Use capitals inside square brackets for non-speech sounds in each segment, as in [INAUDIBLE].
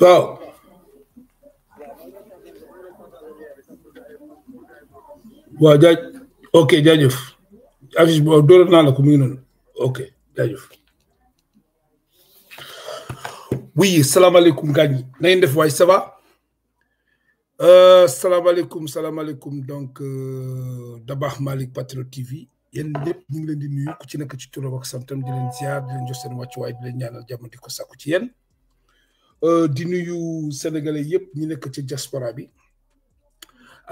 waaw waaw jaaj ok jaajëf affiche bi doole naa la ko mu ngi noonu ok jaajëf oui salaamaaleykum gaañ ñi na ngeen def waay ça va euh, salaamaaleykum salaamaaleykum donc euh, Dabakh Malick Patriot TV yéen ñëpp ñu ngi leen di nuyu ku ci nekk ci turam ak santam di leen ziar di leen seen wàccuwaay di leen ñaanal jàmm di ko sàkku ci yéen Euh, di nuyu sénégalais yépp ñi nekk ci diaspora bi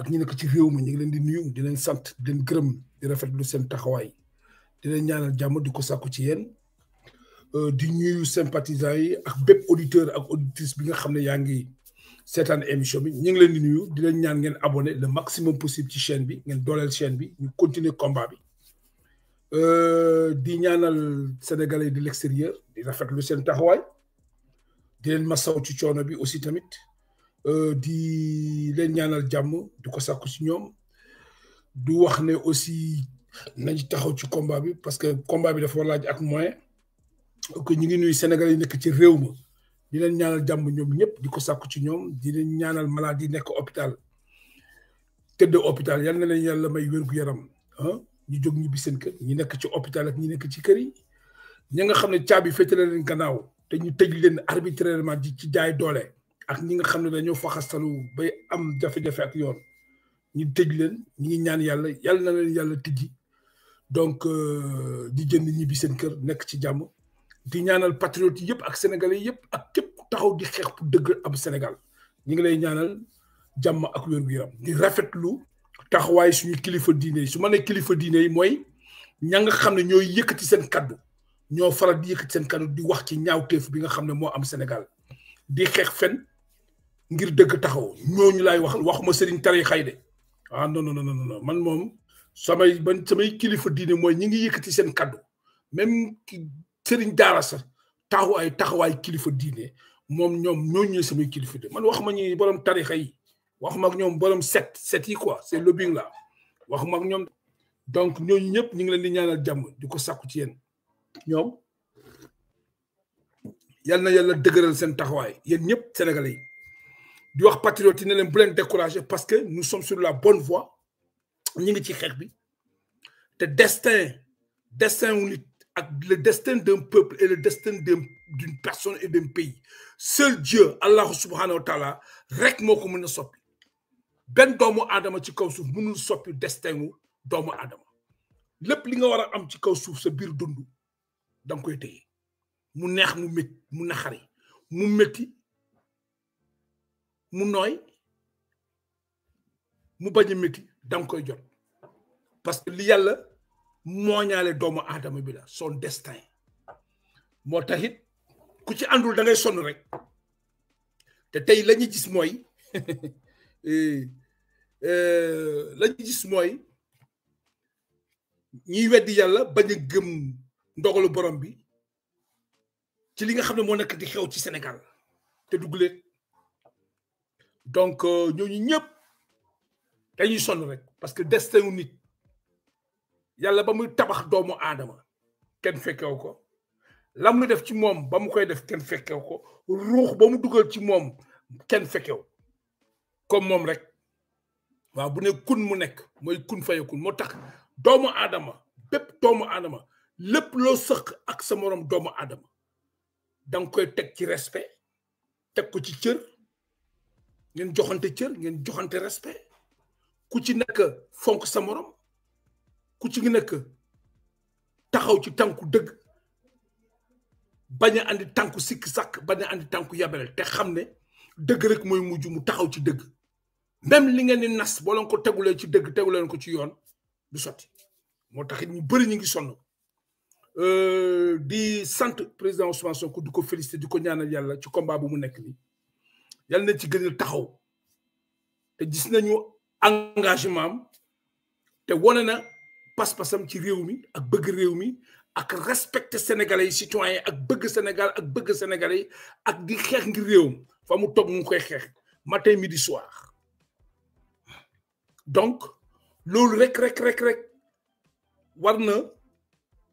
ak ñi nekk ci réew mi ñu ngi leen di nuyu di leen sant di leen gërëm di rafetlu seen taxawaay di leen ñaanal jàmm di ko sàkku ci yéen euh, di nuyu sympathisants yi ak bépp auditeur ak auditrice bi nga xam ne yaa ngi seetaan émission bi ñi ngi leen di nuyu di leen ñaan ngeen abonné le maximum possible ci chaîne bi ngeen dooleel chaîne bi ñu continuer combat bi euh, di ñaanal sénégalais de l'extérieur di rafetlu seen taxawaay. di leen masaw ci coono bi aussi tamit euh, di leen ñaanal jàmm di ko sàkku ci ñoom du wax ne aussi nañ taxaw ci combat bi parce que combat bi dafa war laaj ak moyen ok ñu ngi nuy Sénégal yi nekk ci réew ma di leen ñaanal jàmm ñoom ñëpp di ko sàkku ci ñoom di leen ñaanal maladie nekk hôpital tëdd hôpital yal na leen yàlla may wér-gu-yaram ah ñu jóg ñibbi seen kër ñi nekk ci hôpital ak ñi nekk ci kër yi ñi nga xam ne caabi féetale leen gannaaw te ñu tëj leen arbitrairement di ci jaay doole ak ñi nga xam ne dañoo faxastalu bay am jafe-jafe ak yoon ñu tëj leen ñu ñaan yàlla yalla na leen yàlla tijji donc euh, di jënd ñibbi seen kër nekk ci jàmm di ñaanal patriotes yëpp ak sénégalais yëpp ak képp ku taxaw di xeex pour dëgg am Sénégal ñu ngi lay ñaanal jàmm ak wér gu yaram di rafetlu taxawaay suñu kilifa diine su ma nee kilifa diine yi mooy ña nga xam ne ñoo yëkkati seen kàddu ñoo faral di yëkkati seen kàddu di wax ci ñaaw ñaawteef bi nga xam ne moo am Sénégal di xeex fen ngir dëkk taxaw ñooñu laay wax waxuma sëriñ tarixa yi de ah non non man moom samay man samay kilifa diine mooy ñi ngi yëkkati seen kàddu même sëriñ daara sax taxu ay taxawaay kilifa diine moom ñoom ñooñu samay kilifa de man waxuma ñi borom tarixa yi waxuma ak ñoom borom set set yi quoi c'est lobbying la waxuma ak ñoom donc ñooñu ñëpp ñu ngi leen di ñaanal jàmm di ko sàkku ci yéen ñoom yal na yàlla dëgëral seen taxawaay yéen ñëpp sénégalais yi di wax patriote yi ne leen bu leen décourager parce que nous sommes sur la bonne voie ñi ngi ci xeex bi te destin destin wu nit ak le destin d'un peuple et le destin d'une personne et d'un pays seul Dieu Allah subhanahu wa taala rek moo ko mën a soppi benn doomu aadama ci kaw suuf mënul soppi destin wu doomu aadama lépp li nga war a am ci kaw suuf sa biir dund da nga koy téye mu neex mu métti mu naxari mu métti mu nooy mu bañ a métti da koy jot parce que li yàlla mooñaale doomu aadama bi la son destin moo taxit ku ci àndul da ngay sonn rek te tey la ñu gis mooy [LAUGHS] eh, eh, la ñu gis mooy ñiy weddi yàlla bañ a gëm ndogalu borom bi ci li nga xamne mo moo di xew ci senegal te dugguleet donc euh, ñooñu ñëpp dañuy sonn rek parce que destinu nit yàlla ba muy tabax doomu adama ken fekkew ko lam mu def ci mom ba mu koy def ken fekkew ko ruux ba mu dugal ci mom ken fekkew comme mom rek wa bu ne kun mu nekk moy kun fayakun motax doomu adama bépp doomu adama lépp loo sëq ak sa moroom doomu aadama danga koy teg ci respe teg ko ci cër ngeen joxante cër ngeen joxante respe ku ci nekk fonk sa moroom ku ci nekk taxaw ci tànku dëgg bañ a andi tànku sikk sàkk bañ a andi tànku yabelel te xam ne dëgg rek mooy mujj mu taxaw ci dëgg même li ngeen di nas boo ko tegulee ci dëgg teguleen ko ci yoon du sotti moo tax it ñu bëri ñu ngi sonn Euh, di sant président Ousmane Sonko du ko félicité ko ñaanal yalla ci combat bu mu nekk y a na ci gënal taxaw té gis nañu engagement am na ci réew mi ak bëgg réew mi ak respecter sénégalais ak bëgg Sénégal ak bëgg sénégalais ak di xex ngir réew fa mu mu matin midi soir donc le rek rek rek rek warna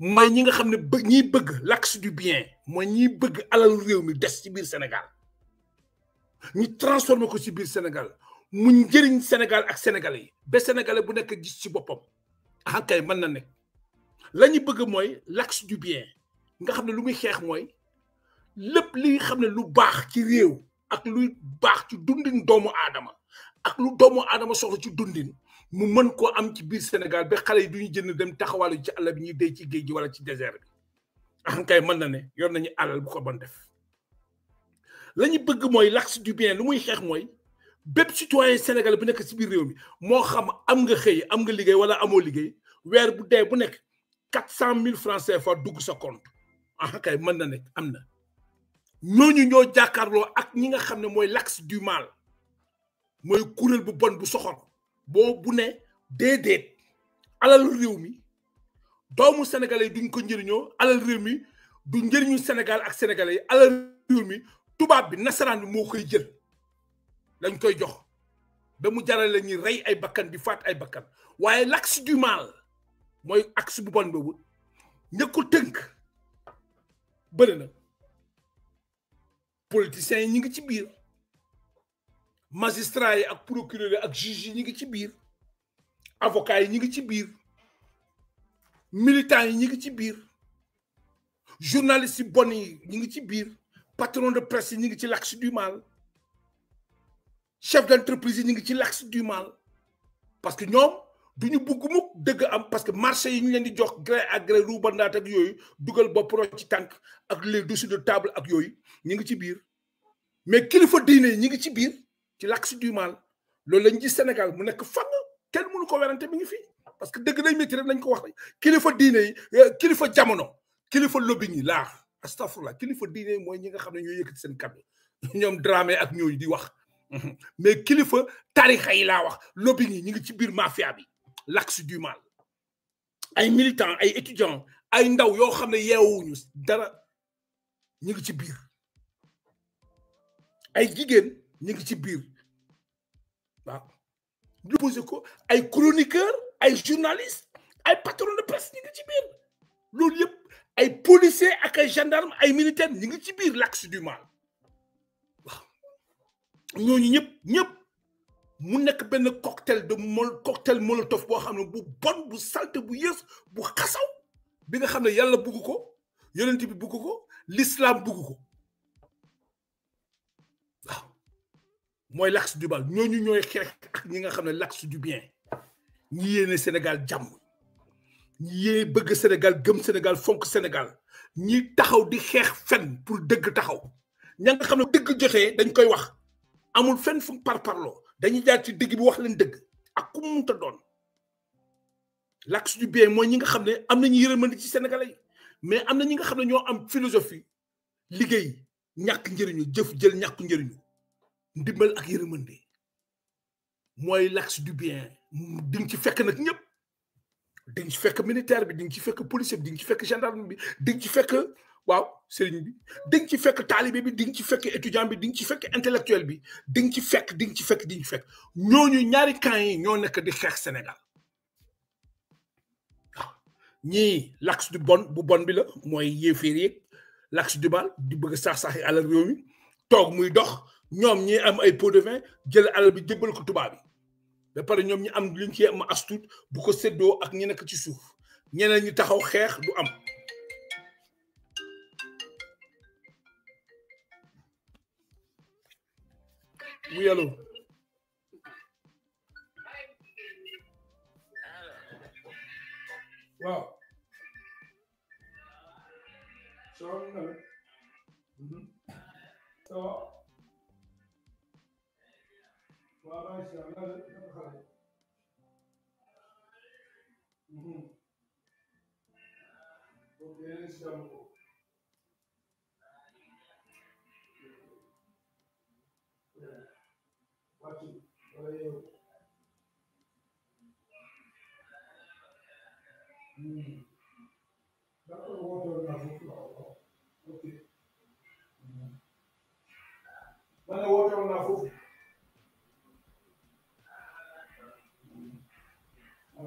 mooy ñi nga xam ne bë ñiy bëgg l'axe du bien mooy ñiy bëgg alal réew mi des ci biir Sénégal ñu transformer ko ci biir Sénégal mu njëriñ Sénégal ak sénégal yi ba Sénégalais bu nekk gis ci boppam ah kay mën na nekk la ñu bëgg mooy l'axe du bien nga xam ne lu muy xeex mooy lépp li xam ne lu baax ci réew ak luy baax ci dundin doomu aadama ak lu doomu aadama soxla ci dundin mu mën koo am ci biir Sénégal ba xale yi du ñu jënd dem taxawalu ci àll bi ñuy dee ci géej gi wala ci désert bi axam mën na ne yor nañu alal bu ko bon def lañu bëgg mooy l'axe du bien lu muy xeex mooy bépp citoyen sénégalais bu nekk si biir réew mi moo xam am nga xëy am nga liggéey wala amoo liggéey weer bu bu nekk quatre cent mille francs CFA dugg sa compte ah mën na nekk am na ñooñu ñoo jàkkaarloo ak ñi nga xam ne mooy l'axe du mal mooy kuréel bu bon bu soxor boo bu ne déedéet alalu réew mi doomu sénégalais yi duñ ko njëriñoo alal réew mi du njëriñu Sénégal ak sénégalais yi alal réew mi tubaab bi nasaraan bi moo koy jël dañ koy jox ba mu jaral la rey ay bakkan di faat ay bakkan waaye l'axe du mal mooy axe bu bon boobu ña tënk bëri na politiciens yi ñu ngi ci biir. magistrat yi ak procureur yi ak juge yi ñu ngi ci biir avocat yi ñu ngi ci biir militants yi ngi ci biir journalistes yi bon yi ngi ci biir patron de presse yi ñu ngi ci l'axe du mal chef d'entreprise yi ñu ngi ci l'axe du mal parce que ñoom duñu ñu bugg mukk dëgg am parce que marché yi ñu leen di jox gré à gré ruubandaat ak yooyu dugal bopp ci tànk ak les dossiers de table ak yooyu ñu ngi ci biir mais kilifa diine yi ñu ngi ci biir ci l'axe du mal loolu lañ gis Sénégal mu nekk kenn mënu ko werante mi ngi fi parce que dëgg nañ métti rek dîner, ko wax kilifa diine yi euh, kilifa jamono kilifa lobby yi laa astafurlah kilifa diine mooy ñi nga xam ne ñoo yëkkati seen kàddu [LAUGHS] ñoom dramé ak ñooñu di wax [LAUGHS] mais kilifa tarixa yi laa wax lobby yi ñi ngi ci biir mafia bi l'axe du mal ay militants ay étudiants ay ndaw yoo xam ne yeewuñu dara ngi ci biir ay les chroniqueurs, les chroniqueur journaliste un de presse les policiers les gendarmes, gendarme militaires ils ngi l'axe du mal Nous ñooñu un cocktail de cocktail molotov bo bon bu salté bu yes bu bi nga yalla ko bi l'islam moy l'axe du mal ñooñu ñooy xeex ak ñi nga l'axe du bien ñi Sénégal jam ñi bëgg Sénégal gëm Sénégal fonk Sénégal ñi taxaw di xex fen pour dëgg taxaw ña nga dëgg joxé dañ koy wax amul fenn fu par parlo dañuy jaar ci dëgg bi wax leen dëgg ak ku mu doon l'axe du bien moy ñi nga xam am nañu ci Sénégalais mais am na ñi ñoo am philosophie liggéey ñak njëriñu jëf jël ñak njëriñu ndimbal ak yërmande mooy l'axe du bien di qui ci fekk nag ñëpp di ci fekk militaire bi di ci fekk policier bi ci fekk gendarme bi di ci fekk waaw sëriñ bi di ci fekk talibé bi di ci fekk étudiant bi di ci fekk intellectuel bi di ci fekk di ci fekk di ci fekk ñooñu ñaari camp ñoo nekk di Sénégal ni l'axe du bon bu bon bi la mooy yéeféer yeeg l'axe du mal di bëgg ça saaxi alal réew mi toog muy dox ñoom ñi am ay pots de vin jël alal bi jébbal ko tubaab bi ba pare ñoom ñi am liñ ci am astut bu ko séddoo ak ñi nekk ci suuf ñeneen ñi taxaw xeex du am oui para Israel e Jerusalém. Uhum. Porque ele se amou. Bate, valeu. Hum. Dá para eu voltar na boca lá, Ok. Mas eu vou na boca.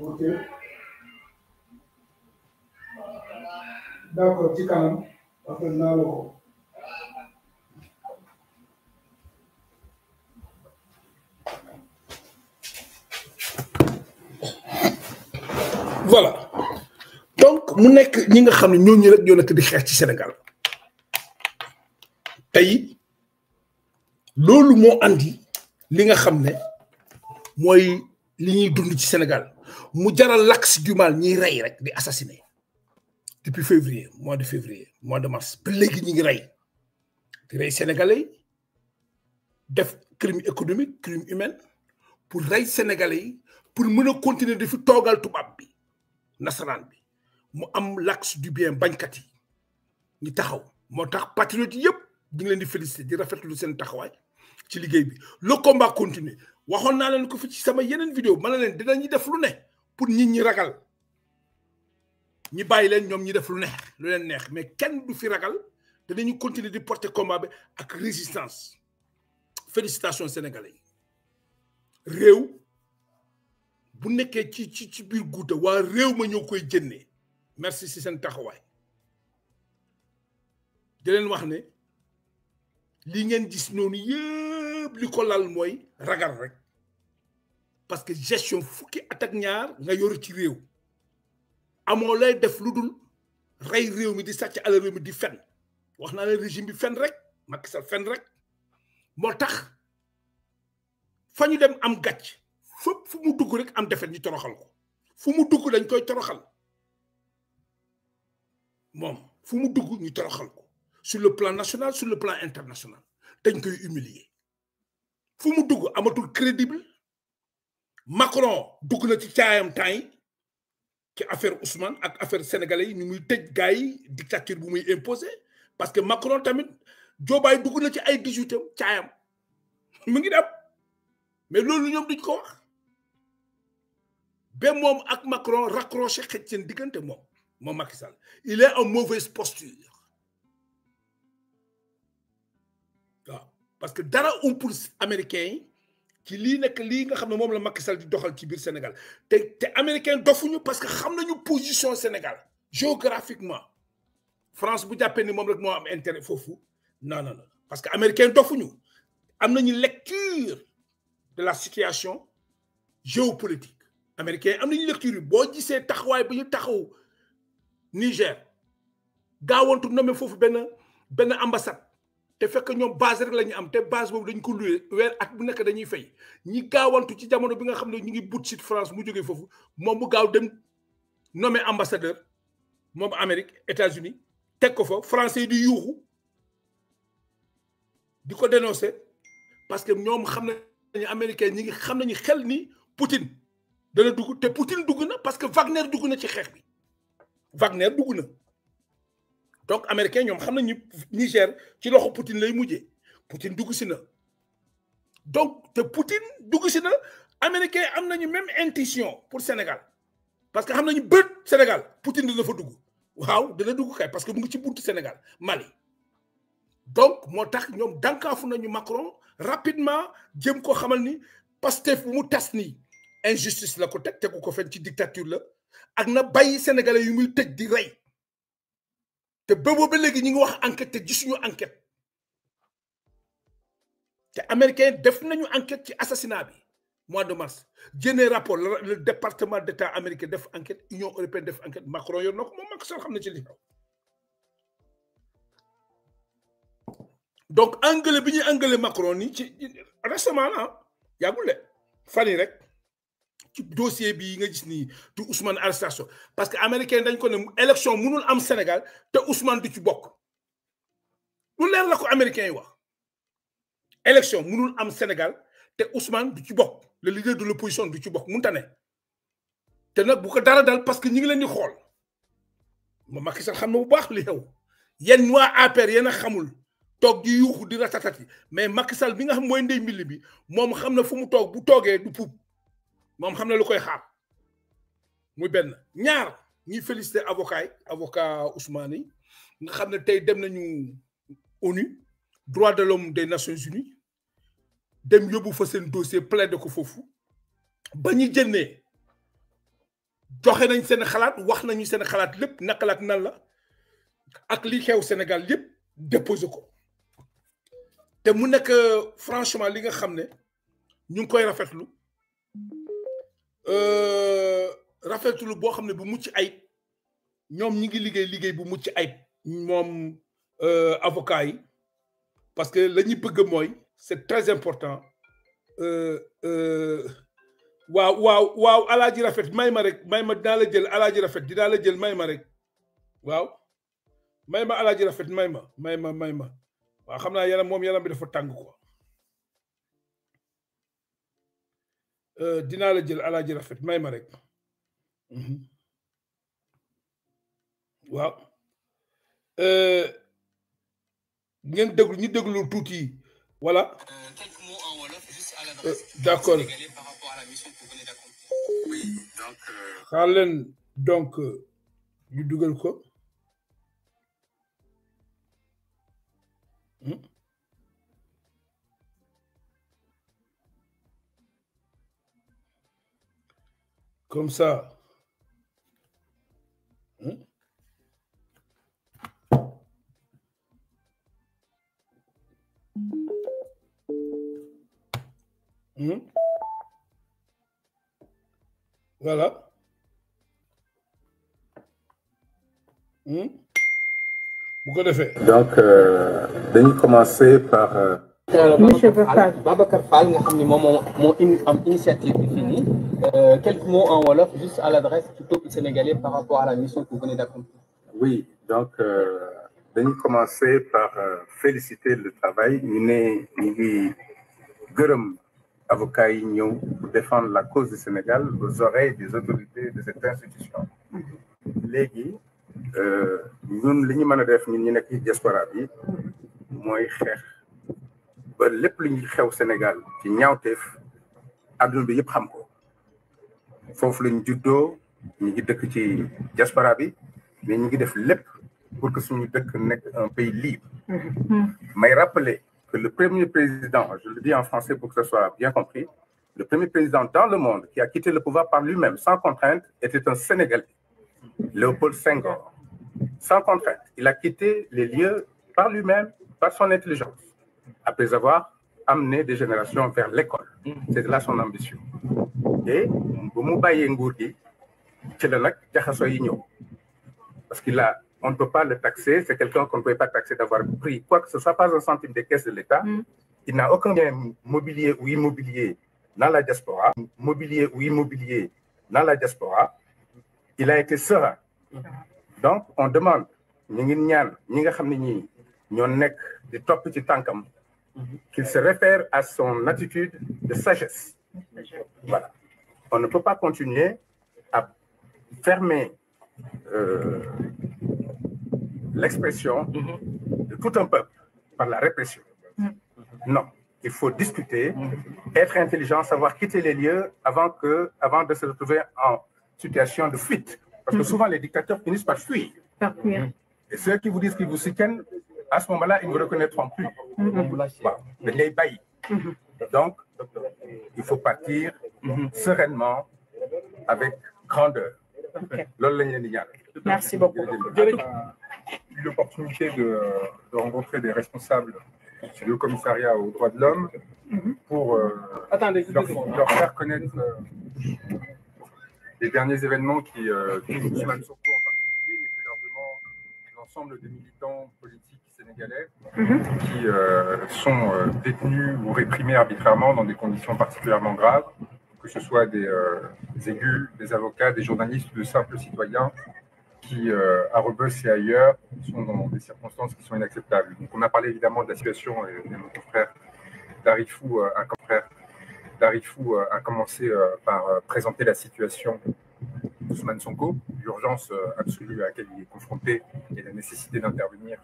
Ok. D'accord, tu kanam après naa la voilà donc mu nek, ñi nga xam ne ñooñu rek ñoo nekk di xeex ci Sénégal tey loolu moo andi li nga xam ne li ñuy dund ci Sénégal mu l'axe du mal ni ray, rek di assassiné depuis février mois de février mois de mars plégué ni ñu ngi sénégalais def crime économique crime humain pour ray sénégalais pour mën continuer di faire togal tout bi nasaraan bi mu am l'axe du bien bañkat yi ñu taxaw moo tax patriotes yëpp ñu ngi leen di féliciter di rafetlu seen bi le combat continue waxoon naa l'an ko fi ci sama yeneen vidéo ma ne leen dinañu def lu pour nit ñi ragal ñi bàyyi leen ñoom ñi def lu neex lu leen neex mais kenn du fi ragal da nañu continuer di porter combat bi ak résistance félicitations sénégalais yi réew bu nekké ci ci ci biir guuta wa réew ma ñoo koy merci ci sen taxaway di leen wax ne li ngeen gis nonu yëpp li ko lal moy ragal rek parce que gestion fouki attaque ñaar nga yoru ci réew amo lay def luddul ray rey réew mi di sàcc alal réew mi di fen wax na le régime bi fen rek Macky Sall fen rek motax fañu dem am gatch fépp fu mu dugg rek am defet ñu toroxal ko fu mu dugg dañ koy toroxal fu mu dugg ñu toroxal ko sur le plan national sur le plan international dañ koy humilier fu mu dugg amatul crédible Macron beaucoup ci de temps affaire Ousmane affaire sénégalais dictature parce que Macron tamit Joe Biden na ci ay 18 ans, mais ko Macron raccroché il est en mauvaise posture parce que dara américain ci li nek li nga xamne mom la Macky Sall di doxal ci bir Sénégal té té américain dofuñu parce que xamnañu position Sénégal géographiquement France bu jappé ni mom rek mo am intérêt fofu non non non parce que américain dofuñu am nañu lecture de la situation géopolitique américain am nañu lecture bo boo gisee bu ñu taxaw Niger gawontu nommé fofu ben ben ambassade te fekk ñom base rek lañu am té base bobu dañ ko luwe wér at bu nek dañuy fay ñi gaawantu ci jamono bi nga xamné ñu ngi but site France mu joggé fofu mom mu gaaw dem nommé ambassadeur mom Amérique États-Unis té ko fa français di yuxu diko dénoncer parce que ñom xam nañu américain ñi ngi xam nañu xel ni Poutine dana dugg te Poutine dugg na parce que Wagner dugg na ci xex bi Wagner dugg na donc américain ñom xam nañu Niger ci loxo Poutine lay mujjé Poutine dugg si na donc te Poutine dugg si na américain am nañu même intention pour Sénégal parce que xam nañu bët Sénégal Poutine dina fa dugg waaw dina dugg kay parce que mu ngi ci buntu Sénégal Mali. donc motax ñom dankafu nañu Macron rapidement jëm ko xamal ni Pastef mu tas injustice la ko teg tegu ko fen ci dictature la ak na bàyyi sénégalais yu muy tëj di rey te Américains ba une ngi enquête te gisuñu enquête te américain def enquête ci assassinat mois de mars le département d'état américain def enquête union européenne enquête Macron yor na ko moom donc angle bi Macron récemment ah, dossier bi nga gis ni du Ousmane arrestation parce que américain dañ ko né élection mënul am Sénégal té Ousmane du ci bok lu leer la ko américain yi wax élection mënul am Sénégal té Ousmane du ci bok le leader de l'opposition du ci bok mën ne té nak bu ko dara dal parce que ñi ngi leen di xool ma Macky Sall xam na bu baax li yow yéen wa APR yéen xamul toog di yuuxu di ratatati mais Macky Sall bi nga xam moy ndey mbill bi mom xam na fu mu toog bu toogee du poup moom xam na lu koy xaar muy benn ñaar ñuy félicité avocat yi avocat Ousmane yi nga xam ne tey dem nañu ONU droit de l'homme des Nations Unies dem yóbbu fa seen dossier plaidé ko foofu ba ñu jënnee joxe nañ seen xalaat wax nañu seen xalaat lépp naka nan la ak li xew Sénégal yépp déposé ko te mu nekk euh, franchement li nga xam ne ñu ngi koy rafetlu euh, rafetulu boo bo ne bu mucc ay ñom ñi ngi liggéey liggéey bu mucc mom euh avocat yi parce que lañu bëgg moy c'est très important euh euh waaw waaw waaw Aladji rafet may ma rek may ma dinaa la jël Aladji rafet dina la jël may ma rek waaw may ma alaaji rafet may ma may ma may ma waaw xam naa yaram moom yaram bi dafa tàng quoi أه، دينا لا جيل على جيل رفيت ماي مريك وا ا أه، نين دغلو ني دغلو توتي ولا أه، داكور خالن دونك ني دوغل كو Mm-hmm. Comme ça. Hein? Mmh. Voilà. Mmh. Vous connaissez. Donc, euh, dañu commencer par. Euh, Monsieur Babacar Fall nga xam ne moom moo moo initiative bi euh, quelques mots en Wolof, juste à l'adresse du peuple sénégalais par rapport à la mission que vous venez d'accomplir. Oui, donc, euh, vais commencer par euh, féliciter le travail. Nous sommes avocats pour défendre la cause du Sénégal aux oreilles des autorités de cette institution. Légui, euh, nous, li ñu mën a def ñun nous, nekk ci diaspora bi ba lépp Sénégal ci ñaawteef àdduna bi foofu lañ juddoo ñu ngi dëkk ci diaspora bi mais ngi def pour que suñu dëkk un pays libre mm-hmm. Mais rappeler que le premier président je le dis en français pour que ce soit bien compris le premier président dans le monde qui a quitté le pouvoir par lui-même sans contrainte était un Sénégalais Léopold Senghor sans contrainte il a quitté les lieux par lui-même par son intelligence après avoir amené des générations vers l'école mm-hmm. c'est là son ambition et parce qu'il on ne peut pas le taxer c'est quelqu'un qu'on ne peut pas taxer d'avoir pris quoi que ce soit pas un centime des caisses de l'État mm. il n'a aucun bien mobilier ou immobilier dans la diaspora mobilier ou immobilier dans la diaspora il a été serein donc on demande mm-hmm. qu'il se réfère à son attitude de sagesse voilà on ne peut pas continuer à fermer euh, l'expression mm-hmm. de tout un peuple par la répression. Mm-hmm. Non, il faut discuter, mm-hmm. être intelligent, savoir quitter les lieux avant, que, avant de se retrouver en situation de fuite. Parce que souvent, les dictateurs finissent par fuir. Par Et ceux qui vous disent qu'ils vous soutiennent, à ce moment-là, ils ne vous reconnaîtront plus. Bah, les Donc, il faut partir mhm. sereinement, avec grandeur. Merci beaucoup. Eu l'opportunité de, rencontrer des responsables du Haut Commissariat aux droits de l'homme mhm. pour euh, leur, faire connaître euh, les derniers événements qui touchent euh, [LAUGHS] en particulier, mais plus largement l'ensemble des militants politiques qui euh, sont euh, détenus ou réprimés arbitrairement dans des conditions particulièrement graves, que ce soit des, aigus, euh, des avocats, des journalistes, de simples citoyens qui, à Rebus et ailleurs, sont dans des circonstances qui sont inacceptables. Donc, on a parlé évidemment de la situation et, mon confrère Darifou, un confrère Darifou a commencé par présenter la situation Ousmane Sonko, l'urgence absolue à laquelle il est confronté et la nécessité d'intervenir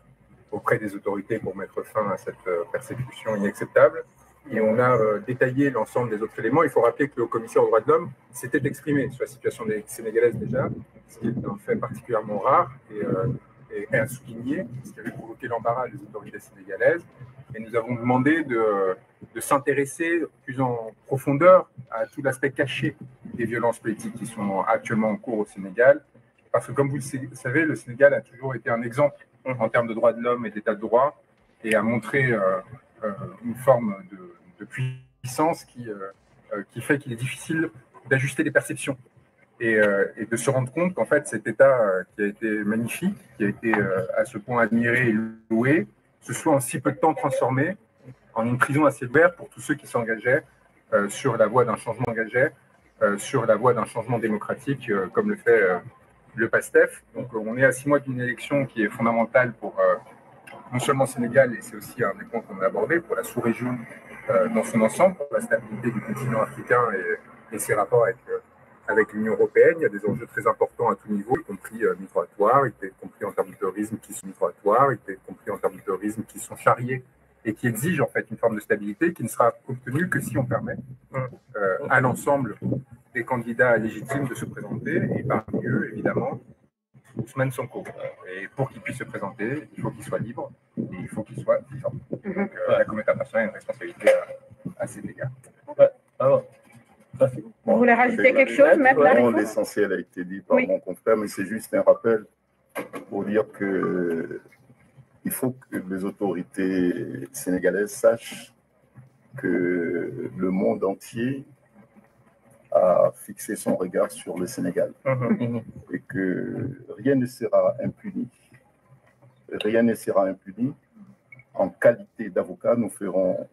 auprès des autorités pour mettre fin à cette euh, persécution inacceptable. Et on a euh, détaillé l'ensemble des autres éléments. Il faut rappeler que le commissaire aux droits de l'homme s'était exprimé sur la situation des Sénégalaises déjà, ce qui est un fait particulièrement rare et, euh, ce qui avait provoqué l'embarras des autorités sénégalaises. Et nous avons demandé de, de s'intéresser plus en profondeur à tout l'aspect caché des violences politiques qui sont actuellement en cours au Sénégal. Parce que, comme vous le savez, le Sénégal a toujours été un exemple en termes de droits de l'homme et d'état de droit, et a montré euh, euh, une forme de, puissance qui, euh, qui fait qu'il est difficile d'ajuster les perceptions et, et, de se rendre compte qu'en fait cet état qui a été magnifique, qui a été à ce point admiré et loué, se soit en si peu de temps transformé en une prison assez ouverte pour tous ceux qui s'engageaient sur la voie d'un changement engagé, sur la voie d'un changement démocratique, comme le fait le PASTEF. Donc euh, on est à six mois d'une élection qui est fondamentale pour euh, non seulement Sénégal, et c'est aussi un des points qu'on a abordé, pour la sous-région euh, dans son ensemble, pour la stabilité du continent africain et, ses rapports avec, l'Union européenne. Il y a des enjeux très importants à tout niveau, y compris migratoires, y compris en termes de terrorisme qui sont migratoires, y compris en termes de terrorisme qui sont charriés et qui exigent en fait une forme de stabilité qui ne sera obtenue que si on permet à l'ensemble des candidats légitimes de se présenter, et parmi eux, évidemment, Ousmane Sonko. Et pour qu'il puisse se présenter, il faut qu'il soit libre et il faut qu'il soit vivant. Mhm. Donc, euh, la communauté internationale a une responsabilité à, à dégâts. Vous voulez rajouter quelque chose, même L'essentiel a été dit par mon confrère, mais c'est juste un rappel pour dire que euh, il faut que les autorités sénégalaises sachent que le monde entier à fixer son regard sur le Sénégal mhm. Mhm. et que rien ne sera impuni. Rien ne sera impuni. En qualité d'avocat, nous ferons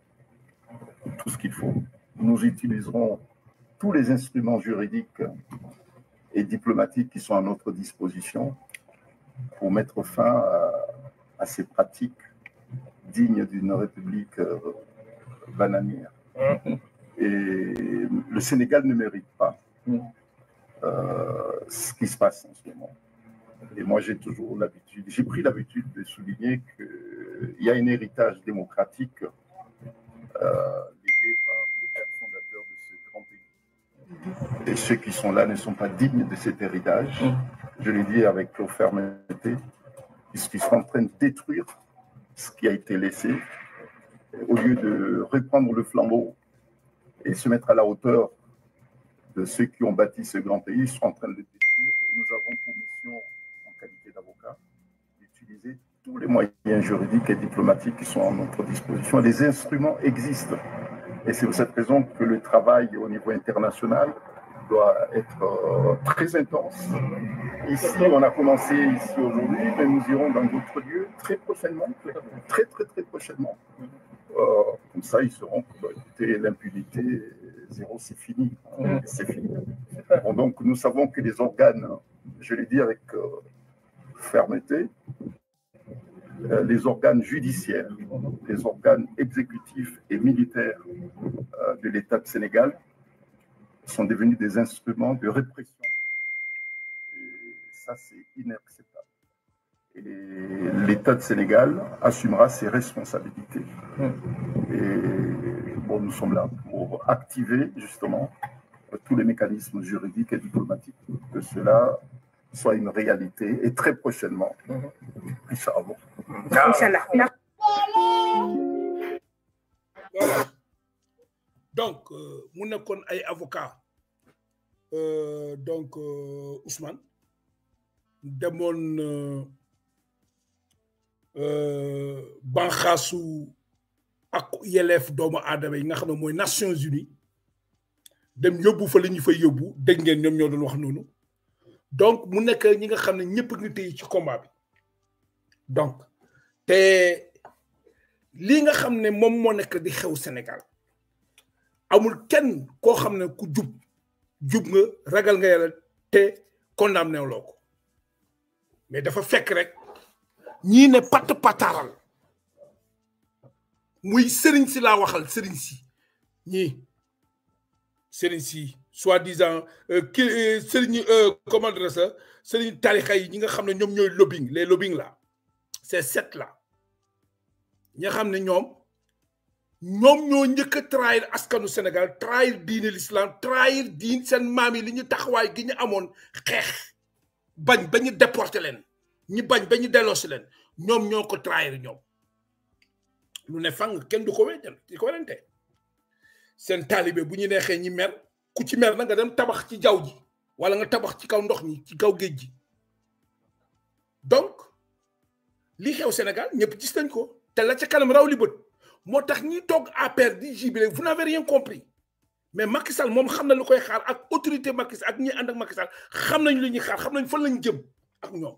tout ce qu'il faut. Nous utiliserons tous les instruments juridiques et diplomatiques qui sont à notre disposition pour mettre fin à, ces pratiques dignes d'une république euh, bananière. Mhm. Et le Sénégal ne mérite pas mm. euh, ce qui se passe en ce moment. Et moi, j'ai toujours l'habitude, j'ai pris l'habitude de souligner qu'il y a un héritage démocratique euh, par les pères fondateurs de ce grand pays. Mm. Et ceux qui sont là ne sont pas dignes de cet héritage. Mm. Je le dis avec fermeté, puisqu'ils sont en train de détruire ce qui a été laissé au lieu de reprendre le flambeau et se mettre à la hauteur de ceux qui ont bâti ce grand pays. Ils sont en train de le détruire. Nous avons pour mission, en qualité d'avocat, d'utiliser tous les moyens juridiques et diplomatiques qui sont à notre disposition. Les instruments existent. Et c'est pour cette raison que le travail au niveau international doit être euh, très intense Ici, on a commencé ici aujourd'hui, mais nous irons dans d'autres lieux très prochainement, très très très prochainement. Euh, comme ça, ils seront, l'impunité, zéro, c'est fini. c'est fini. donc, nous savons que les organes, je l'ai dit avec euh, fermeté, euh, les organes judiciaires, les organes exécutifs et militaires de l'État de Sénégal sont devenus des instruments de répression ça, c'est inacceptable. Et l'État de Sénégal assumera ses responsabilités. Hmm. Et bon, nous sommes là pour activer justement tous les mécanismes juridiques et diplomatiques, que cela soit une réalité et très prochainement, hmm. Donc, euh, mon avocat, euh, donc euh, Ousmane, demoon euh, banxaasu ak yeleef doomu aadama yi nga xam ne mooy Nations Unies dem yóbbu fa la ñu fay yóbbu dégg ngeen ñoom ñoo doon wax noonu donc mu nekk ñi nga xam ne ñëpp ngi tey ci combat donc te lii nga xam ne moom moo nekk di xew senegal amul kenn koo xam ne ku jub jub nga ragal nga yàlla te condamné loo ko mais dafa fekk rek ñi ne pas pataaral muy sëriñ si la waxal sëriñ si ñi sëriñ si soi-disant euh, euh, euh, comment dire ça sëriñ tarixa yi ñi nga xam ne ñoom lobbying les lobbying là c'est sept là ñi nga xam ne ñoo ñëkk trahir askanu Sénégal trahir l'islam trahir diin seen maam yi li ñu taxawaay gi bañ bañu déporter déporté ñi bañ bañu ñu delloosi ñom ñoko ñoo ko trahir ñoom lu ne fang kenn du ko weddal ci ko werante sen talibé bu ñu neexee ñi mer ku ci mer na nga dem tabax ci jaww ji wala nga tabax ci kaw ndox mi ci kaw géej donc li xew Sénégal ñëpp gis nañ ko té la ci kanam raw li bët moo ñi toog di jibile vous n'avez rien compris mais Macky Sall moom xam na lu koy xaar ak autorité Macky ak ñi ànd ak Macky Sall xam nañ li ñuy xaar xam nañ fan lañ jëm ak ñoom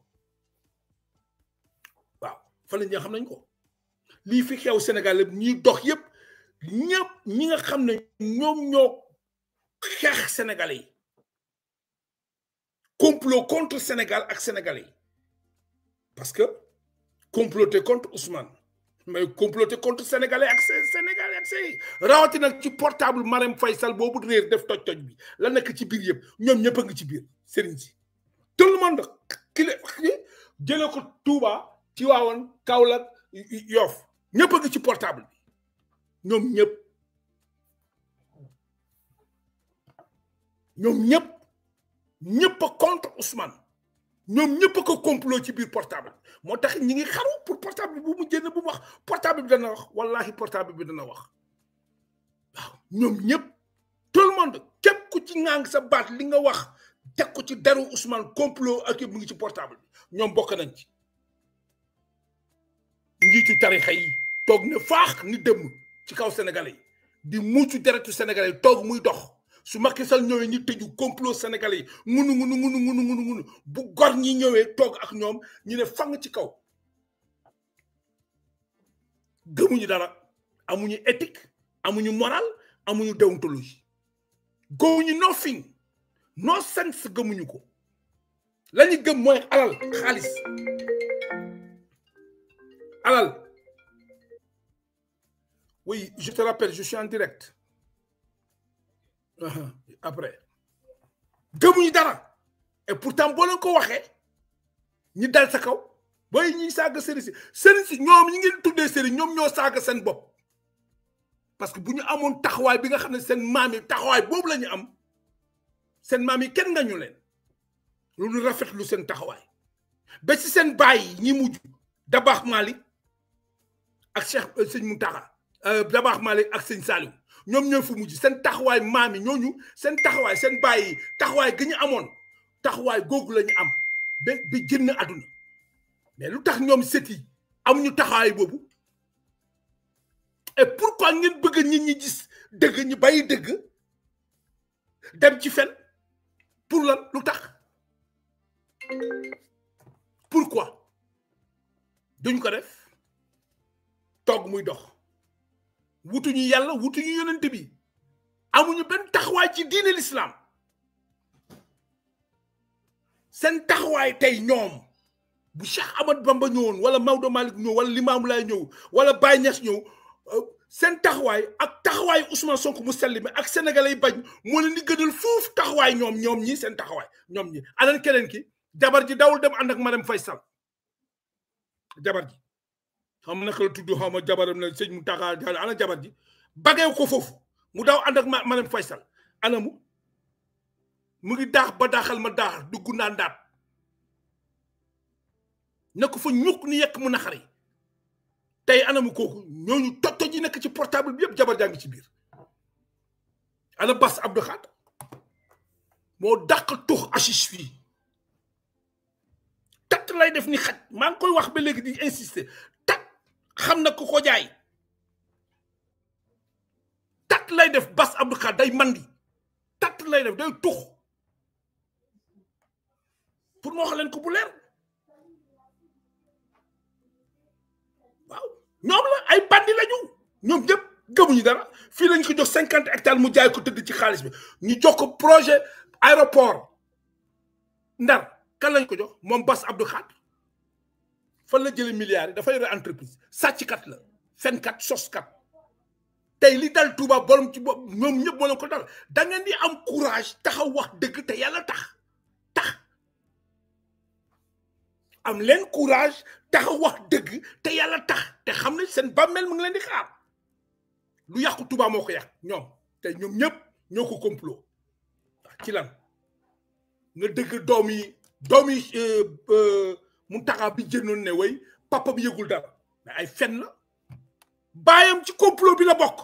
waaw fan la jëm xam nañ ko lii fi xew Sénégal yëpp ñiy dox yëpp ñëpp ñi nga xam ne ñoom ñoo xeex sénégal yi complot contre Sénégal ak sénégalais yi parce que comploter contre Ousmane. mais comploté contre sénégalais ak sénégalais ak séy rawati nag ci portable Marème Faye sal boobu réer def toj-toj bi la nekk ci biir yëpp ñoom ñëpp nga ci biir sëriñ si tout le monde kile jëlee ko Touba Tiwaawan Kaolack Yoff ñëpp a ngi ci portable bi ñoom ñëpp ñoom ñëpp contre Ousmane ñoom ñëpp a ko complot ci biir portable moo tax ñi ngi xaru pour portable bi bu mu génn bu mu wax portable bi dana wax wallahi portable bi dana wax waaw ñoom ñëpp tout le monde képp ku ci ŋàng sa baat li nga wax teg ko ci deru Ousmane complot ak yëpp mu ngi ci portable bi ñoom bokk nañ ci njiitu tarixa yi toog ne faax ni dëmm ci kaw sénégalais yi di muccu deretu sénégalais yi toog muy dox su Macky Sall ñëwee ñu tëju complot sénégalais yi ngunu ngunu ngunu ngunu ngunu ngunu bu gor ñi ñëwé tok ak ñom ñi né fang ci kaw gëmuñu dara amuñu éthique amuñu moral amuñu déontologie gëmuñu nothing no sense gëmuñu ko lañu ñu gëm mooy alal xaalis alal oui je te rappelle je suis en direct Uh-huh. après gëmuñu dara et pourtant boo leen ko waxee ñi dal sa kaw boy ñi saaga serigne si sëriñ si ñoom ñi ngi tuddee serigne ñom ñoo saaga sen bop parce que buñu amone taxaway bi nga xam sen seen taxaway bop lañu boobu la ñu am seen maam yi kenn nga ñu leen loolu rafetlu seen taxawaay ba ci seen bàyyi ñi mujj Dabaax Malick ak Cheikh euh, sëñ euh Dabaax Malick ak sëñ Saliou ñoom ñoo fi mujj seen taxawaay maam yi ñooñu seen taxawaay seen bàyyi taxawaay gi ñu amoon taxawaay googu lañu am ba bi génn àdduna mais lu tax ñoom sët yi amuñu taxawaay boobu et pourquoi ngeen bëgg ñi ñi gis dëgg ñi bàyyi dëgg dem ci fen pour la lu tax pour pourquoi duñ ko def toog muy dox wutuñu yàlla wutuñu yonent bi amuñu benn taxawaay ci diine lislaam seen taxawaay tey ñoom bu Cheikh Ahmad Bamba ñëwoon wala Maodo Malick ñëw wala Limaamu Laay ñëw wala Baye Niass ñëw euh, seen taxawaay ak taxawaay Ousmane Sonko mu sell mi ak sénégalais yi bañ moo leen di gënal fuuf taxawaay ñoom ñoom ñi seen taxawaay ñoom ñi anan keneen ki jabar ji dawul dem ànd ak Marème fay Sall jabar ji xam naka la tudd xaw ma jabaram la sëñ mu taxaa a jabar ji bageew ko foofu mu daw ànd ak ma madame Faye Sall anamu mu ngi daax ba daaxal ma daax dugg naa ndaat na fa ñukk ni yekk mu naxari tey anamu kooku ñooñu toto ji nekk ci portable bi yëpp jabar jaa ngi ci biir ana Bass Abdou Khad moo dàq tux asis fii tatt lay def ni xaj maa ngi koy wax ba léegi di insister xamna na ku ko jaay tat lay def bas abdou khad day mandi tat lay def day tukh pour mo xalen ko bu leer waaw ñom la ay bandi lañu ñoom ñëpp ñu dara fi lañ ko jox 50 hectares mu jaay ko tëdd ci xaalis bi ñu jox ko projet aéroport ndar kan lañ ko jox mom bas abdou khad fan la jëlee milliards yi dafa yore entreprise sàcckat la fenkat soskat tey li dal Touba borom ci bopp ñoom ñëpp boole ko dal da di am courage taxaw wax dëgg te yàlla tax tax am leen courage taxaw wax dëgg te yàlla tax te xam ne seen bàmmeel mu ngi leen di xaar lu yàqu Touba moo ko yàq ñoom te ñoom ñëpp ñoo ko complot ci lan nga dëgg doom yi euh, euh, mu Mountakha bi noonu ne way papa bi yëgul dara mais ay fen la baayam ci complot bi la bokk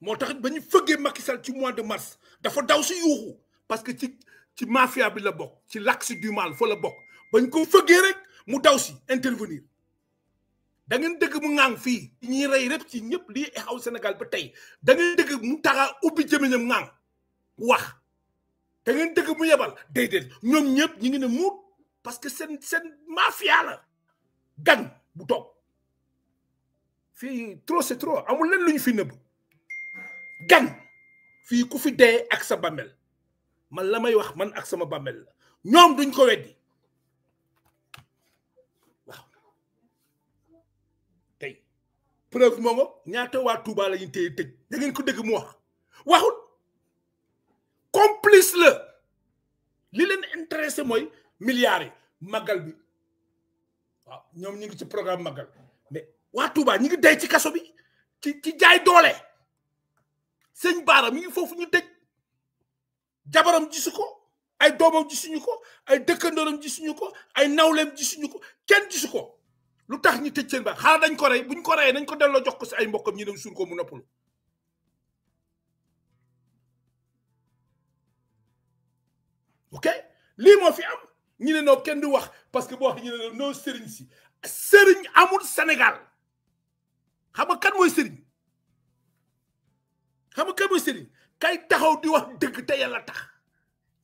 moo tax ba ñu fëggee Macky Sall ci mois de mars dafa daw si yuuxu parce que ci ci mafia bi la bokk ci l'axe du mal fa la bokk ba ñu ko fëggee rek mu daw si intervenir da ngeen dëgg mu ŋaang fii ñuy rey rek ci ñëpp lii xaw Sénégal ba tey da ngeen dëgg mu taxa ubbi jëmiñam ŋaang wax te ngeen dëgg mu yebal déedéet ñoom ñëpp ñu ngi ne muut parce que seen seen mafia la gan bu toog fii trop c'est trop amul leen lu ñu fi nëbb gan fii ku fi dee ak sa bàmmel man la may wax man ak sama bàmmel la ñoom duñ ko weddi waaw tey preuve moo nga ñaata waa Touba la ñu téye tëj da ngeen ko dëgg mu wax waxut complice le li len intéressé moy milliards magal bi wa ñom ngi ci programme magal. mais watuba, Touba ñi ngi dey ci kasso bi ci ci jaay doole baram ñi fofu ñu jabaram ay doomam gisuñu ko ay dëkkandooram gisuñu ko ay nawleem gisuñu ko kenn lu tax ba dañ ko buñ ko ko jox ko si ay mbokam dem ko mu ok lii moo fi am ñu ne noo kenn du wax parce que boo wax ñu ne noo seriñ si sëriñ amul senegal xam nga kan mooy sëriñ xam nga kan mooy sëriñ kay taxaw di wax dëgg te yàlla tax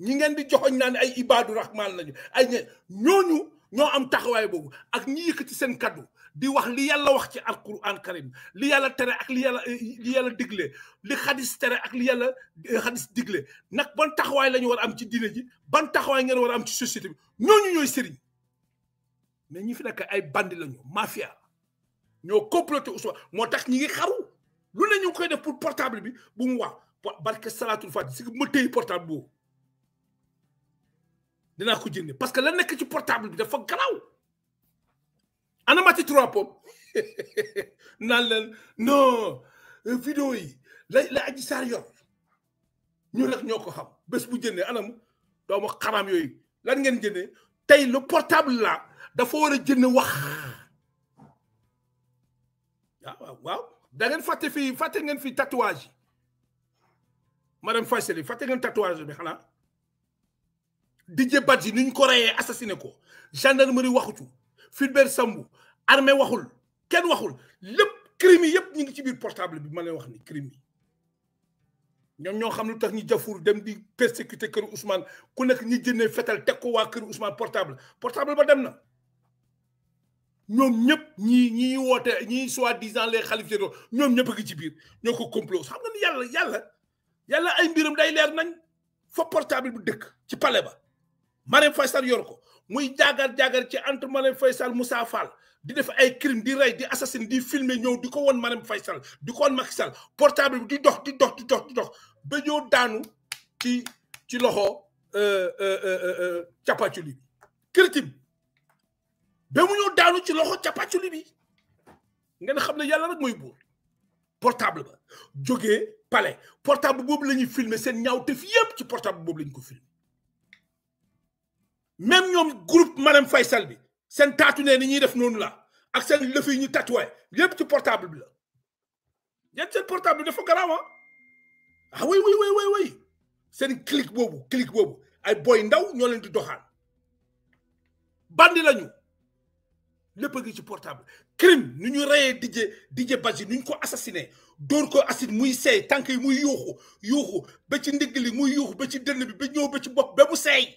ñi ngeen di joxoñ naan ay ibaadu rahmaan lañu ay ñe ñooñu ñoo am taxawaay boobu ak ñi yëkkati seen kaddu di wax li yàlla wax ci alquran karim li yàlla tere ak li yàlla li digle li xadis tere ak li yàlla eh, xadis digle nag ban taxawaay lañu war a am ci diine ji ban taxawaay ngeen war am ci société bi ñooñu ñooy sëriñ mais ñi fi nekk ay bandi lañu mafia ñoo comploté Ousmane moo tax ñi ngi xaru lu ne ñu ngi koy def pour portable bi bu mu wax barke salaatul fati si ma téye portable boobu dinaa ko jënne parce que la nekk ci portable bi dafa garaaw ana Mati trois Pommes [LAUGHS] leen non vidéo yi la la Adji ñu rek ñoo ko xam bés bu jëndee anam doomu xaram yooyu lan ngeen jëndee tey le portable la dafa war a jënd wax ah, waaw waaw da ngeen fàtte fii fàtte ngeen fii tatouage yi madame Faye Sali fàtte ngeen tatouage bi xanaa Didier Badji ni ñu ko reyee assassiné ko gendarmerie waxutu Fulbert Sambou armée waxul ken waxul lépp crime yi yëpp ngi ci biir portable bi ma leen wax ni crime yi ñoo xam lu tax ñu jafur dem di persécuter kër Ousmane ku nekk ñu jëndee fetal teg ko waa kër Ousmane portable portable ba dem na ñoom ñëpp ñi ñi woote ñi soi-disant les xalif généraux ñoom ñëpp a ngi ci biir ñoo complot xam nga ni yàlla yàlla yàlla ay mbiram day leer nañ fa portable bu dëkk ci palais ba Marième Faye Sall yor ko muy jaagar-jaagar ci entre Marème Faye Sall Moussa Fall di def ay crime di rey di assassin di filmer ñëw di ko woon Marème Faye Sall di ko woon Macky portable bi di dox di dox di dox di dox ba ñoo daanu ci ci loxo euh, euh, euh, capaculi bi critim ba mu ñoo daanu ci loxo capaculi bi ngeen xam ne yàlla rek mooy buur portable ba jógee palais portable boobu la ñuy filmer seen ñaawteef yépp ci portable boobu la ko filmer même ñoom groupe Marème fay Sall bi seen taatu ne ni ñuy def noonu la ak seen lëf yi ñu tatoué yépp ci portable bi la yéen seen portable bi dafa garaaw ah, ah oui oui oui oui seen clique boobu clique boobu ay boy ndaw ñoo leen di doxaal bandi lañu lépp a ngi ci portable crime nu ñu reyee Didier Didier Badji nu ñu ko assassiné dóor ko acide muy sey tànk yi muy yuuxu yuuxu ba ci ndigg li muy yuuxu ba ci dënn bi ba ñëw ba ci bopp ba mu seey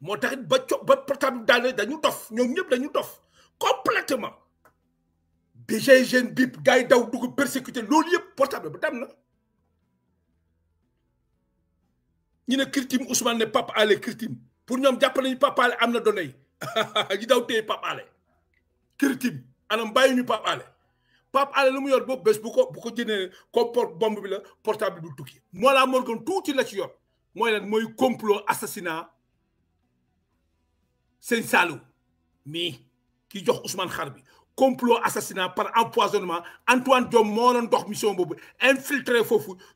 moo taxit ba co ba portable daal dañu dof ñoom ñëpp dañu dof complètement déjà jeune bip gars daw dugg persécuté loolu yëpp portable ba dem na ñu ne Kirtim Ousmane ne Pape Alé critime pour ñoom jàpp nañu Pape Alé am na données yi [LAUGHS] ñu daw téye Pape Alé critime anam bàyyi ñu Pape Alé Pape Alé lu mu yor boobu bés bu ko bu ko jëndee comme bombe bi la portable du tukki moo laa Morgan tuuti la ci yor mooy lan mooy complot assassinat un salaud. Mais, qui dit Ousmane Kharbi, complot assassinat par empoisonnement Antoine Diom, mission infiltré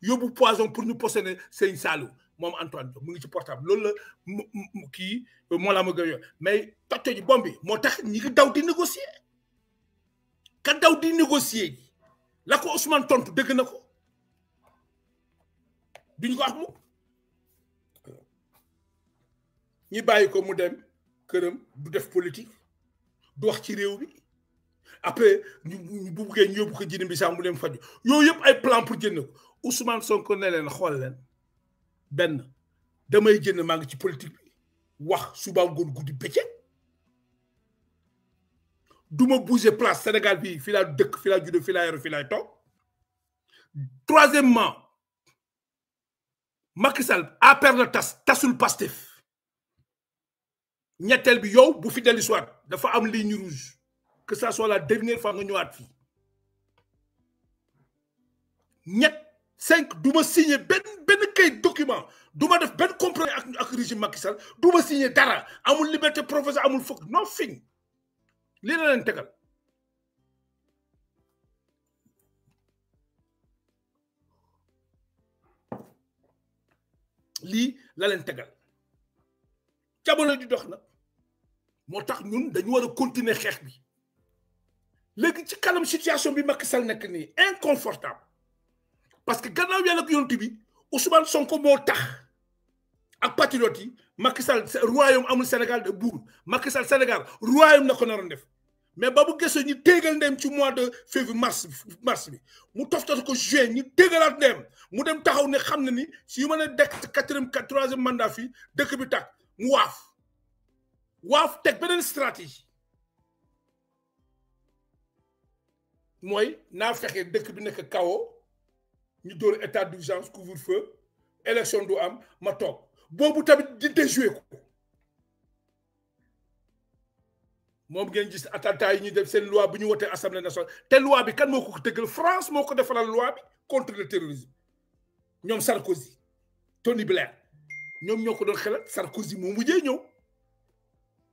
il poison pour nous c'est c'est salaud. mom Antoine Diom, je suis portable la mais tu ji Bombi, bi tax ñi négocier la Ousmane tontu tu na ko duñ ko du def politique du wax ci après ñu bu ñu bi mu plan pour jënd ko Ousmane Sonko ne leen leen politique bi wax suba ngoon guddi bëccëg duma bouger place Sénégal bi troisièmement Macky a perdu la tas tasul Pastef ñetteel bi yow bu fi dellu soit dafa am ligne rouge que ça soit la dernière fois nga ñëwaat fii ñett cinq du ma signé ben ben kay document duma def ben compromis ak ak régime Macky Sall du signé dara amul liberté professeur amul no fing li la len tegal li la len tegal jamono ji dox na motax ñun dañu wara continuer xex bi legui ci kalam situation bi Macky Sall nek ni inconfortable parce que gannaaw yàlla ak yonent bi Ousmane Sonko moo tax ak patriote yi Macky Sall royaume amul Sénégal de bour Macky Sall Sénégal royaume na ko def mais babu bu ñu tégal ndem ci mois de février mars mars bi mu toftal ko juin ñu téegalaat ndem mu dem taxaw ne xam na ni su yu dekk 4e 3e mandat fi dekk bi tàkk mu waaf waaf teg beneen stratégie mooy naa fexe dëkk bi nekk kawo ñu door état d'urgence couvre-feu élection du am ma toog boobu tamit di déjoué ko moom ngeen gis attentat yi ñuy def seen loi bu ñu wotee assemblée nationale te loi bi kan moo ko dëggal France moo ko defaral loi bi contre le terrorisme ñoom Sarkozy Tony Blair ñoom ñoo ko doon xelal Sarkozy moo mujjee ñëw.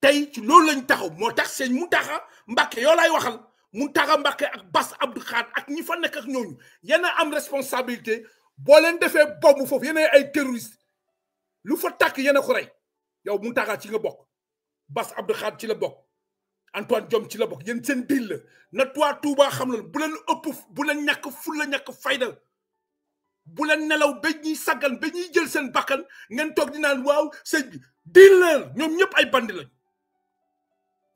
tey ci loolu lañ taxaw moo tax seen mu taxa Mbacké yoo laay waxal mu Mountakha Mbacké ak Bass Abdou Khadre ak ñi fa nekk ak ñooñu yéen am responsabilité boo leen defee bomb foofu yenee ay terroriste lu fa takk yéen a ko rey yow Mountakha ci nga bokk Bass Abdou Khadre ci la bokk Antoine Diome ci la bokk yen seen deal la na toi Touba xam loolu bu leen ëpp bu leen ñàkk fulla ñàkk faydal bu leen nelaw ba ñuy saggan ba ñuy jël seen bakkan ngeen toog di naan waaw sëñ bi deal la ñoom ñëpp ay bandi lañ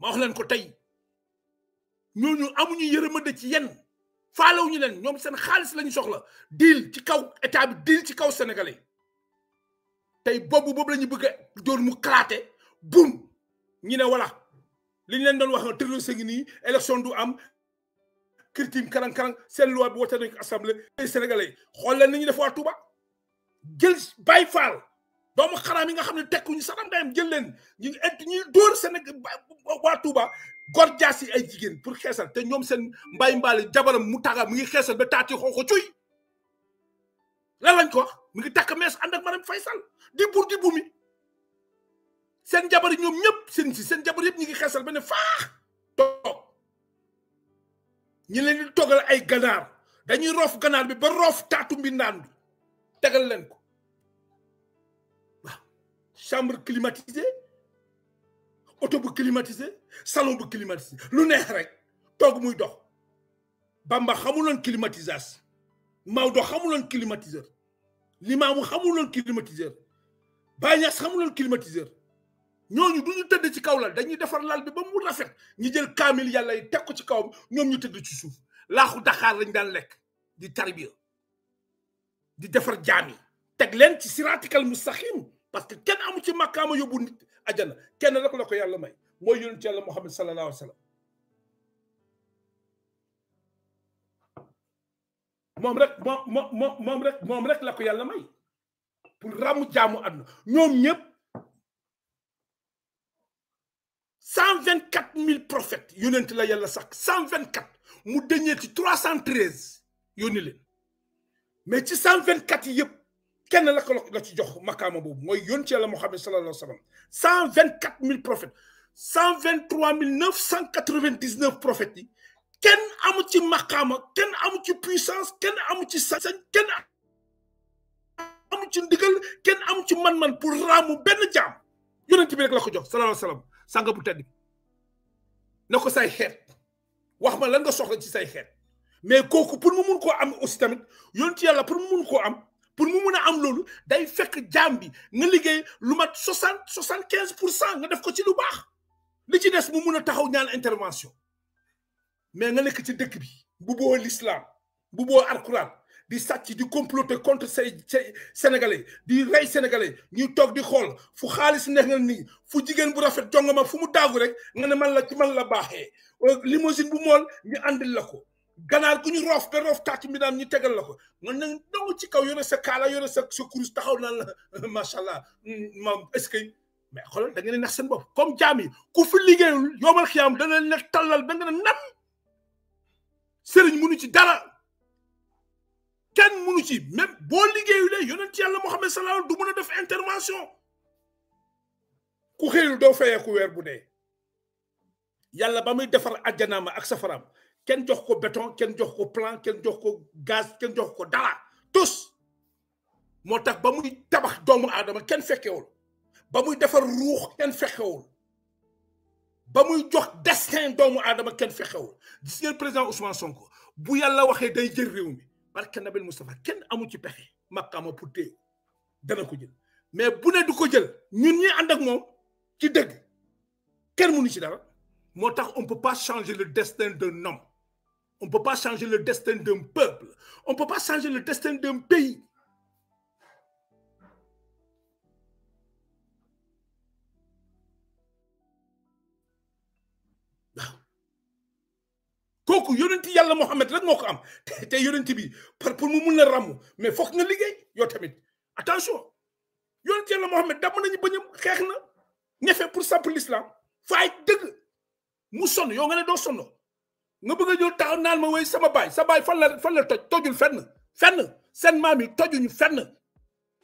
ma wax leen ko tey ñooñu amuñu yërëmande ci yenn faalewuñu leen ñoom seen xaalis lañu soxla diil ci kaw état bi diil ci kaw sénégalais tey boobu boobu la ñu bëgg a mu kalaate bum ñu ne voilà li ñu leen doon wax terroriste ngi nii élection du am kirtim karang-karang seen loi bi wote nañ ko assemblée sénégalais xool leen ni ñu def waa Touba jël bàyyi faal doomu xaraam yi nga xam ne tekkuñu saram dayam jël leen ñu ñuy dóor Sénégal waa Touba gor jaas yi ay jigéen pour xeesal te ñoom seen mbay mbaali jabaram mu tàgga mu ngi xeesal ba taati xooxo cuy lan ko mu ngi takk mees ànd ak Marème Faye Sall di bur di bumi seen jabar yi ñoom ñëpp seen si seen jabar yëpp ñu ngi xeesal ba ne faax toog ñi leen di toggal ay ganaar dañuy roof ganaar bi ba roof taatu mbindaandu tegal leen ko chambre climatisée auto bu climatisé salon bu climatisé lu neex rek toog muy dox Bamba xamuloon climatisation Maodo xamuloon climatiseur Limaamu xamuloon climatiseur Baay Ñas xamuloon climatiseur ñooñu du ñu tëdd ci kaw lal dañuy defar lal bi ba mu rafet ñu jël kaamil yàlla yi teg ko ci kawam ñoom ñu tëdd ci suuf laaxu daxaar lañ daan lekk di tarbiya di defar jaam yi teg leen ci siraatikal mustaqim parce que kenn amu ci màkkaama yóbbu nit ajana kenn rek la ko yàlla may mooy yonent yàlla muhammad sallallahu alayhi wa sallam moom rek moom rek moom rek yàlla may pour ràmm jaamu àdduna ñoom ñëpp cent vingt quatre mille prophètes yonent la yàlla sax cent vingt quatre mu dëñee ci trois cent treize yónni mais ci cent vingt quatre yi yëpp kenn la ko la ci jox makaama boobu mooy yónni ci yàlla Muhammad sallallahu alayhi wa sallam cent vingt quatre mille profet cent vingt trois mille neuf cent quatre vingt dix neuf prophètes kenn amu ci makaama kenn amu ci puissance kenn amu ci sañ-sañ kenn amu ci ndigal kenn amu ci man-man pour raamu benn jaam yonent bi rek la ko jox sallallahu alayhi wa sallam sànga bu tedd na ko say xeet wax ma lan nga soxla ci say xeet mais kooku pour mu mun koo am aussi tamit yónni ci yàlla pour mu mun koo am pour mu mën a am loolu day fekk jaam bi nga liggéey lu mat soixante soixante quinze pour cent nga def ko ci lu baax li ci des mu mun a taxaw ñaan intervention mais nga nekk ci dëkk bi bu boo l'islam bu boo alquran di sàcc di comploter contre say sénégalais di rey sénégalais ñuy toog di xool fu xaalis neex nga nii fu jigéen bu rafet jongama fu mu daagu rek nga ne man la ci man la baaxee euh, limousine bu mool ñu àndil la ko ganaar gu ñu roof ba roof tàcc mi daam ñu tegal la ko nga ne dong ci kaw yore sa kaala yore sa sa kurus taxaw naan la [LAUGHS] allah maam est-ce que mais xoolal da ngeen di nax seen bopp comme jaam yi ku fi liggéeyul yoomal xiyaam dana ne tallal ba nga ne nam sëriñ munu ci dara kenn munu ci même boo liggéeyulee yonent yàlla Muhammad sallallahu du mën a def intervention ku xëyul doo fayee ku weer bu dee yàlla ba muy defar ajjanaama ak safaraam Ken jox ko béton ken jox ko plan ken jox ko gaz ken jox ko dara tous motax ba muy tabax doomu adama ken fekkewul ba muy defar ruux ken fekkewul ba muy jox destin doomu adama ken fekkewul gis ngeen président Ousmane Sonko bu yàlla waxee day jël réew mi barke Nabil Moustapha ken amu ci pexe makkaama pour téye dana ko jël mais bu ne du ko jël ñun ñi ànd ak moom ci dëgg kenn mënu ci dara motax on peut pas changer le destin d'un homme on ne peut pas changer le destin d'un peuple. On ne peut pas changer le destin d'un pays. Coucou, yonenti Yalla Mohamed rek moko am te yonenti bi par pour mu mun mais il na liggéey yo tamit attention Yonenti Yalla Mohamed damm nañu bañ a xeex na ñefe pour samp l'islam faay deug. mu sonn yo nga ne doo sonno nga bëgg a jël taxaw naan ma woy sama baay sa baay fan la fan la toj tojul fenn fenn seen maam yi tojuñu fenn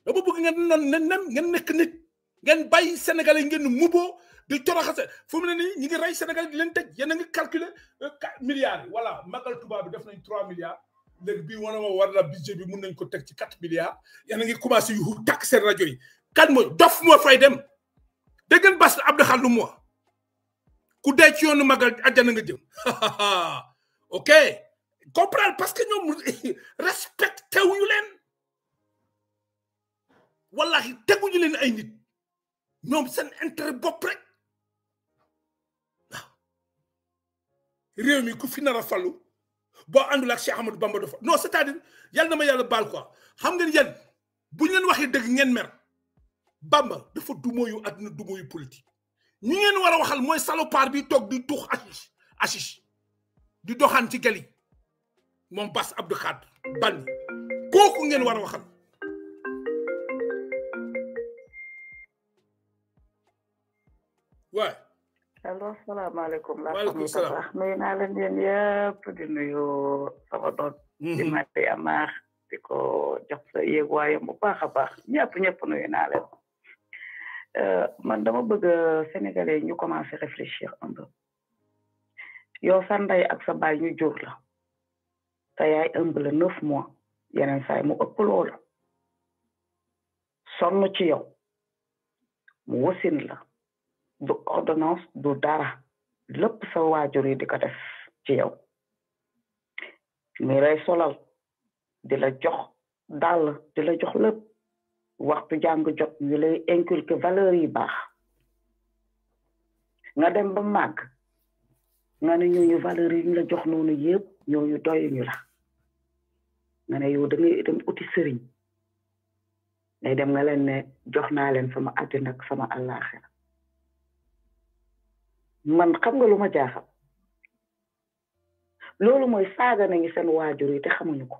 dama bëgg ngeen non ne nem ngeen nekk nit ngeen bàyyi sénégalais ngeen muboo di toroxase fu mu ne ni ñi ngi rey sénégalais di leen tëj yéen a ngi calculer euh, quatre milliards yi magal tubaab bi def nañ trois milliards léegi bii wana ma war la budget bi mun nañ ko teg ci quatre milliards yéen a ngi commencé yu tàkk seen rajo yi kan mooy dof moo fay dem de ngeen Bass Abdou Khadre lu mu ku dee ci yoonu magal àjjana nga jëm [LAUGHS] ok comprendre parce que ñoom [LAUGHS] respecté wuñu leen wallahi teguñu leen ay nit ñoom sen intérêt bopp rek réew mi ku fi nar a falu boo àndul ak Cheikh Amadou Bamba dafa non cest à na ma yàlla baal quoi xam ngeen yéen bu ñu leen waxee dëgg ngeen mer Bamba dafa dumóoyu àdduna dumóoyu politique ñi ngeen wara waxal moy salopard bi tok di tux achiche achiche di doxan ci gali mom Bass Abdou khad ban koku ngeen wara a waxal waay allo salaamaaleykum la waaleykum salaam nuyu na la ñeen yëpp di nuyu sama doon mhm. di matti amax di ko jox sa yéeg waaye bu baax a baax ñëpp ñëpp nuyu naa leen Euh, man dama bëgg sénégalais ñu commencé réfléchir un peu yow sa ndey ak sa bay ñu jur la sa yaay ëmb la neuf mois yeneen saay mu ëpp loolu sonn ci yow mu wasin la du ordonnance du dara lépp sa waajur yi di ko def ci yow mi lay solal di la jox dàll di la jox lépp waxtu jàng jot ñu lay inculquer valeur yu baax nga dem ba màgg nga ne ñooñu valeur yi ñu la jox noonu yëpp ñooñu doyuñu la nga ne yow da ngay dem uti sëriñ day dem nga leen ne jox naa leen sama àddina sama àllaaxira man xam nga lu ma jaaxal loolu mooy saaga nañu seen waajur yi te xamuñu ko.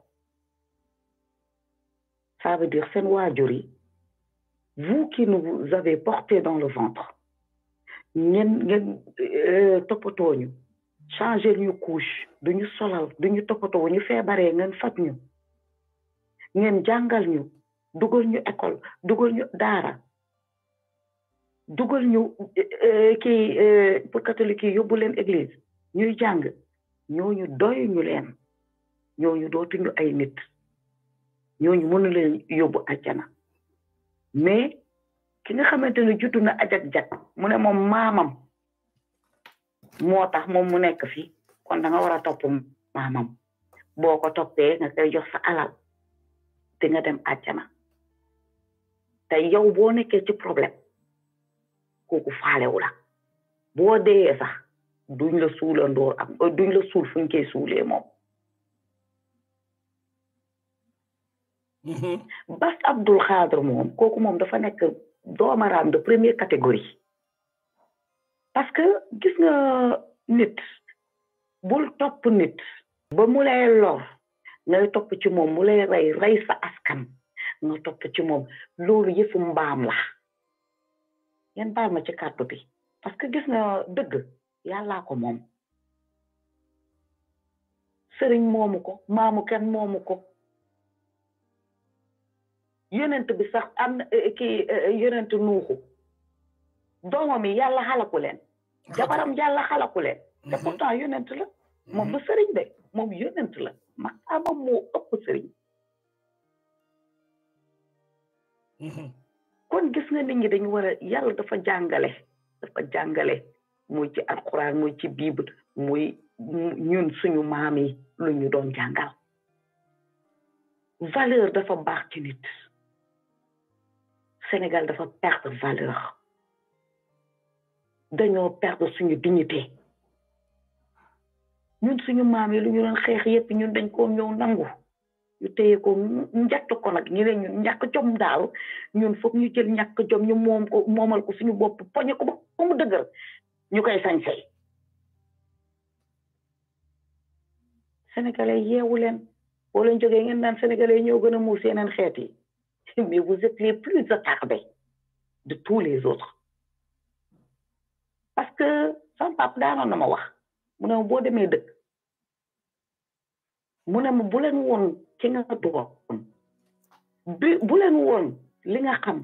ça veut dire loi vous qui nous avez porté dans le ventre ngeen ngeen nous euh, changer ñu couche duñu solal de nous nous. ñu nous ñu école ñu Dara, nous ñu euh, euh, pour catholique nous l'Église. Nous nous nous nous ñu Nous ñooñu mën la leen yóbbu àjjana mais ki nga xamante ne juddu na ajak jak mu ne moom maamam moo tax moom mu nekk fi kon da war a topp maamam boo ko toppee nga koy jox sa alal te nga dem àjjana te yow boo nekkee ci problème kooku faalewu la boo dee sax duñ la suulandoor ak duñ la suul fuñ koy suulee moom Mm-hmm. Bass Abdou Khadre moom kooku moom dafa nekk doomaraam de première catégorie parce que gis nga nit bul topp nit ba mu lay lor ngay topp ci moom mu lay rey rey sa askan nga topp ci moom loolu yëfu mbaam la ngeen ma ci kàddu bi parce que gis nga dëgg yàllaa ko moom sëriñ moomu ko maamu kenn moomu ko yonent bi sax am na eh, kii eh, yonent nuuxu doomam yi yàlla xalaku leen jabaram yàlla xalaku leen te mhm. pourtant yonent la mhm. moom du sëriñ de moom yonent la maqaamam moo ëpp sëriñ mhm. kon gis nga nit ñi dañu war a yàlla dafa jàngale dafa jàngale muy ci alquran muy ci bible muy ñun suñu maam yi lu ñu doon jàngal valeur dafa baax ci nit Sénégal dafa perte valeur dañoo perte suñu dignité ñun suñu maam yi lu ñu doon xeex yépp ñun dañ koo ñëw nangu ñu téye ko njàtt ko nag ñu ne ñun ñàkk jom daal ñun foog ñu jël ñàkk jom ñu moom ko moomal ko suñu bopp poñe ko ba mu dëgër ñu koy sañsey sénégalais yeewu leen boo leen jógee ngeen naan sénégalais ñoo gën a muus yeneen xeet yi [LAUGHS] mais vous êtes les plus attardés de tous les autres. Parce que ça papa na ne ma pas On bu won ci nga li nga xam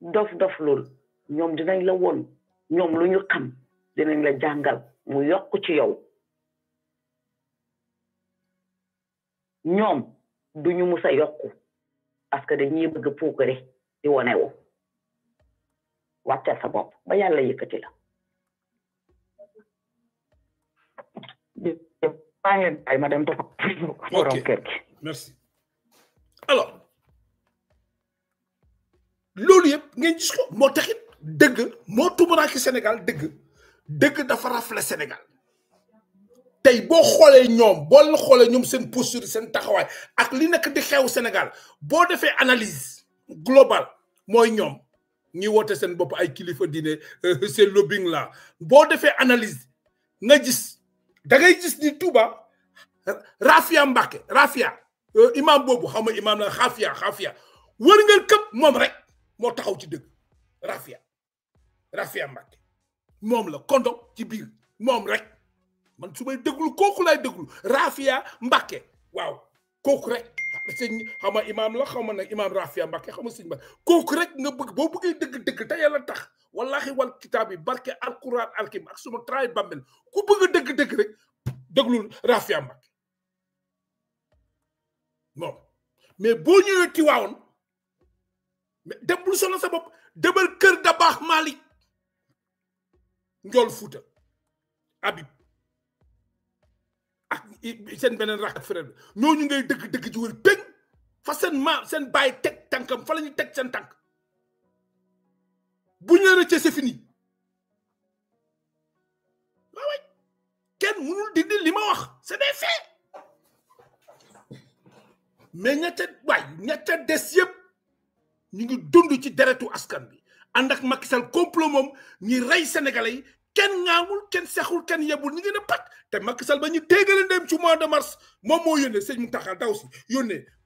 dof-dof lool ñom dinañ la de ñom On xam dinañ la jangal mu yokku parce que dañuy bëgg puukare di wone wu wàcce sa bopp ba yàlla yëkkati la ay ma dem topp kër gi merci alors loolu yëpp ngeen gis ko moo taxit dëgg moo tumuraaki Sénégal dëgg dëgg dafa rafle Sénégal tey boo xoolee ñoom boo xoolee ñoom seen posture seen taxawaay ak li nekk di xew Sénégal boo defee analise global mooy ñoom ñuy woote seen bopp ay kilifa diine euh, seen lobbying la boo defee analyse nga gis da ngay gis ni Touba Rafia Mbacke Rafia euh, imam boobu xam nga imam la xafiya xaafia wër nga këpp moom rek moo taxaw ci dëgg Rafia Rafia Mbacke moom la kondom ci biir moom rek man su may déglu kooku laay déglu Rafia Mbacke waaw kooku rek sëñ xaw ma imaam la xaw ma nag imaam Rafia Mbacke xaw ma sëñ ba kooku rek nga bëgg boo bëggee dëgg dëgg te yàlla tax wallahi wal kitaab yi barke alquran alkim ak suma traay bàmmel ku bëgg a dëgg dëgg rek déglul Rafia Mbacke moom mais boo ñëwee Tiwaawoon mais dem bul solo sa bopp demal kër da baax Malick njool Fuuta Habib ak seen beneen rakk ak frère bi ñooñu ngay dëgg dëgg ji wër péñ fa seen maam seen bàyyi teg tànkam fa la ñuy teg seen tànk bu ñu la rëccee c'est fini waaw waay kenn mënul dindi li ma wax c'est fi faits mais ñette des yëpp ñu ngi dund ci deretu askan bi ànd ak Macky Sall complot moom ñi rey sénégalais yi kenn ŋaamul kenn sexul kenn yebul ñu ngi ne pat te Macky Sall ba ñu téegale ndéem ci mois de mars moom moo yónnee sëñ Mountakha daw si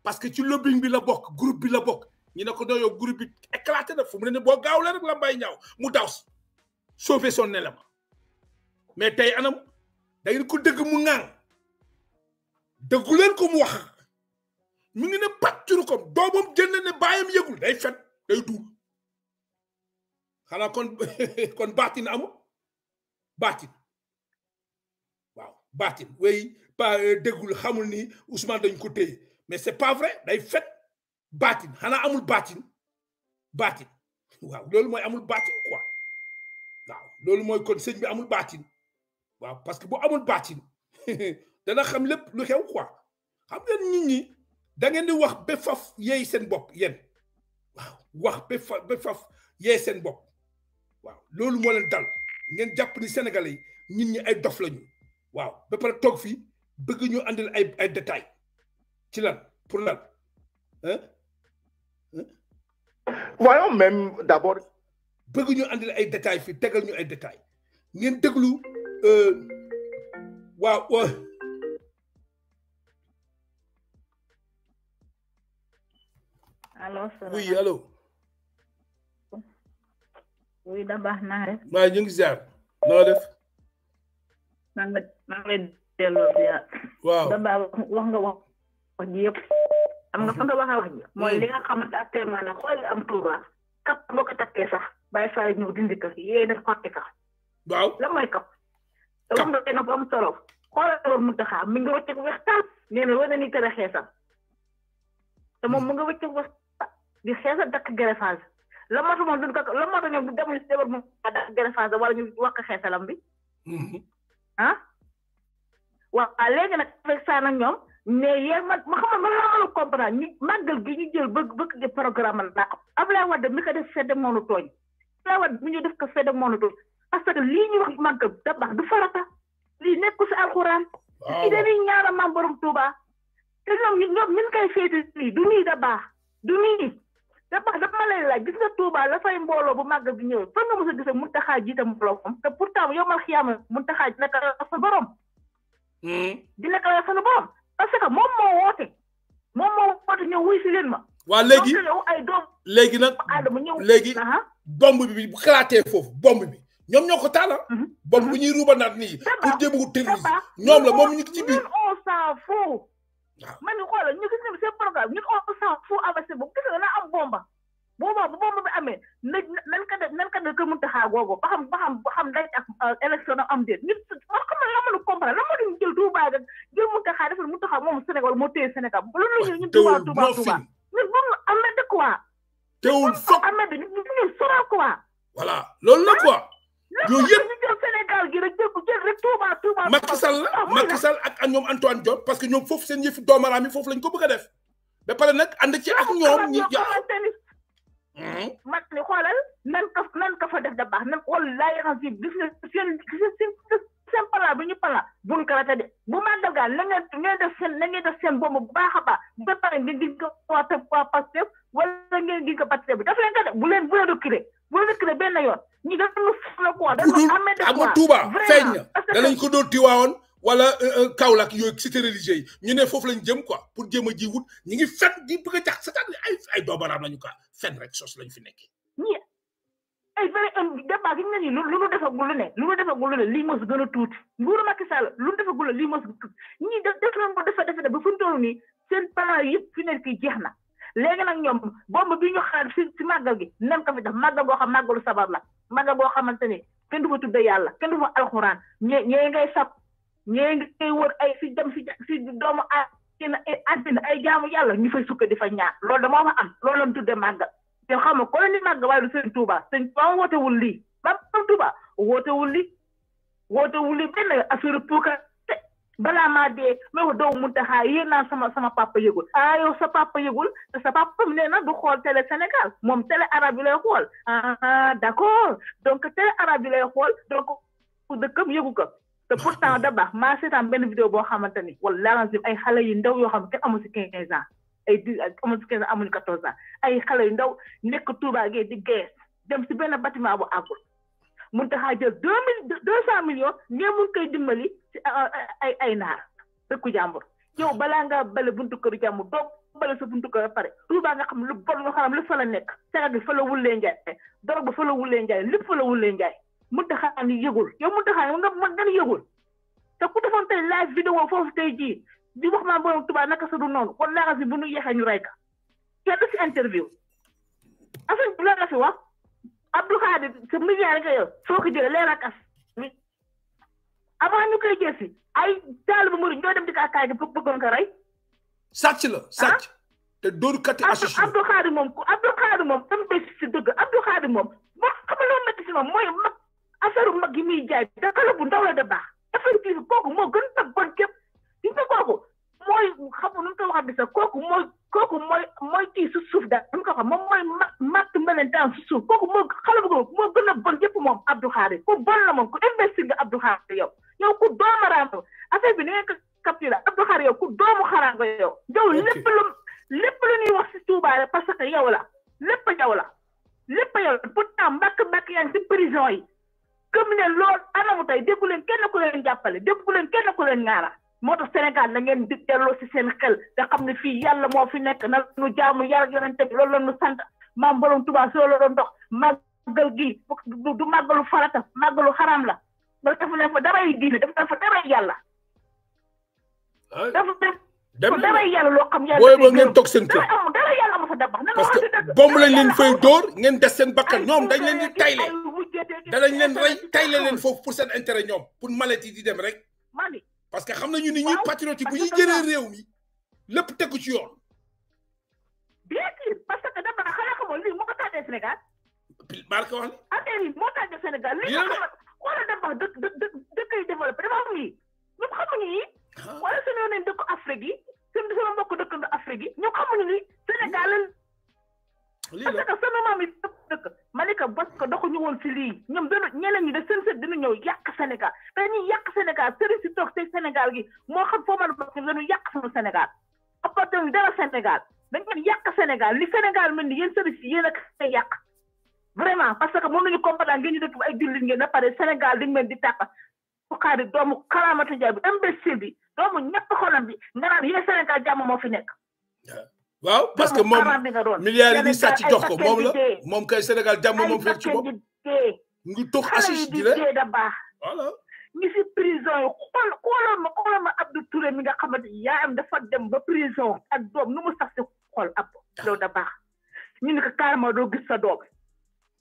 parce que ci lobbying bi la bokk groupe bi la bokk ñu ne ko doyoo groupe bi éclaté na fu ne ne boo gaaw la rek la mbay ñaaw mu daw si sauver son élément mais tey anam da ngeen ko dëgg mu ŋaang dëggu leen ko mu wax mu ngi ne pat curu kom doomam jënd ne bàyyam yëgul day fen day duul xanaa [LAUGHS] kon baatin amul Batin. waaw baatin way pa euh, degul xamul ni Ousmane dañ ko mais c'est pas vrai day fait Batin. hana amul batin. Batin. waaw lolou moy amul batin quoi waaw lolou moy kon sëñ bi amul baatin waaw parce que bu amul batin. [LAUGHS] dana xam lepp lu xew quoi xam ngeen nit ñi da ngeen di wax be faf yey seen bop yeen waaw wax be faf be faf yey seen waaw dal ngeen jàpp ni sénégalais yi ñun ñi ay dof lañu waaw ba pare toog fii bëgg ñu andil ay ay détails ci lan pour lan hein voyons même d'abord bëgg ñu andil ay détails fii tegal ñu ay détails ngeen déglu euh, waaw allo oui allo oui da baax naa def. maa ngi ziar noo def. maa ngi lay delloo a waaw wax nga wax wax ji yëpp. xam nga fa nga wax mm-hmm. mooy li nga xamante actuellement am Touba. kap boo ko takkee sax bàyyi faa ñëw dindi ko yéen a xotti ka. waaw lan mooy kap. kap wax nga kenn bu am solo. xoolal loolu mënut a xaar mi nga wëcceeku wax taal. nee na war na ni tere xeesal. te moom mu nga wëcceeku wax di xeesal dakk greffage. la moo tax moom duñ ko la moo daal gën a phase wala ñu wàq xeesalam bi. Mm-hmm. ah. waaw léegi nag avec ça nag ñoom mais yéen ma xam man laa mën a comprendre ñu màggal gi ñu jël bëgg bëgg di programme la ko Abdoulaye Wade mi ko def fedde moonu tooñ Abdoulaye Wade mi ñu def ko fedde moonu tooñ parce que lii ñu wax màggal dabax du farata lii nekku si alxuraan. waaw ci dañuy ñaara maam borom Touba. te ñoom ñoom ñu ngi koy du nii da baax du nii. dafa dafa lay laaj gis nga Touba la fay mbooloo bu màgg bi ñëw fan nga mos a gis ak Muntaxa jiite mbooloo moom te pourtant yomal xiyaama Muntaxa dina ko yor dina ko yor borom parce que moom moo woote moom moo ñëw wuy si leen ma. waa léegi ay doom léegi nag léegi bomb bi bu xalaatee foofu bomb bi ñoom ñoo ko taala ah. mhm. bomb bu ñuy ruubanaat nii pour jéem a terroriser ñoom la moom ñu ci biir. on s'en fout. waaw man mii xoolal ñu gis ne seen programme ñun on s'en fout avancé boobu gis nga na am bomba boobaa bomba bi amee na nan ka def nan ka def kër Mountakha googu ba xam ba xam ba xam dañ ak euh, élection am déet ñun man xam nga la mën a comprendre la moo duñ jël Touba ga jël Mountakha defal Mountakha moom Sénégal moo téye Sénégal loolu la ñuy ñun Touba Touba Touba ñun bu mu amee de quoi teewul fokk amee de ñun ñun soral quoi voilà loolu la quoi yooyu leeral gi rek jël jël ah, ak ak ñoom Antoine Diop parce que ñoom foofu seen yëfi doomaraam yi foofu lañ ko bëgg a def. ba pare nag ànd ak ñoom ñi jox ka nan ka fa def da seen pala bi ñu pala buñ ko rate de bu màggal gaa na ngeen ngeen def seen na ngeen def seen boobu bu baax a baax ba pare ngeen gis ko waate waa Pastef wala ngeen gis ko Pastef bi daf leen ko de bu leen bu leen reculer bu benn yoon ñi dañu fula quoi dañu amee de quoi Touba feeñ na danañ ko dóor Tiwaawoon wala euh, euh, Kaolack yooyu cité religieux yi ñu ne foofu lañ jëm quoi pour jéem a ji wut ñi ngi fen di bëgg a jax c'est-à-dire ay ay doobaraam lañu quoi fen rek sos lañu fi nekk ay benn débat gi ñu i nii lu lu defagul lu ne lu lu defagul lu ne lii mos gën a tuuti nguuru Macky Sall lu lu defagul lii mos tuuti ñii def def nañ ko defa defe ba fu mu toll nii seen plan yëpp fi nekk kii jeex na léegi nag ñoom bomb bi ñu xaar si si màggal gi nem ko fi def màggal goo xam màggalu sabar la màggal goo xamante ni kenn du fa tudde yàlla kenn du fa alxuraan ñee ñee ngay sab ñee ngay wër ay si dem si si doomu a addina ay jaamu yàlla ñu fay sukk di fa ñaar lool dama fa am loolu lañ tudde màggal yow xam nga ko la ni màgg waaye du sëñ Touba sëñ Touba wootewul lii ba sëñ Touba wootewul lii wootewul lii benn affaire puukar balaa maa dee ma ko doomu Muntaxa yéen naa sama sama papa yëgul ah sa papa yëgul te sa papa nee na du xool télé Sénégal moom télé arab yi lay xool ah d'accord donc télé arab yi lay xool donc dëkkam yëgu ko te pourtant da baax maa seetaan benn vidéo boo xamante ni wala ay xale yu ndaw yoo xam ne kenn amu si quinze ans ay di amuñu quinze amuñu quatorze ay xale yu ndaw nekk Touba gee di gees dem si benn bâtiment bu àggul mun taxaa jël deux mille deux cent millions ñee mun koy dimbali si ay ay naar dëkku jàmbur yow balaa ngaa bale buntu kër jàmbur doog bale sa buntu kër pare Touba nga xam lu bon nga xam la nekk sarat bi fa la wullee njaay dorog bi fa la wullee njaay lépp fa la wullee njaay mun taxaa ni yëgul yow mun taxaa nga nga nga yëgul te live vidéo foofu tey jii di wax maam borom Touba naka sa du noonu wallaahi asi bu nu yéexee ñu rey ka kenn si interview affaire bi la fi wax Abdou Khadir sa milliard nga yor soo ko leer ak as avant ñu koy jël si ay taalibu murid ñoo dem di ko attaqué ah? moom moom tam des si dëgg Abdou Khadir moom moo xamal loo métti si moom mooy mag affaire mag yi muy jaay dara bu ndaw la kooku moo gën a bon gis nga kooku mooy xam nu mu koy waxee bi ko waxee moom mooy ma matt melentaan su suuf kooku moo xale bu gën a bon yëpp moom Abdou Khadre ku bon la moom ku investir nga Abdou Khadre yow yow ku doomu raam affaire bi ni ngeen ko capturé Abdou Khadre yow ku doomu xaraa nga yow. parce que yow la lépp yow la lépp yow la pourtant mbàkk-mbàkk yaa si prison yi. gëm ne loolu anamu tey déggu leen kenn ku leen jàppale déggu leen kenn ku leen ñaara. moo tax Sénégal na ngeen di delloo si seen xel te xam ne fii yàlla moo fi nekk na nu jaamu yàlla yonente bi loolu la nu sant maam borom Tuubaa si loolu la doon dox màggal gi du màggalu farata màggalu xaram la loolu dafa ne fa daray diine dafa fa daray yàlla. dafa def daray yàlla loo xam yàlla. booy ba ngeen toog seen kër daray yàlla ma fa dabax. parce que bomb lañ leen fay dóor ngeen des seen bakkan ñoom dañ leen di tayle danañ leen rey tayle leen foofu pour seen intérêt ñoom pour maladie di dem rek. parce que xam nañu ni ñuy patriotique bu ñuy jëlee réew mi lépp tegu ci yoon. bien sûr parce que dafa xanaa xamoon lii moo ko tànnee Sénégal. barke wax la. affaire moo tànnee Sénégal. lii nga xamal xoolal dafa dë dë dëkk yi développé dafa am yii ñoom xamuñu yii. Ah. wala suñu yónnee dëkku Afrique yi suñu sama mbokku dëkkandu Afrique yi ñoom ni Sénégal hmm. lii la parce que sama maam yi dëkk Malika bas ko doxuñu woon lii ñoom dana ñeneen ñi de seen sët ñëw yàq Sénégal te ñuy yàq Sénégal sëriñ si toog tey Sénégal gi moo xam foo mën a bokk dañu yàq suñu Sénégal apporté ñu Sénégal dañ ngeen yàq Sénégal li Sénégal mel ni yéen sëriñ si yéen a koy yàq vraiment parce que mën nañu comprendre ngeen ñu dëkk ay jullit ngeen na pare Sénégal dañ leen di tàppa buxaari doomu karaamata jaay bi imbécile bi doomu ñàkk xolam bi nga naan yéen Sénégal jàmm moo fi nekk parce que moom milliards yi di sàcc jox ko moom la moom kay Sénégal jàmm moom fekk ci ngi toog assis di leen voilà. si prison xool xoolal Abdou Touré mi nga xamante yaayam dafa dem ba prison ak doom nu mu sax si xool da baax ñu ne ko carrément doo gis sa doom.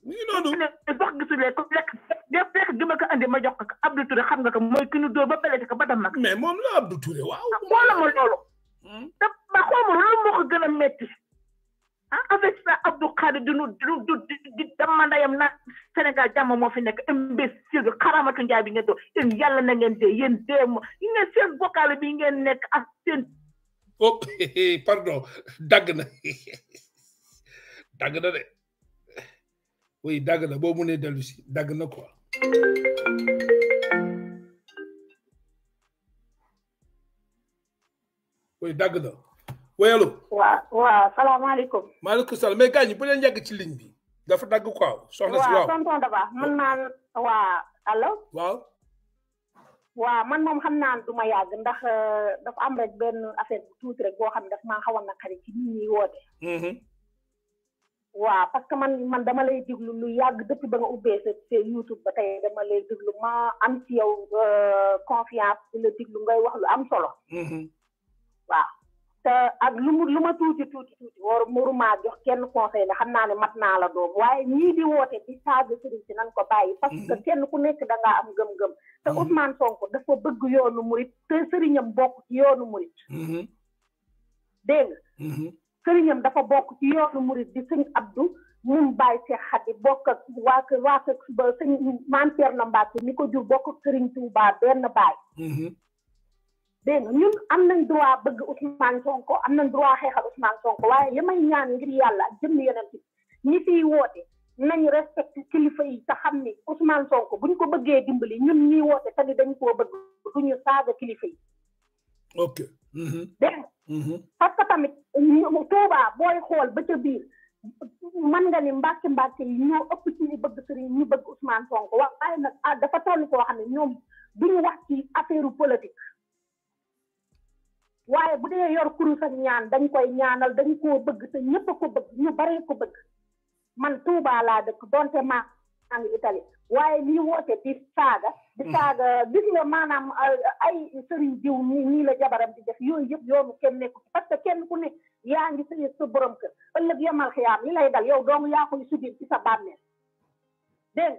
mi ngi noonu ne eh, ko lekk lekk gi ko andi ma jox ko Abdou Touré xam nga ko mooy ki ñu ba ko ba dem nag. mais moom la Abdou Touré waaw. xoolal ma loolu. da ma xawma lu moo gën a metti ah avec ça Abdou Khadre di nu di di dama ndayam na Sénégal jàmm moo fi nekk imbécile bi xaramatu njaay bi ngeen doon yéen yàlla na ngeen dee yéen dee mo yi ngeen seen bi ngeen nekk ak seen oh [LAUGHS] pardon dagg na [LAUGHS] dagg na de oui dagg na boo ne dellu dagg na quoi koy dàgg da wéyalu. waaw waaw salaamaaleykum. maaleykum salaam mais gars ñi bu leen yàgg ci ligne bi. dafa dagg quoi soxna si waaw waaw tonton man naan xam naa du ma ndax euh, daf am rek benn affaire bu tuuti rek boo xam ne daf maa xawoon na xarit ci nit ñi woote. Mm-hmm. waaw parce man man dama lay déglu lu yàgg depuis ba nga ubbee sa YouTube ba tey dama lay déglu ma am yow euh, confiance di la déglu ngay wax lu am solo. Mm-hmm. waaw te ak lu mu lu ma tuuti tuuti tuuti war waruma jox kenn conseil ne xam naa ne mat naa la doom waaye ñii di woote di saaga sëriñ si nan ko bàyyi parce que mhm. kenn ku nekk da ngaa am gëm-gëm te mhm. Ousmane Sonko dafa bëgg yoonu murit te sëriñam bokk ci yoonu murit mhm. dégg nga dafa bokk ci yoonu murit di sëñ Abdou mun bàyyi Seex Xadi bokk ak waa kër waa kër ba sëñ Maam ko jur bokk ak sëriñ Tuubaa benn baay dégg nga ñun am nañ droit bëgg Ousmane Sonko am nañ droit xeexal Ousmane Sonko waaye li ñaan ngir yàlla ak jëmm yeneen ci ñi fiy woote nañ respecté kilifa yi te xam ni Ousmane Sonko buñ ko bëggee dimbali ñun ñuy woote te ni dañ koo bëgg duñu saaga kilifa yi. ok. Mhm. dégg nga. Mhm. parce que tamit Touba booy xool ba ca biir mën nga ni mbàkki mbàkki yi ñoo ëpp ci ñu bëgg sëriñ ñu bëgg Ousmane Sonko waaye nag ah, dafa toll koo xam ne ñoom duñu wax ci affaire politique. waaye bu dee yor kurus ak ñaan dañ koy ñaanal dañ koo bëgg te ñëpp a ko bëgg ñu bare ko bëgg man Touba laa dëkk donte maa ngi Italie waaye lii woote di saaga di mm. saaga gis nga maanaam euh, ay sëriñ jiw nii nii la jabaram di def yooyu yëpp yoonu kenn nekku parce que kenn ku ne yaa ngi sëyeeg sa borom kër ëllëg yamal xiyaam li lay dal yow dong yaa koy subir ci sa bàmmeel dégg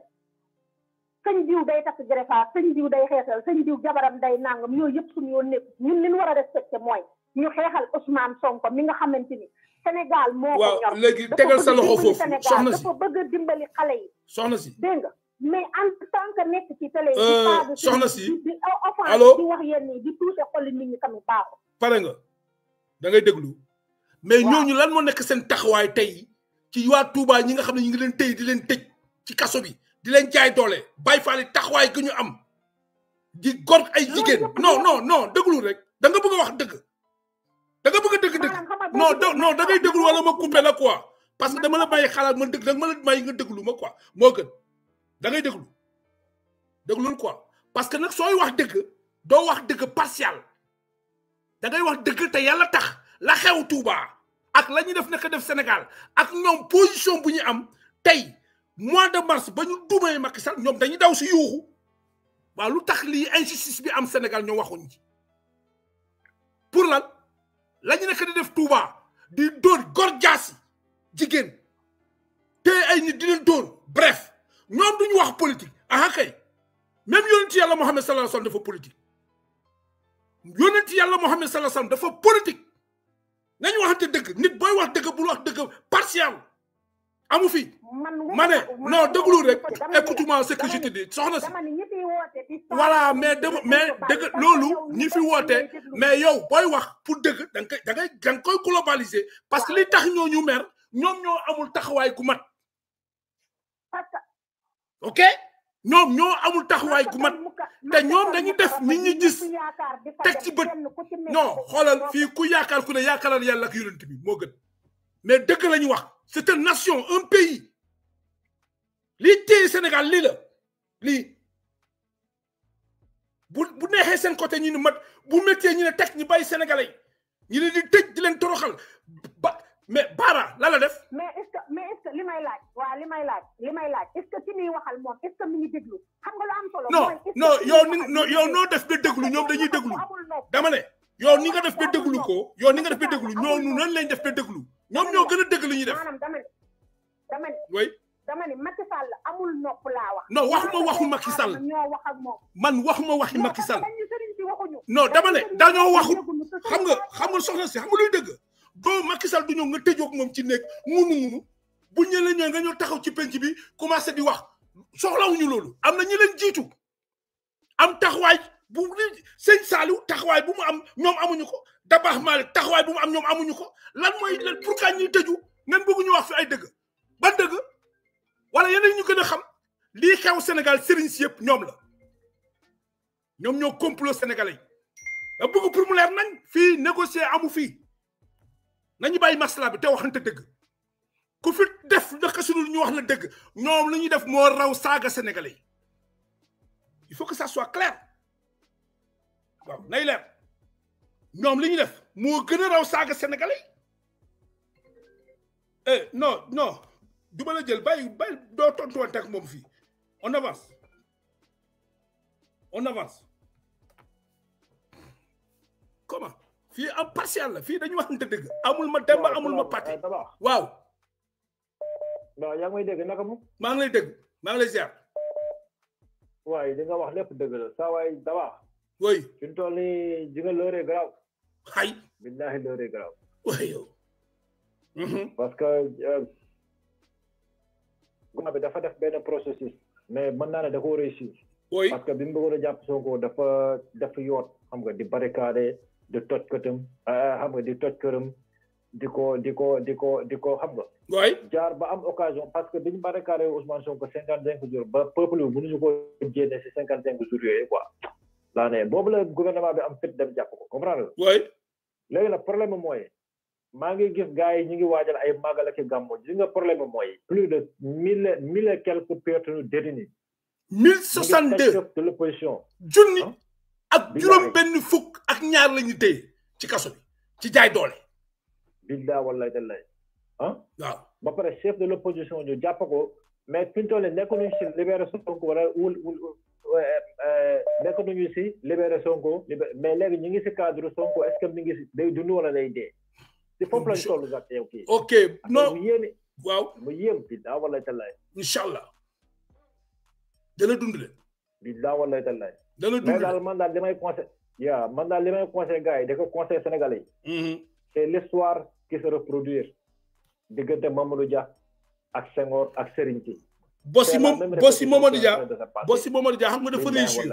sëñ diw day takk greffage sëñ diw day xeesal sëñ diw jabaram day nangam yooyu yëpp suñu yoon nekk ñun li ñu war a respecté mooy ñu xeexal Ousmane Sonko mi nga xamante ni Sénégal moo ko ñor. waaw léegi tegal sa loxo foofu soxna si dafa bëgg a dimbali xale yi. soxna si dégg nga mais en tant que nekk ci télé yi. Euh, soxna si di offense di wax yenn yi di tuute xolli nit ñi tamit baaxul. pare nga da ngay déglu. mais ñooñu lan moo nekk seen taxawaay tey ci waa Touba ñi nga xam ne ñu ngi leen tëj di leen tëj ci kaso bi. di len jay dole bay fali taxway gi ñu am di gor ay jigen non non non deglu rek da nga bëgg wax deug da nga bëgg deug deug dëgg non non da ngay deglu wala ma couper la quoi parce que dama la bàyyi xalaat ma deug da ma la bàyyi nga deglu ma quoi mo gën da ngay deglu deglu quoi parce que nak soy wax deug do wax deug partial da ngay wax deug te yalla tax la xew Touba ak lañu def naka def senegal ak ñom position bu ñu am tay mois de mars ba ñu dumee Macky Sall ñom dañuy daw ci yuxu wa lu tax li injustice bi am Sénégal ñoo waxuñ ci pour lan lañu ñu nekk di def Touba di door gor jigen té ay nit di leen door bref ñom duñu wax politique ah kay même yonent yalla mohammed sallallahu alayhi wasallam dafa politique yonent yalla mohammed sallallahu alayhi wasallam dafa politique nañ waxante deug nit boy wax deug bu wax deug partial Amoufi, fi non écoute-moi ce que je te dis voilà mais mais dëgg mais yow boy, pour globalisé parce que li tax ñoo ñu mer nous ñoo amul taxawaay ok ñoom ñoo amul taxawaay gu mat te ñoom dañu def nit ñi gis non nous mais dëgg c'est une nation, un pays. L'ité Sénégal, l'île, l'île. vous bu côté vous mat bu vous sénégalais ñu di mais qu'est-ce la mais est ce que mais est ce que li est laaj que li laaj li est ce que ki waxal est ce que déglu xam nga non non vous pas déglu pas dañuy déglu dama ne ni ko ñoom ñoo gën a dëgg li ñuy def maanaam dama ni dama ni oui dama ni Macky Sall amul nopp laa wax non waxuma waxu Macky Sall ñoo wax ak moom man waxuma waxi Macky Sall non dama ne dañoo waxut xam nga xam nga soxna si xam nga luy dëgg doo Macky Sall du ñëw nga tëjoog moom ci nekk munu munu bu ñu la ñëw nga ñëw taxaw ci penc bi commencé bi wax soxlawuñu loolu am na ñi leen jiitu am taxawaay bu sëñ Saliou taxawaay bu mu am ñoom amuñu ko Dabakh bu am ñom amuñu ko lan moy pourquoi ñi teju ngeen bëggu wala ñu xam li xew Sénégal ci yépp la ñom ñoo complot sénégalais da bëggu pour mu leer nañ négocier amu fi nañu masla bi te def ñu il faut que ça soit clair ñoom li ñu def mu gën a raw saaga sénégalais eh non non du ma la jël bàyyi bàyyi doo tontuwante ak moom fii on avance on avance comment fii am partial la fii dañu waxante dëgg amul ma demba amul ma pàtte waaw waaw yaa ngi may dégg naka mu maa ngi lay dégg maa ngi lay ziar waaye li nga wax lépp dëgg la saa waay dabaa oui suñu tool yi ji nga hay billahi loolay garaaw waaye parce que gouvernement bi dafa def benn processus mais mën naa ne da koo réussir parce que bi mu bëggoon a jàpp Sonko dafa def yoot xam nga di barricade di toj këtam xam nga di toj këram di ko di ko di ko di ko xam nga waay jaar ba am occasion parce que bi ñu barricade Ousmane Sonko cinquante cinq jours ba peuple bi mënuñu ko jénne si cinquante cinq jours yooyu quoi laa ne boobu la gouvernement bi am fit dem jàpp ko comprendre léegi nag problème mooy maa ngi gis gars yi ngi waajal ay magal ak gambo ji nga problème mooy plus de 1000 1000 et quelques personnes détenues 1062 soixante de l'opposition jouni hein? ak juróom benn fuk ak ñaar lañu tey ci kasso bi ci jaay doole billaa wallahi dallaay ah hein? waaw ba pare chef de l'opposition ñu japp ko mais fi ñu ci libération si libération wala wul Euh, euh, nekk nañu si libéré Sonko mais léegi ñu ngi si cadre Sonko est-ce que mi ngi si day wala day dee. si foofu lañ sa nag yow kii. ok non mu yéeme. waaw mu yéem bi daa wala tallaay. incha allah. dana dund bi daa wala tallaay. dana dund le mais daal man daal li may conseil. yaa man daal li conseil gars yi da ko conseil sénégalais yi. Mm-hmm. c'est l'histoire qui se reproduire diggante Mamadou Dia ak Senghor ak Serigne Sy. Bossi moom Bossi Mamadou Dia Bossi Mamadou xam nga dafa réussir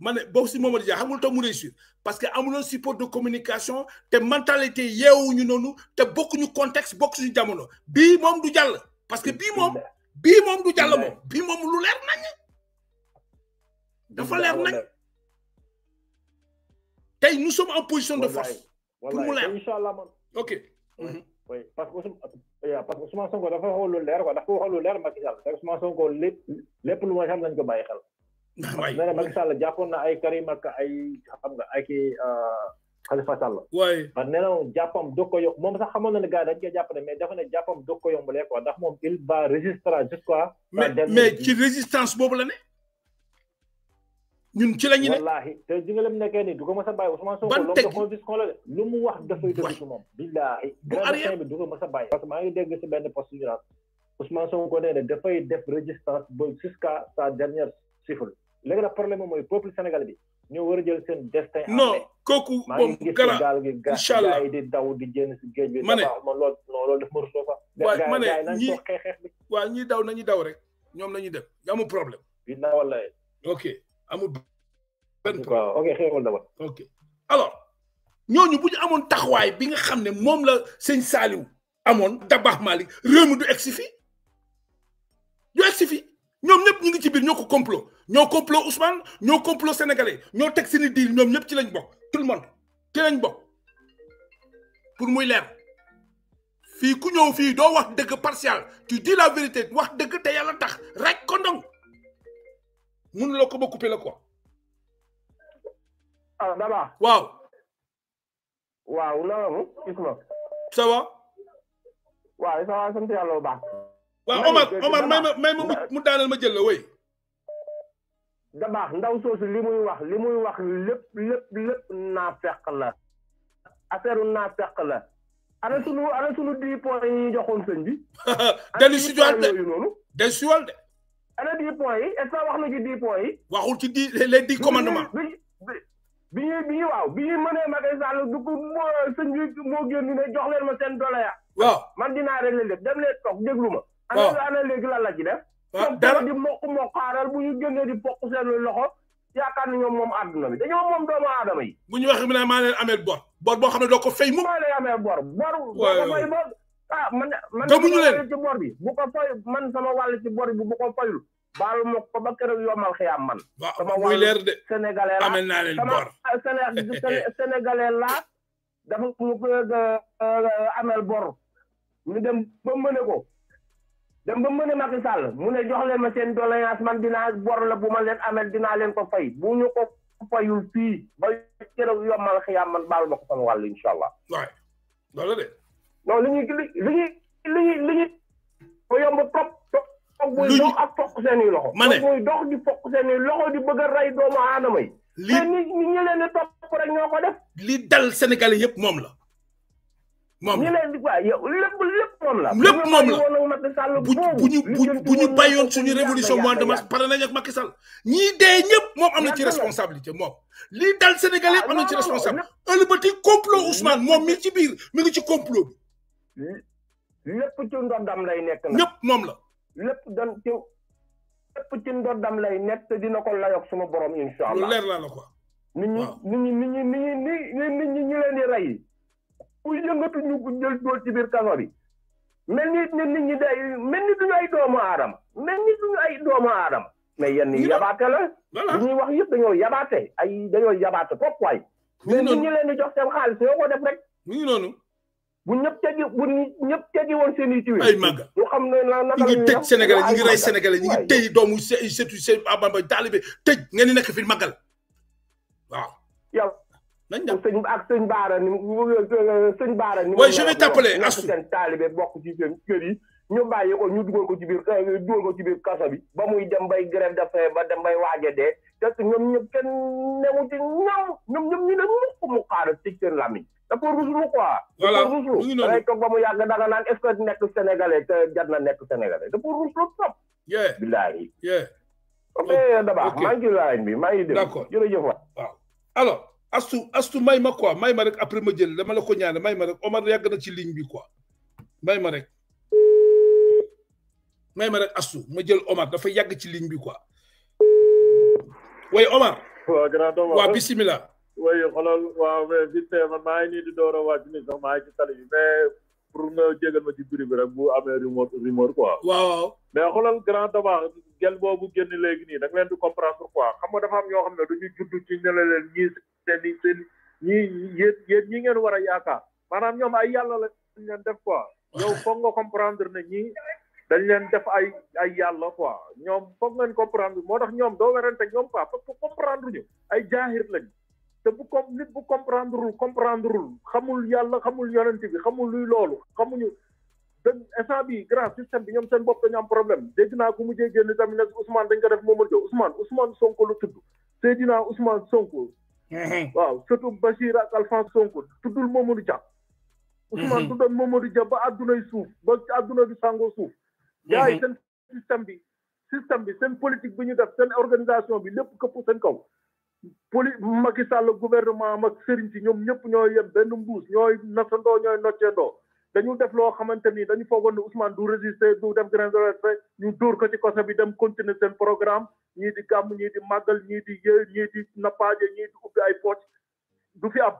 ma Bossi Mamadou Dia xam nga lu tax parce que amuloon support de communication te mentalité yeewuñu noonu te bokkuñu contexte bokkuñu jamono bii moom du jàll parce que bi moom bi moom du jàll moom bii moom lu leer nañ dafa leer nañ tey nous sommes en position de force pour mu leer ok mhm. oui parce que eh, parce que Ousmane Sonko dafa waxul lu leer quoi dafa waxul lu leer Macky Sall te Ousmane Sonko lépp lu ma xam nañ ko bàyyi xel. waay nee na Macky Sall na ay Karim ak ay xam nga ay kii Khalifa Sall. waay parce que nee na moom jàppam doog ko yomb moom sax xamoon na ne gars yi dañu jàpp ne mais dafa ne jàppam doog ko yombalee quoi ndax moom mais mais ci résistance boobu la ah, ne. ñun ci la ñu ne wallaahi te ji nga leen nekkee nii du ko mës a bàyyi Ousmane Sonko ban teg lu mu wax dafay dëgg ci moom billaahi bi du ko mës parce que maa ngi dégg si benn poste ñu naan Ousmane Sonko nee ne dafay def résistance ba jusqu'à sa dernière chiffre léegi nag problème mooy peuple sénégal bi ñoo war a jël seen destin non kooku moom gala gaal gi gaal yi di daw di génn si géej bi ma ne ma loolu loolu daf ma rusoo fa waaw ma ne ñi xeex bi waaw ñi daw nañu daw rek ñoom nañu dem amul problème bi na wallahi ok ok ok alors ñooñu bu ñu amoon taxawaay bi nga xam ne moom la sëñ Saaliw amoon Dabax du egsi du egsi Nous ñoom ñëpp ñu ngi ci biir ñoo complot ñoo complot Ousmane ñoo complot sénégalais ñoo teg diir ñoom ñëpp ci lañ bokk tout le monde ci lañ pour muy leer fii ku ñëw fii doo wax dëgg partial tu dis la vérité wax dëgg te yàlla tax raj mënuloo ko ba coupé la quoi. ah Daba. waaw. waaw na mu gis ma. waaw ça va sant yàlla bu baax. waaw Omar Omar may ma may mu daaneel ma jël la wéy. Daba ndaw soosu li muy wax li muy wax lépp lépp lépp naa fekk la affaire naa fekk la. ana sunu ana sunu dix points yi ñu joxoon sëñ bi. [LAUGHS] dellu de dellu si de. ana di points yi est wax na ci dix points yi. waxul ci dix les dix commandements. bi bi ñuy bi ñuy waaw bi mënee Macky Sall du moo sëñ bi moo génn ne jox leen ma seen doole ya. waaw man dinaa régler lépp dem leen toog déglu ma. waaw ana ana léegi lan la ci def. dara di mokk mokkaaral bu ñu génnee di pokk seen loxo yaakaar ni ñoom moom àdduna bi dañoo moom doomu aadama yi. bu ñu waxee mu ne maa leen amee bor bor boo xam ne doo ko fay mu. maa amee bor bor. waaw waaw ah man man gëmuñu leen ci bi bu ko fay man sama wàll ci bor bi bu ko fayul baalu ma ko ba keroog yombal xiyaam man sama wàll sénégalais la amel naa leen bor ah, sénégalais laa dafa mu ko euh, amel bor ñu dem ba mëne ko dem ba mëne Macky Sall mu ne jox leen ma seen doléance man dinaa bor la bu ma leen amel dinaa leen ko fay bu ñu ko fayul fii ba keroog yombal xiyaam man baalu ma sama wàll incha allah loolu de non li ñuy li ñuy li ñuy li ñuy ba yomb trop. toog muy dox ak fokk seen loxo. ma ne muy dox di fokk seen i loxo di bëgg a rey doomu aadama yi. li te ni ni ñu leen di topp rek ñoo ko def. li dal Sénégalais yëpp moom la. moom la ñu leen di quoi lépp moom la. lépp la bu ñu bu ñu bu ñu bàyyoon suñu révolution mois de mars pare nañ ak Macky Sall ñii dee ñëpp moom am na ci responsabilité moom. li dal Sénégalais yëpp ah, am na ci responsabilité. ëllëg ba tey complot Ousmane moom mi ngi ci biir mi ngi ci complot bi. lépp ci ndoddam lay nekk nag. ñëpp moom la. lépp dan ci lépp ci ndoddam lay nekk te dina ko layoog suma borom incha allah lu leer la la quoi. nit ñi nit ñi ñi leen di rey. ku yëngatu ñu dool ci biir kaso bi. mel ni nit ñi day mel ni duñu ay doomu aadama. mel ni duñu ay doomu aadama. mais yenn yabaate la. ñuy wax yëpp dañoo yabaate ay dañoo yabaate trop waay. mais nit ñi leen di jox seen xaalis yoo ko def rek. mi ngi noonu. bu ñëpp tegi bu ñëpp tegi woon seen i tuwe. ay màgg ñu xam ne la naka la ñuy wax ñu ngi tëj Sénégalais ñu ngi rey Sénégalais ñu ngi tëj doomu se setu se Bamba taalibe tëj ngeen di nekk fi màggal waaw. yow nañ sëñ ak sëñ Baara ni sëñ Baara. ni mooy je vais t'appeler asu seen taalibe bokk ci seen kër yi. ñu bàyyi ñu dugal ko ci biir euh, dugal ko ci biir kaso bi ba muy dem bay grève de faim ba dem bay waaje dee te ñoom ñëpp kenn newu ci ñoom ñoom ñoom ñu ne mukk mu xaaral seen làmmiñ dafa ruslu quoi. voilà dafa ruslu da ngay toog ba mu yàgg da nga naan est-ce eh, que nekk sénégalais te eh, jar na nekk sénégalais dafa ruslu trop. yeah billahi. yeah ok oh, damaa maa ngi laaj bi maa ngi déglu. d'accord jërëjëf waay. waaw alors astu astu may ma quoi may ma rek après ma jël dama la ko ñaan may ma rek Omar yàgg na ci ligne bi quoi may ma rek may ma rek astu ma jël Omar dafa yàgg ci ligne bi quoi. way Omar. waaw grand Omar waaw bisimilah way xolal waaw mais vite man maa ngi di door a wàcc nii sax maa ngi ci tali bi mais pour nga jégal ma ci biri bi rek bu amee rumeur rumeur quoi. waaw mais xolal grand tabax gel boobu génn léegi nii da nga leen di comprendre quoi xam nga dafa am ñoo xam ne du ñu judd ci ñu la leen ñii seen seen ñii yéen yéen ñi ngeen war a yaakaar maanaam ay yàlla la leen def quoi. yow foog nga comprendre ne ñii dañ leen def ay ay yàlla quoi ñoom foog ngeen comprendre moo tax ñoom doo werante ñoom quoi parce que comprendre ñu ay jaahir lañ. te bu com nit bu comprendrewul comprendrewul xamul yàlla xamul yonent bi xamul luy loolu xamuñu dañ instant bi grand système bi ñoom seen bopp dañu am problème dégg naa ku mujjee génn tamit nag Ousmane dañ ko def moom Diop Ousmane Ousmane Sonko la tudd Seydina Ousmane Sonko waaw surtout Bachir ak Alphonse Sonko tuddul Momadou Dia Ousmane tuddoon Momadou Dia ba addunay suuf ba adduna bi sàngoo suuf gars yi système bi système bi seen politique bi ñu def seen organisation bi lépp këpp seen kaw poli Macky Sall gouvernement mag sëriñ si ñoom ñëpp ñooy yem benn mbuus ñooy nasandoo ñooy noccandoo dañu def loo xamante ni dañu foogoon ne Ousmane du résister du dem grain de respect ñu dóor ko ci kosa bi dem continuer seen programme ñii di gàmm ñii di màggal ñii di yéey ñii di nappaaje ñii di ubbi ay poche du fi am.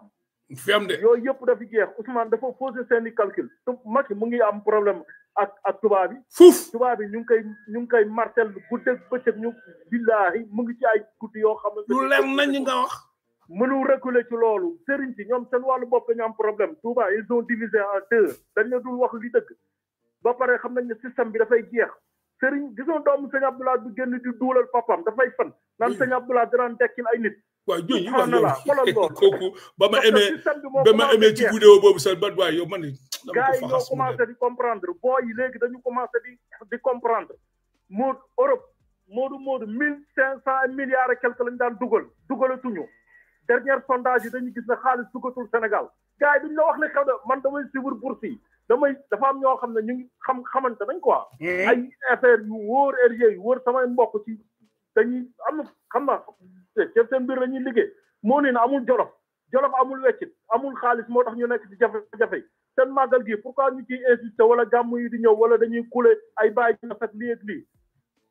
du fi am de yooyu yëpp dafi jeex Ousmane dafa posé seen i calcul. te Macky mu ngi am problème ak ak tubaab yi. fuuf tubaab yi ñu ngi koy ñu ngi koy martel guddeeg bëccëg ñu billaahi mu ngi ci ay guddi yoo xam ne. lu leer nañ nga wax. mënu reculer ci loolu sëriñ si ñoom seen wàllu bopp dañu am problème Touba ils ont divisé en deux dañ la dul wax li dëgg ba pare xam nañ ne système bi dafay jeex sëriñ gisoon doomu sëñ Abdoulaye bu génn di duulal papam dafay fan naan sëñ Abdoulaye daan dekkil ay nit waaw jooju wax yow [LAUGHS] kooku ba ma aimé ba ma aimé ci vidéo boobu sax bat waay yow man gars yi ñoo commencé di comprendre boo léegi dañu commencé di di comprendre Moodu Europe Moodu Moodu mille cinq cent milliards et quelque lañu daan dugal dugalatuñu dernier sondage dañu gis na xaalis dugatul Sénégal gars yi duñu la wax ne xew na man damay suivre bourse damay dafa am ñoo xam ne ñu ngi xam xamante nañ quoi mm-hmm. ay affaire yu wóor RG yu wóor samay mbokk ci dañuy am na xam na ceeb seen mbir ñuy liggéey moo ne na amul jolof jolof amul weccit amul xaalis moo tax ñu nekk ci jafe-jafe seen màggal gi pourquoi ñu ciy insisté wala gàmm yi di ñëw wala dañuy kule ay bàyyi ñu fekk lii ak lii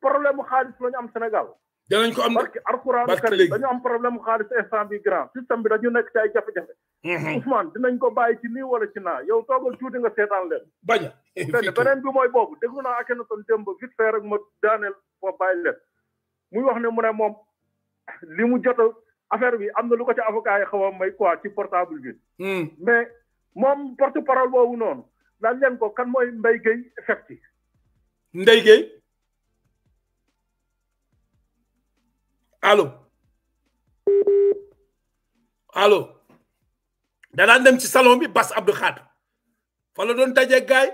problème mu xaalis la ñu am Sénégal. danañ ko am parce que alxuraan karim dañu am problème mu xaalis instant bi grand système bi dañu nekk ci ay jafe-jafe. Mhm. Ousmane dinañ ko bàyyi ci nii wala ci naa yow toogal tuuti nga seetaan leen. bañ a [LAUGHS] beneen bi mooy boobu déglu naa Akhenaton démb vite fait rek ma daaneel ma bàyyi leen muy wax ne mu ne moom li mu jot affaire bi am na lu ko ci avocat yi xaw a may quoi ci portable bi. Hmm. mais moom porte parole boobu noonu laaj leen ko kan mooy Mbaye Gueye Fepti. Mbaye Gueye allo allo danaan dem ci salon bi Bass Abdou Khadre fa la doon dajee gaay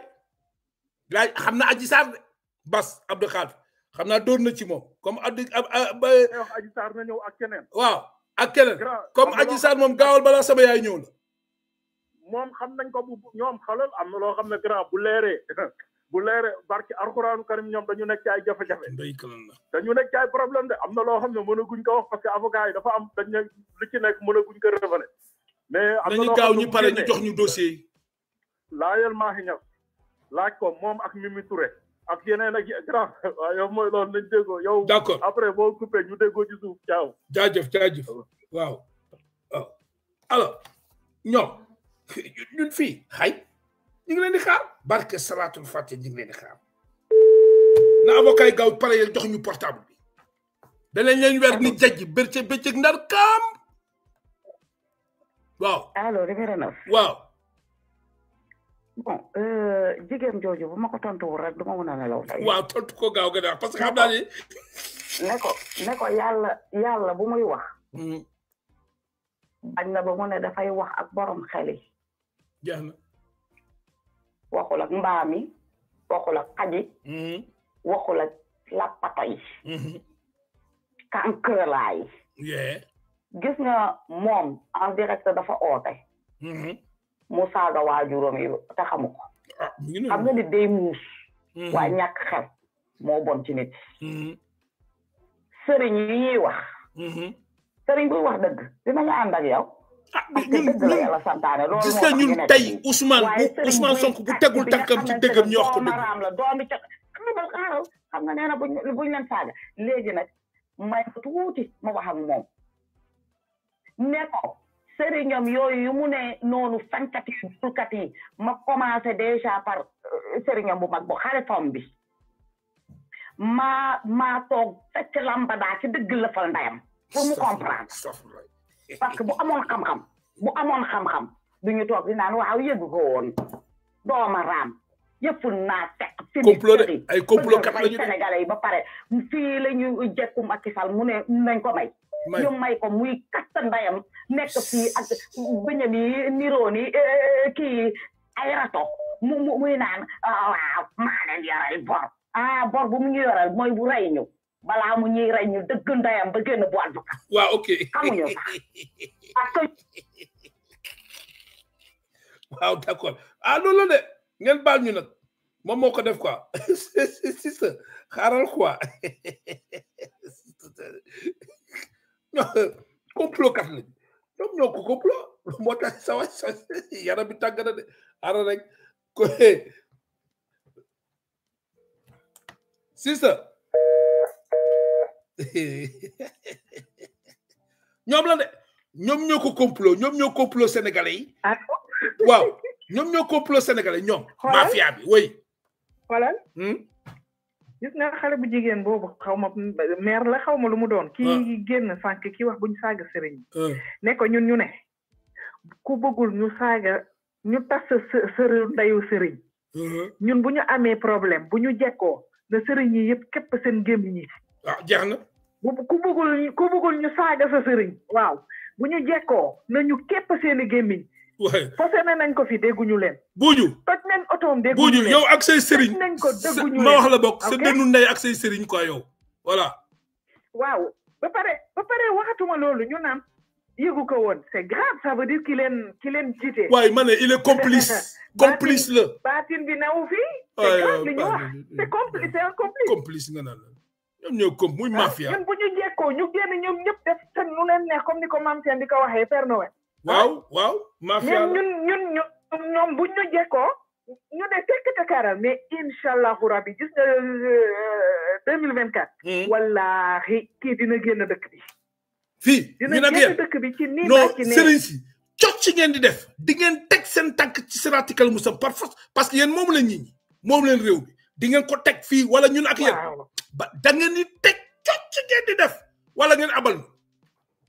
gaay xam na Adji Sarr de Bass Abdou Khadre xam naa dóor na ci moom comme addi ba Adji Sarr na ñëw ak keneen waaw ak keneen comme Adji Sarr moom gaawal balaa sama yaay ñëw la moom xam nañ ko bu ñoom xalal am na loo xam ne grand bu leeree [LAUGHS] bu leeree barki alxuraanu karim ñoom dañu nekk ci ay jafe-jafe dañu nekk ci ay problème de am na loo xam ne mënaguñ ko wax parce que avocat yi dafa am dañ ne li ci nekk mënaguñ ko révélé mais am na gaaw ñu pare ñu jox ñu dossier yi laajal maaxi ñas laaj ko moom ak Mimi Touré ak yeneen ak grand waaw yow mooy loolu nañ déggoo yow. d' après boo coupé ñu déggoo ju suuf caaw. jaajëf jaajëf waaw waaw alors fi ñun fii xay ñu ngi leen di xaar barke salaatul fàtte ñu ngi leen di xaar na avocat yi gaaw pare jox ñu portable bi danañ leen weer ni jajj bëccëg bëccëg ndar kaam waaw. allo révérend waaw. bon euh, jigéen jooju bu ma ko tontuwul rek du ma mën a nelaw tey. waaw tontu ko gaaw gën a parce que xam naa ni. [LAUGHS] ne ko ne ko yàlla yàlla bu muy wax. Hmm. bañ na ba mu ne dafay wax ak borom xel yi. jeex na. waxul ak mbaam waxul ak xaj yi. Hmm. waxul ak lappata yi. Hmm. kankërlaay. gis nga moom en direct dafa oote. mu saaga waajuram yi te xamu ko ah. xam nga nit day muus mm-hmm. waaye ñàkk xel moo bon ci nit mm-hmm. sëriñ yi ñuy wax mm-hmm. sëriñ buy wax dëgg dina ñu ànd ak yow ah ñun gis nga ñun tey Ousmane bu Ousmane Sonko bu tegul tànkam ci dëggam ñu wax ko dëgg ah, xam nga nee na buñ na leen saaga léegi nag may tuuti ma wax ak ne ko sëriñam yooyu yu mu ne noonu fankat yi ma commencé déjà par euh, sëriñam bu mag bu xalifam bi maa maa toog fekk lambada ci dëgg la fal ndayam pour mu comprendre parce que bu amoon xam-xam bu amoon xam-xam du ñu toog di naan waaw yëgu ko woon dooma raam yëpp naa teg fini ay complot kat lañu sénégalais yi ba pare fii la ñu jekku Macky mu ne nañ ko may ñu may ko muy katta ndayam nekk fii ak bëñam yi niroo ni eh, eh, mu mu muy naan ah, waaw maa bor ah bor bu mu ñu yoral mooy bu rey ñu balaa mu ñuy rey ñu dëgg ndayam ba bu adduka waaw ok xamuñu sax parce ah, de ngeen baal ñu nag moom moo ko def quoi [LAUGHS] si xaaral quoi [LAUGHS] complot kat lañ ñoom ñoo ko complot [LAUGHS] moo tax sa waay sa [LAUGHS] yaram bi tàgg na de ara rek ko [LAUGHS] sister ñoom la de ñoom ñoo ko complot ñoom ñoo complot sénégalais yi ah waaw ñoom ñoo complot sénégalais ñoom mafia bi oui voilà gis nga xale bu jigéen boobu xaw ma maire la xaw ma lu mu doon. kii ah. génn sànq kii wax buñ saaga sëriñ. Ah. ne ko ñun ñu ne ku bëggul ñu saaga ñu tas sëriñ ndeyu sëriñ. Uh-huh. ñun bu ñu amee problème bu ñu jekkoo na sëriñ yi yëpp képp seen gémmiñ yi. waaw ah, jeex na. ku bëggul ku bëggul ñu saaga sa sëriñ. waaw bu ñu jekkoo na ñu képp seen i gémmiñ waaye fasene nañ ko fi dégguñu leen. buuju toj nañ otoom dégguñu leen yow ak say sëriñ nañ ko dégguñu leen ma wax la bokk sa dënnu ndey ak say sëriñ ko yow voilà. waaw ba pare ba pare waxatuma loolu ñu naan yëgu ko woon se grave ça veut dire ki leen ki leen jiite. waaye ma ne il est complice. [LAUGHS] complice la baatin bi nawu fi. c'est grave li ñu wax c'est complice c'est un complice. complice nga naan ñoom ñoo muy ah, mafia. ñun bu ñu jekkoo ñu génn ñoom ñëpp def seen nu leen neex comme ni ko maam seen di ko waxee Père Noël. waaw waaw mafia ñun ñun ñun ñoom buñ ñu jekkoo ñu ne tekk tekkaaral mais incha allahu rabi gis nga euh, deux mille vingt quatre hmm. wallaahi kii dina génn dëkk bi fii dina génn dëkk bi ci nii non sëriñ si cot ci ngeen di def di ngeen teg seen tànk ci siraatikal musam par force parce que yéen moom la ñit ñi moom leen réew bi di ngeen ko teg fii wala ñun ak yéen ba da ngeen di teg cot ci ngeen di def wala ngeen abal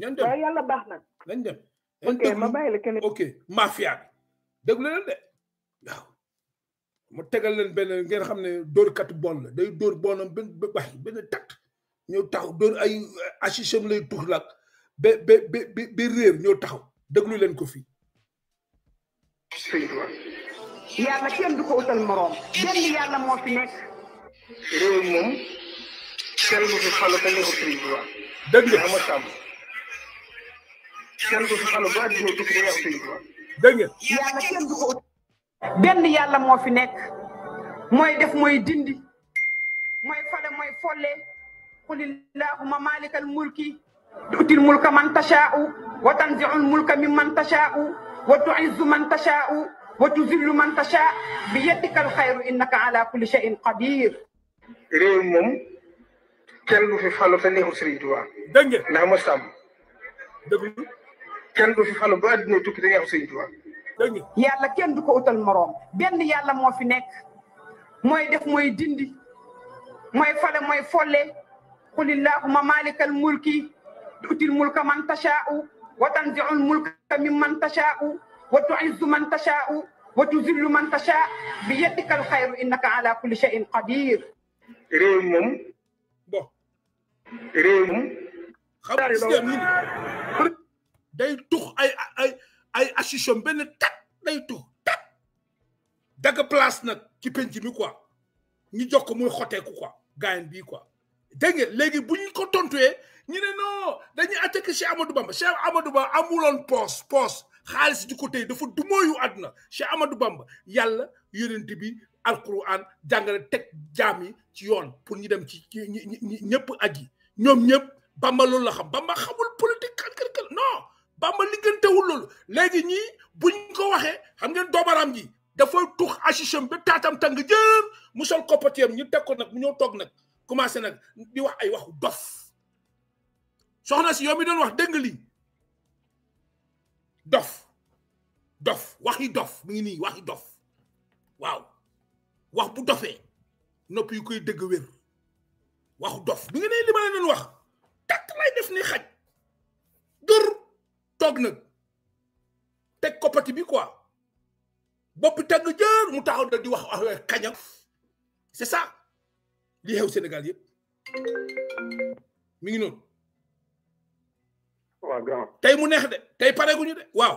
ñan dem waaye yàlla baax nag nañ dem ok ma bàyyi la keneen ok mafia bi déglu leen de waaw mu tegal leen benn ngeen xam ne dóorkatu bon la day dóor boonam be wax benn takk ñëw taxaw dóor ay asisem lay tux lak ba ba ba ba réer ñëw taxaw déglu leen ko fii yàlla kenn du ko utal moroom benn yàlla moo fi nekk réew moom kenn du fi xala ko nekk sëriñ bi wax dëgg kenn du xalu ba di ñu tukki yow sëñ Tuubaa dëgg nga yàlla kenn du ko benn yàlla moo fi nekk mooy def mooy dindi mooy fale mooy folle qul illahumma malikal mulki تؤتي الملك من تشاء وتنزع الملك ممن تشاء وتعز من تشاء وتذل من تشاء بيدك الخير انك على كل شيء قدير réew moom kenn du fi falu te neexul Serigne Touba dëgg ndax ma sàmm dëgg kenn du fi falu ba àddina tukki te yow sëñ Tuubaa yàlla kenn du ko utal moroom benn yàlla moo fi nekk mooy def mooy dindi mooy fale mooy folle qul illahuma malikal mulki tuutil mulka man tashaa'u wa tanzi'ul mulka mimman tashaa'u wa tu'izzu man tashaa'u wa tuzillu man tashaa bi yadikal xayru innaka ala kulli shay'in qadir réew moom bon réew moom day tux ay ay ay achichom benn tat day tux tat dagg place nag ci penc mi quoi ñu jox ko muy xoteeku quoi gaayen bii quoi dégg léegi bu ñu ko tontuwee ñu ne non dañuy attaqué si Amadou Bamba Cheikh Amadou Bamba amuloon poos poos xaalis di ko tey dafa dumóoyu àdduna si Amadou Bamba yàlla yonent bi alquran jàngale teg jaam yi ci yoon pour ñu dem ci ñëpp aji ñoom ñëpp Bamba loolu la xam Bamba xamul politique kan kan kan non Bamba liggantewul lool léegi ñii ñu ko waxee xam ngeen doobaram ji dafay tux achicham ba taatam tàng jër mu sol koppatiyam ñu teg nag mu ñoo toog nag commencé nag di wax ay waxu dof soxna si yow mi doon wax dégg li dof dof waxi dof mu ngi nii waxi dof waaw wax bu dofee nopp yu dëgg wér waxu dof mi ngi nii li wax takk lay def ni xaj dër toog nag teg koppati bi quoi bopp teg jër mu taxaw nag di wax wax kañam c'est ça li xew Sénégal yëpp mi ngi noonu. waaw grand tey mu neex de tey pare guñu de waaw.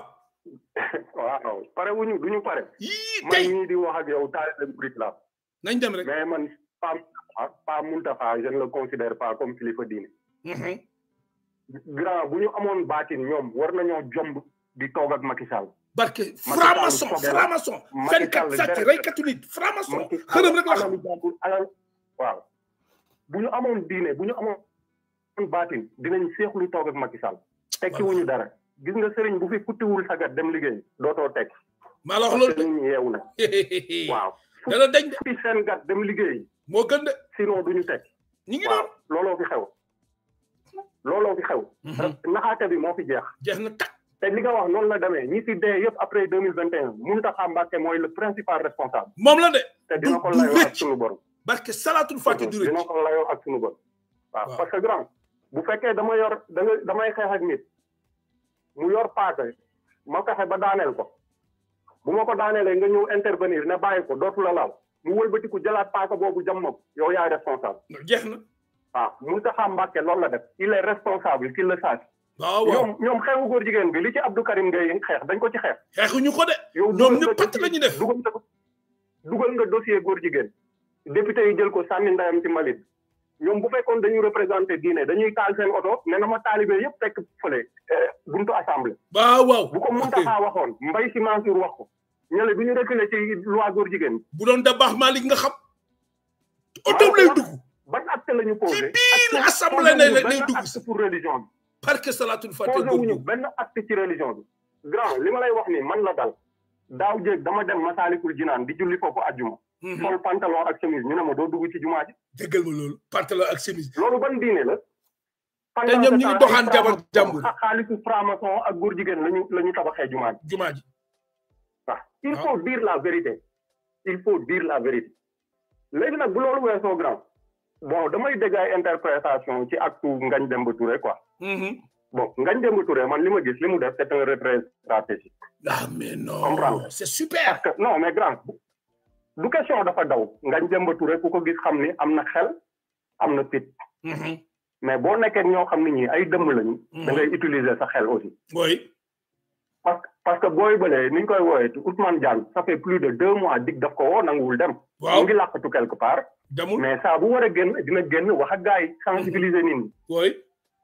[LAUGHS] waaw pare wuñu duñu pare. yii tey man ñii di wax ak yow taalibe murit la nañ dem rek mais man Pa Pa Mountakha je ne le considère pas comme kilifa diine. Mhm. grand bu ñu amoon baatin ñoom war nañoo jomb di toog ak Macky Sall. parce que franc-maçon franc-maçon. fenkat rek la xam waaw bu ñu amoon diine bu ñu amoon baatin dinañ seexlu toog ak Macky Sall. tekki wuñu dara gis nga sëriñ bu fi futtiwul sagat dem liggéey dootoo tekk. maa la wax loolu dañ de [LAUGHS] futti seen gat dem liggéey. moo gën de. sinon duñu tekk. ñu ngi doon looloo fi xew. looloo fi xew. Mhm. naxaate bi moo fi jeex. jeex na tàkk. te li nga wax noonu la demee ñi si dee yëpp après deux mille vingt et un Mountakha Mbacké mooy le principal responsable. moom la de. te dina ko layoo ak sunu borom. barke salaatul fàtte du dina ko layoo ak sunu borom. waaw parce que grand bu fekkee dama yor da damay xeex ak nit mu yor paaka ma fexe ba daaneel ko bu ma ko daaneelee nga ñëw intervenir ne bàyyi ko dootu la laal mu wëlbatiku jëlaat paaka boobu jam ma waaw ah, Moustapha Mbacke loolu la def il est responsable qu'il la sache. Ah, waaw ñoom ñoom xeexu góor jigéen bi li ci Abdou Karim Gueye xeex dañ ko ci xeex. xeexuñu ko de. yow ñoom ñëpp pàcc la ñu def dugal nga dugal nga dossier góor jigéen. député yi jël ko sànni ndayam ci mbalit ñoom bu fekkoon dañuy représenté diine dañuy taal seen oto ne na ma taalibe yëpp fekk fële eh, buntu assemblée. waaw waaw bu ko Moustapha waxoon mbay Sy Mansour wax ko. ñale bi ñu reculé ci loi góor jigéen. bu doon da baax Malick nga xam. otoom ban acte la ñu posé. ci biir assemblée ne la ñuy dugg pour religion bi. parce que salaatul fatiha posé wuñu benn acte ci religion bi. grand li ma lay wax ni man la dal daaw jéeg dama dem masaalikul jinaan di julli foofu àjjuma. Mhm. sol pantalon ak chemise ñu ne ma doo dugg ci jumaa ji. déggal ma loolu pantalon ak chemise. loolu ban diine la. te ñoom ñu ngi doxaan jabar jàmbur ak xaalisu franc-maçon ak góor jigéen lañu la ñu tabaxee jumaa ji. jumaa ji waaw il ah. faut dire la vérité. il faut dire la vérité. léegi nag bu loolu weesoo grand. bon damay dégg ay interprétation ci actu Ngagne Demba Touré quoi. Mm-hmm. bon ngañ dem Demba Touré man li ma gis li mu def c'est un retrait stratégique. ah mais non comprendre c'est super. non mais grand du question dafa daw Ngagne Demba Touré ku ko gis xam ni am na xel am na fit. Mm-hmm. mais boo nekkee ñoo xam ne ñii ay dëmm lañu. Mm-hmm. da ngay utiliser sa xel aussi. oui. parce que parce que booy bële ni ñu koy woowee Ousmane Diagne ça fait plus de deux mois dig daf ko woo nanguwul dem. waaw mu ngi làqatu quelque part. mais ça, bu war a dina génn wax ak sensibiliser oui.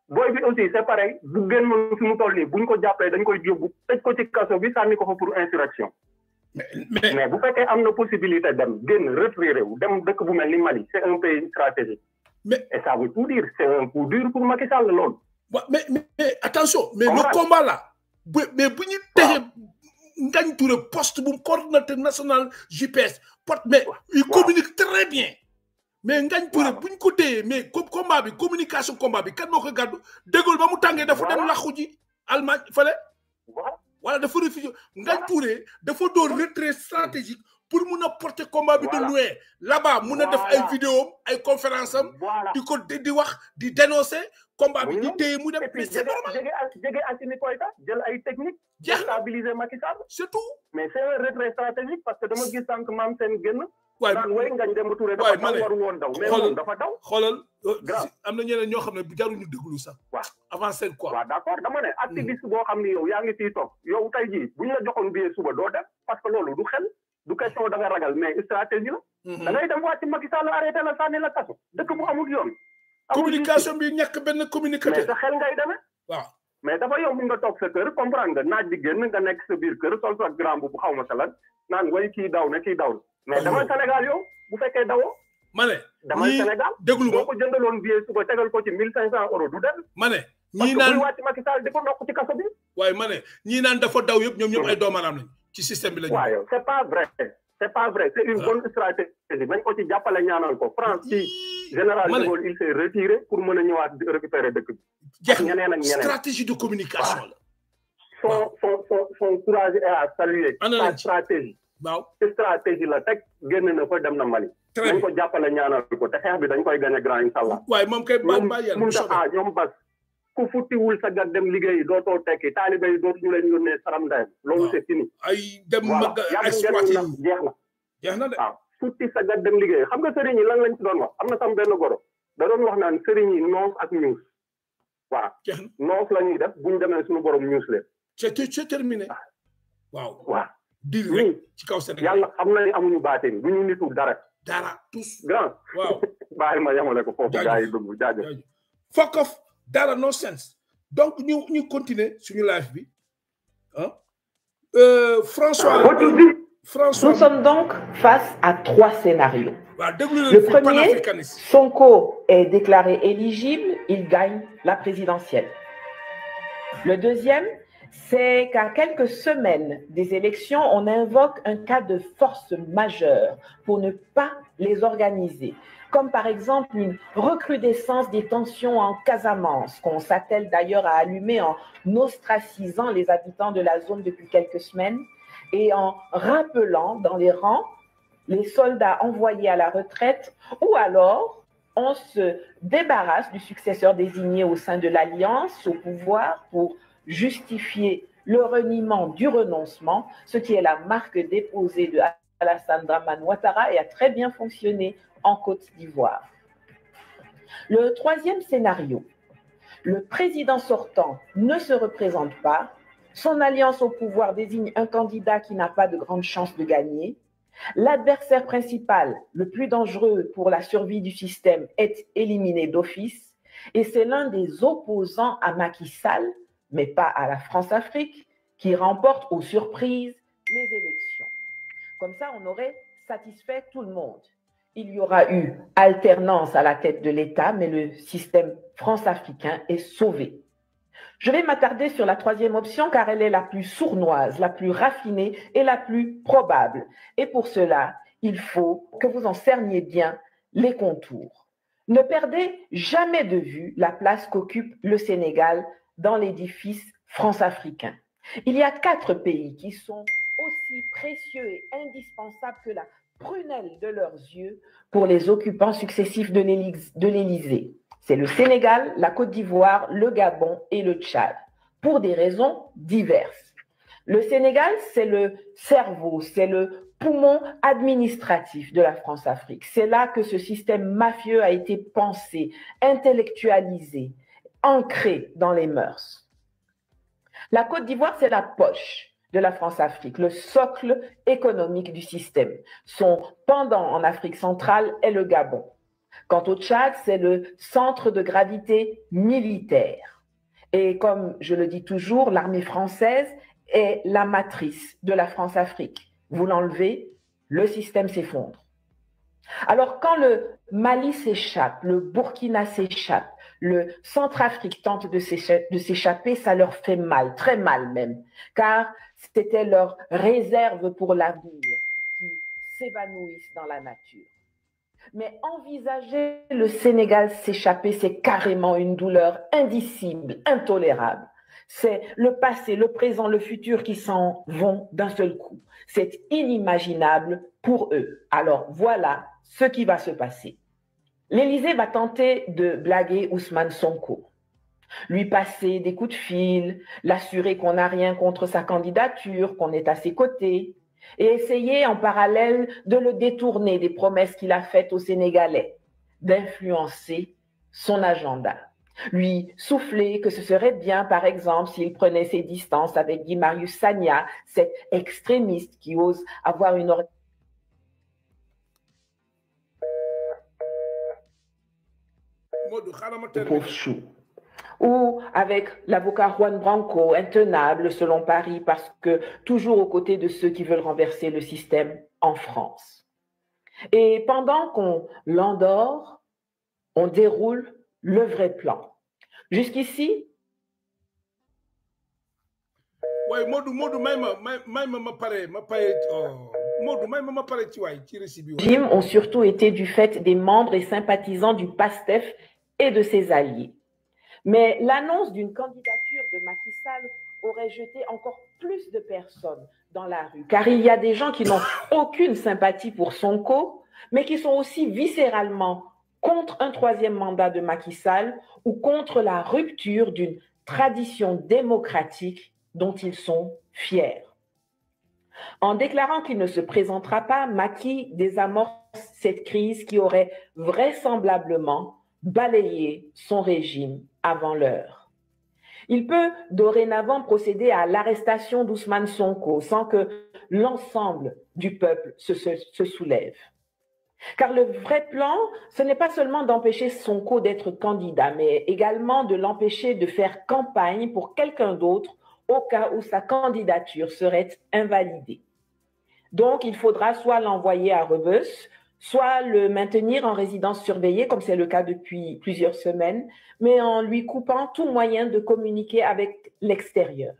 bi aussi c'est pareil bu fi mu toll ko dañ koy ko ci pour mais mais bu fekkee am possibilité dem génn dem dëkk bu Mali c'est un pays stratégique. mais et ça veut tout dire c'est un coup dur pour Macky Sall mais mais attention. mais le combat là. mais bu ñu. poste bu national GPS. mais il communique très bien mais ngagne pour buñ ko téyee mais combat bi communication combat bi kan moko ko gàddu ba mu tangé dafa dem laxu ji Allemagne fële wala dafa refusé ngañ puuree dafa doon retrait stratégique pour mun porter combat bi de loin là-bas mun def ay vidéo ay conférence am di ko di wax di dénoncer combat bi di téye mu dem mais c'est normal jege Antony Koïta jël ay technique stabiliser Macky c'est tout mais c'est un retrait stratégique parce que dama gis sànq maam sen génn waaye way ngañ dem Touré dafa waru woon daw mais moom dafa daw xoolal euh, am na ñeneen ñoo xam ne jaruñu déglu sax waaw avancé quoi waaw d' accord dama ne activiste mm. boo xam ne yow yaa ngi fii toog yow tey jii buñ la joxoon billet suba doo dem parce que loolu du xel du question da ragal mais stratégie la mm-hmm. da ngay waa wàcc Macky Sall arrêté la sànni la kaso dëkk bu amul yoon communication bi ñàkk benn communicateur mais sa xel ngay demee waaw mais dafa yomb nga toog sa kër comprendre nga naaj di génn nga nekk sa biir kër sol sa xaw ma sa lan naan way daw na kii daw mais demal Sénégal yow bu fekkee dawoo. ma ne demal Sénégal déglu ma boo ko jëndaloon billet suba tegal ko ci mille cinq cent euros du dem. ma ne ñii naan parce ko ci kaso bi. waaye ma ne ñii naan dafa daw yëpp ñoom ñoom ay mm. doomaram lañ ci système bi la ñu. waaw c'est pas vrai c'est pas vrai c'est une ah. bonne stratégie. nañ ko jàppale ñaanal ko France ci général de Gaulle pour mën a ñëwaat di récupérer dëkk bi. jeex ñeneen ak ñeneen stratégie de communication la. son son son son courage est à saluer. sa stratégie. waaw stratégie la teg génn na fa dem na Mali. dañ ko jàppale ñaanal ko te xeex bi dañ koy gagné grand incha waaye moom kay baal baal yàlla mu soxla ah, ñoom bas ku futtiwul sa gat dem liggéeyi dootoo tekki taalibe yi ñu lañu yónnee saram ndayam. loolu c'est fini. ay dem mag exploité jeex na. jeex na de waaw futti sa gat dem liggéey xam nga sëriñ yi lan lañ doon wax am na sam benn goro da doon wax naan sëriñ yi noos ak ñuus. waaw noos la ñuy def bu ñu demee suñu borom ñuus leen. c'est terminé ah. waaw waaw. donc live hein? euh, François. Nous sommes donc face à trois scénarios. Le premier, Sonko est déclaré éligible, il gagne la présidentielle. Le deuxième, c'est qu'à quelques semaines des élections, on invoque un cas de force majeure pour ne pas les organiser, comme par exemple une recrudescence des tensions en Casamance, qu'on s'attelle d'ailleurs à allumer en ostracisant les habitants de la zone depuis quelques semaines et en rappelant dans les rangs les soldats envoyés à la retraite ou alors on se débarrasse du successeur désigné au sein de l'Alliance au pouvoir pour justifier le reniement du renoncement, ce qui est la marque déposée de Alassane Draman Ouattara et a très bien fonctionné en Côte d'Ivoire. Le troisième scénario, le président sortant ne se représente pas, son alliance au pouvoir désigne un candidat qui n'a pas de grande chance de gagner, l'adversaire principal, le plus dangereux pour la survie du système, est éliminé d'office, et c'est l'un des opposants à Macky Sall mais pas à la France-Afrique, qui remporte aux surprises les élections. Comme ça, on aurait satisfait tout le monde. Il y aura eu alternance à la tête de l'État, mais le système france-africain est sauvé. Je vais m'attarder sur la troisième option car elle est la plus sournoise, la plus raffinée et la plus probable. Et pour cela, il faut que vous en cerniez bien les contours. Ne perdez jamais de vue la place qu'occupe le Sénégal dans l'édifice france-africain. Il y a quatre pays qui sont aussi précieux et indispensables que la prunelle de leurs yeux pour les occupants successifs de l'Élysée. C'est le Sénégal, la Côte d'Ivoire, le Gabon et le Tchad, pour des raisons diverses. Le Sénégal, c'est le cerveau, c'est le poumon administratif de la France-Afrique. C'est là que ce système mafieux a été pensé, intellectualisé, Ancré dans les mœurs. La Côte d'Ivoire, c'est la poche de la France-Afrique, le socle économique du système. Son pendant en Afrique centrale est le Gabon. Quant au Tchad, c'est le centre de gravité militaire. Et comme je le dis toujours, l'armée française est la matrice de la France-Afrique. Vous l'enlevez, le système s'effondre. Alors quand le Mali s'échappe, le Burkina s'échappe, le Centrafrique tente de s'échapper, ça leur fait mal, très mal même, car c'était leur réserve pour l'avenir qui s'évanouit dans la nature. Mais envisager le Sénégal s'échapper, c'est carrément une douleur indicible, intolérable. C'est le passé, le présent, le futur qui s'en vont d'un seul coup. C'est inimaginable pour eux. Alors voilà ce qui va se passer. L'Élysée va tenter de blaguer Ousmane Sonko, lui passer des coups de fil, l'assurer qu'on n'a rien contre sa candidature, qu'on est à ses côtés, et essayer en parallèle de le détourner des promesses qu'il a faites aux Sénégalais, d'influencer son agenda. Lui souffler que ce serait bien, par exemple, s'il prenait ses distances avec Guy Marius Sagna, cet extrémiste qui ose avoir une Ou avec l'avocat Juan Branco, intenable selon Paris, parce que toujours aux côtés de ceux qui veulent renverser le système en France. Et pendant qu'on l'endort, on déroule le vrai plan. Jusqu'ici, Jim ont surtout été du fait des membres et sympathisants du PASTEF et de ses alliés. Mais l'annonce d'une candidature de Macky Sall aurait jeté encore plus de personnes dans la rue, car il y a des gens qui n'ont [LAUGHS] aucune sympathie pour Sonko, mais qui sont aussi viscéralement contre un troisième mandat de Macky Sall ou contre la rupture d'une tradition démocratique dont ils sont fiers. En déclarant qu'il ne se présentera pas, Macky désamorce cette crise qui aurait vraisemblablement balayer son régime avant l'heure. Il peut dorénavant procéder à l'arrestation d'Ousmane Sonko sans que l'ensemble du peuple se, soulève. Car le vrai plan, ce n'est pas seulement d'empêcher Sonko d'être candidat, mais également de l'empêcher de faire campagne pour quelqu'un d'autre au cas où sa candidature serait invalidée. Donc, il faudra soit l'envoyer à Rebus, soit le maintenir en résidence surveillée, comme c'est le cas depuis plusieurs semaines, mais en lui coupant tout moyen de communiquer avec l'extérieur.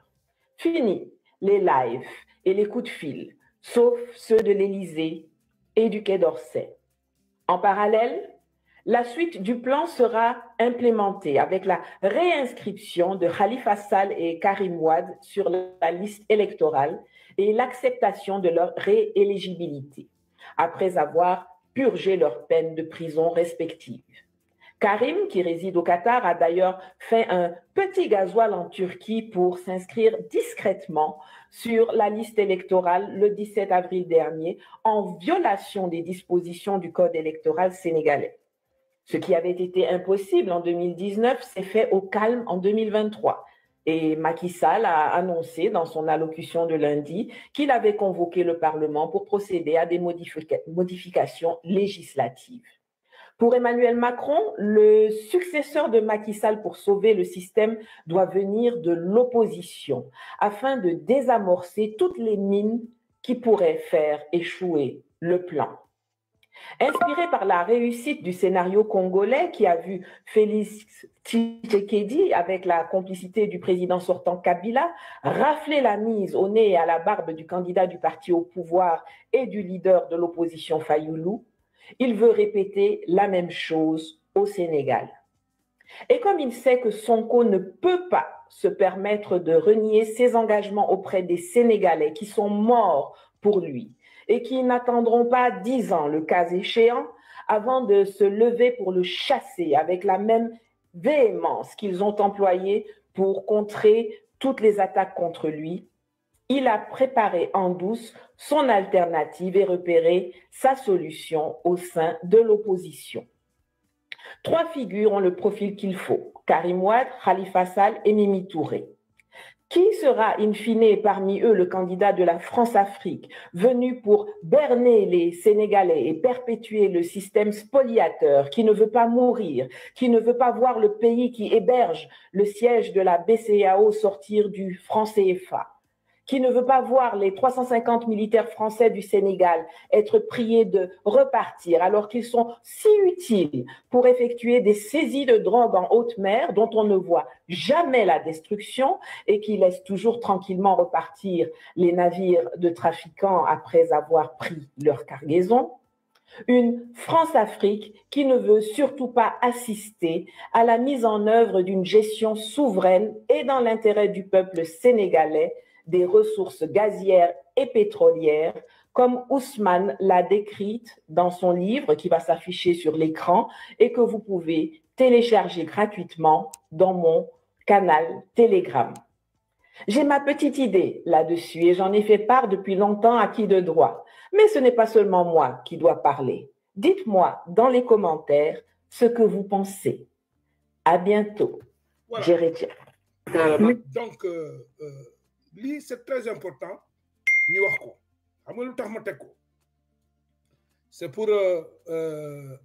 Fini les lives et les coups de fil, sauf ceux de l'Élysée et du Quai d'Orsay. En parallèle, la suite du plan sera implémentée avec la réinscription de Khalifa Sall et Karim Ouad sur la liste électorale et l'acceptation de leur rééligibilité après avoir purger leurs peines de prison respectives. Karim, qui réside au Qatar, a d'ailleurs fait un petit gasoil en Turquie pour s'inscrire discrètement sur la liste électorale le 17 avril dernier en violation des dispositions du Code électoral sénégalais. Ce qui avait été impossible en 2019 s'est fait au calme en 2023. Et Macky Sall a annoncé dans son allocution de lundi qu'il avait convoqué le Parlement pour procéder à des modifications législatives. Pour Emmanuel Macron, le successeur de Macky Sall pour sauver le système doit venir de l'opposition afin de désamorcer toutes les mines qui pourraient faire échouer le plan. Inspiré par la réussite du scénario congolais qui a vu Félix Tshisekedi, avec la complicité du président sortant Kabila, rafler la mise au nez et à la barbe du candidat du parti au pouvoir et du leader de l'opposition Fayoulou, il veut répéter la même chose au Sénégal. Et comme il sait que Sonko ne peut pas se permettre de renier ses engagements auprès des Sénégalais qui sont morts pour lui, et qui n'attendront pas dix ans, le cas échéant, avant de se lever pour le chasser avec la même véhémence qu'ils ont employée pour contrer toutes les attaques contre lui, il a préparé en douce son alternative et repéré sa solution au sein de l'opposition. Trois figures ont le profil qu'il faut, Karim Ouad, Khalifa Sall et Mimi Touré qui sera in fine parmi eux le candidat de la France-Afrique, venu pour berner les Sénégalais et perpétuer le système spoliateur qui ne veut pas mourir, qui ne veut pas voir le pays qui héberge le siège de la BCAO sortir du franc CFA qui ne veut pas voir les 350 militaires français du Sénégal être priés de repartir alors qu'ils sont si utiles pour effectuer des saisies de drogue en haute mer dont on ne voit jamais la destruction et qui laissent toujours tranquillement repartir les navires de trafiquants après avoir pris leur cargaison. Une France-Afrique qui ne veut surtout pas assister à la mise en œuvre d'une gestion souveraine et dans l'intérêt du peuple sénégalais des ressources gazières et pétrolières, comme Ousmane l'a décrite dans son livre qui va s'afficher sur l'écran et que vous pouvez télécharger gratuitement dans mon canal Telegram. J'ai ma petite idée là-dessus et j'en ai fait part depuis longtemps à qui de droit. Mais ce n'est pas seulement moi qui dois parler. Dites-moi dans les commentaires ce que vous pensez. À bientôt. Voilà. Jérémy. Euh, donc, euh, euh, c'est très important c'est pour euh, euh,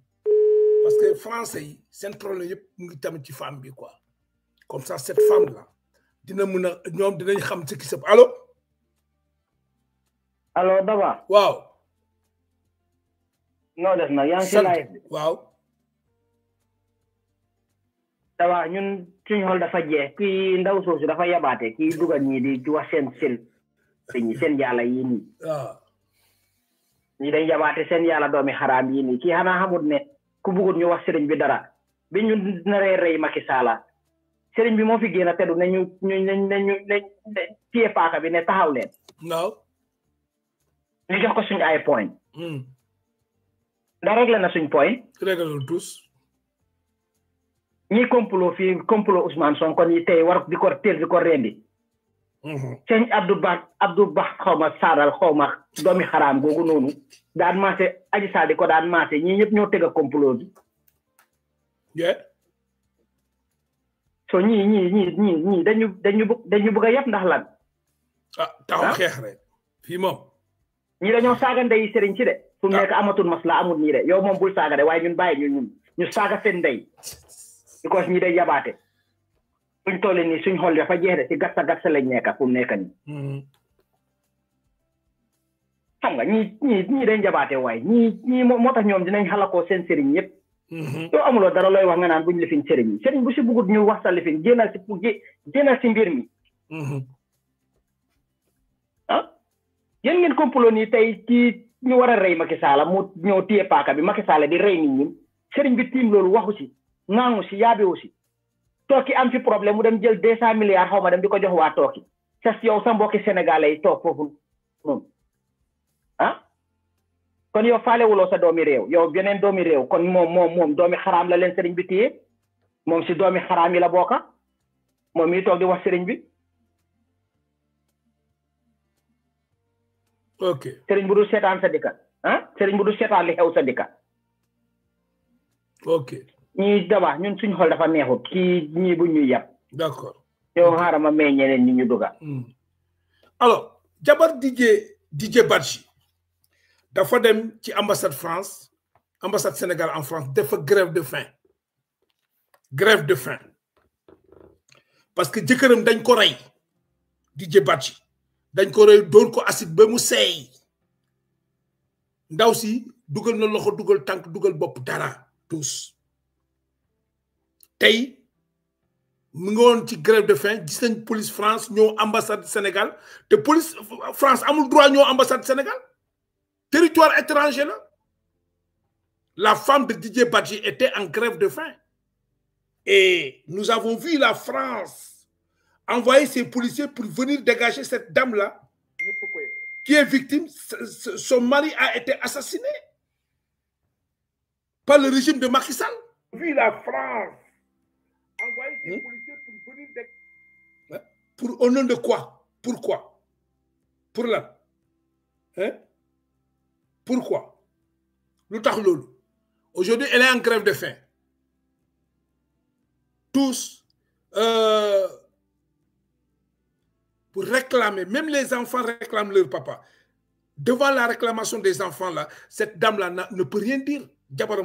parce que français c'est un problème yëpp mu femme bi quoi comme ça cette femme là dina mën a dinañ ce qui se allo. allo Daba. waaw. non def Non, yaa dawa ñun suñu xol dafa jeex kii ndaw soosu dafa yabaate kii dugal ñii di di wax seen seen seen seen yàlla yi nii. ñi dañ yabaate seen yàlla doomi xaraam yi nii kii xanaa xamut ne ku bëggut ñu wax sëriñ bi dara bi ñu naree rey Macky Sall sëriñ bi moo fi génn a teddu ne ñu ñu ne ñu ne téye paaka bi ne taxaw leen. waaw. ñu jox ko suñu ay point. ndax hmm. réglé na suñ point. réglé na tous. ñi complot fii complot Ousmane Sonko ñi tey war di ko teel di ko rendi mhm. sëñ Abdou Ba Abdou Ba xaw ma saaral xaw ma doomi xaraam googu noonu daan maase aji saa di ko daan maase ñii ñëpp ñoo teg a complot bi so ñii ñii ñii ñii dañu dañu dañu bëgg a yab ndax lan ah taxaw ah? xeex rek fii moom ñii dañoo saaga ndey sëriñ si de fu mu ah. nekk amatul masla amul ñii de yow moom bul saaga de waaye ñun bàyyi ñu ñun ñu saaga seen ndey diko ñi day yabaté buñ tole ni suñ xol dafa jéxé ci gatta gatta lañ nekk fu mu nekk nii mm-hmm. xam nga ñi ñi ñi day jabaate way ñi ñi motax ñom dinañ xalako seen sëriñ yépp do mm-hmm. amulo dara loy wax nga naan buñ lifin sëriñ sëriñ bu si bëggut ñu wax sa lifin ci si génnal ci mbir mi mm-hmm. ah yéen ngeen complot ni tay ci ñu wara rey Macky Sall mu ñoo téye paaka bi Macky Sall di rey nit ñi sëriñ bi tim lolu waxu si ŋaaŋu si yaabewu si tooki am fi problème mu dem jël deux cent milliards xaw ma dem di ko jox waa tooki sas yow sa mbokki sénégalais yi toog foofu noonu ah kon yow faalewuloo sa doomi réew yow beneen doomi réew kon moom moom moom doomi xaraam la leen sëriñ bi téye moom si doomi xaraam yi la bokka moom mii toog di wax sëriñ bi ok sëriñ bu du seetaan sa dikka ah sëriñ bu du seetaan li xew sa dikka ok ñuy dabax ñun suñ xol dafa neexut kii ñii bu ñuy yàpp d'accord yow xaaral ma may ñeneen ñu duga hmm. alors jabar DJ DJ Badji dafa dem ci ambassade France ambassade Sénégal en France dafa grève de faim grève de faim parce que jëkkëram dañ ko rey DJ Badji dañ ko rey dóor ko acide ba mu seey ndaw si dugal na loxo dugal tànk dugal bopp dara tous tay nous avons ci grève de faim gis police France ñoo ambassade Sénégal De police France amul droit ñoo ambassade Sénégal territoire étranger là. la femme de Didier Badji était en grève de faim et nous avons vu la France envoyer ses policiers pour venir dégager cette dame là qui est victime son mari a été assassiné par le régime de Macky vu la France Hmm? Hein? pour au nom de quoi Pourquoi Pour là hein? Pourquoi Aujourd'hui, elle est en grève de faim. Tous, euh, pour réclamer, même les enfants réclament leur papa. Devant la réclamation des enfants, là, cette dame-là ne peut rien dire. Diabara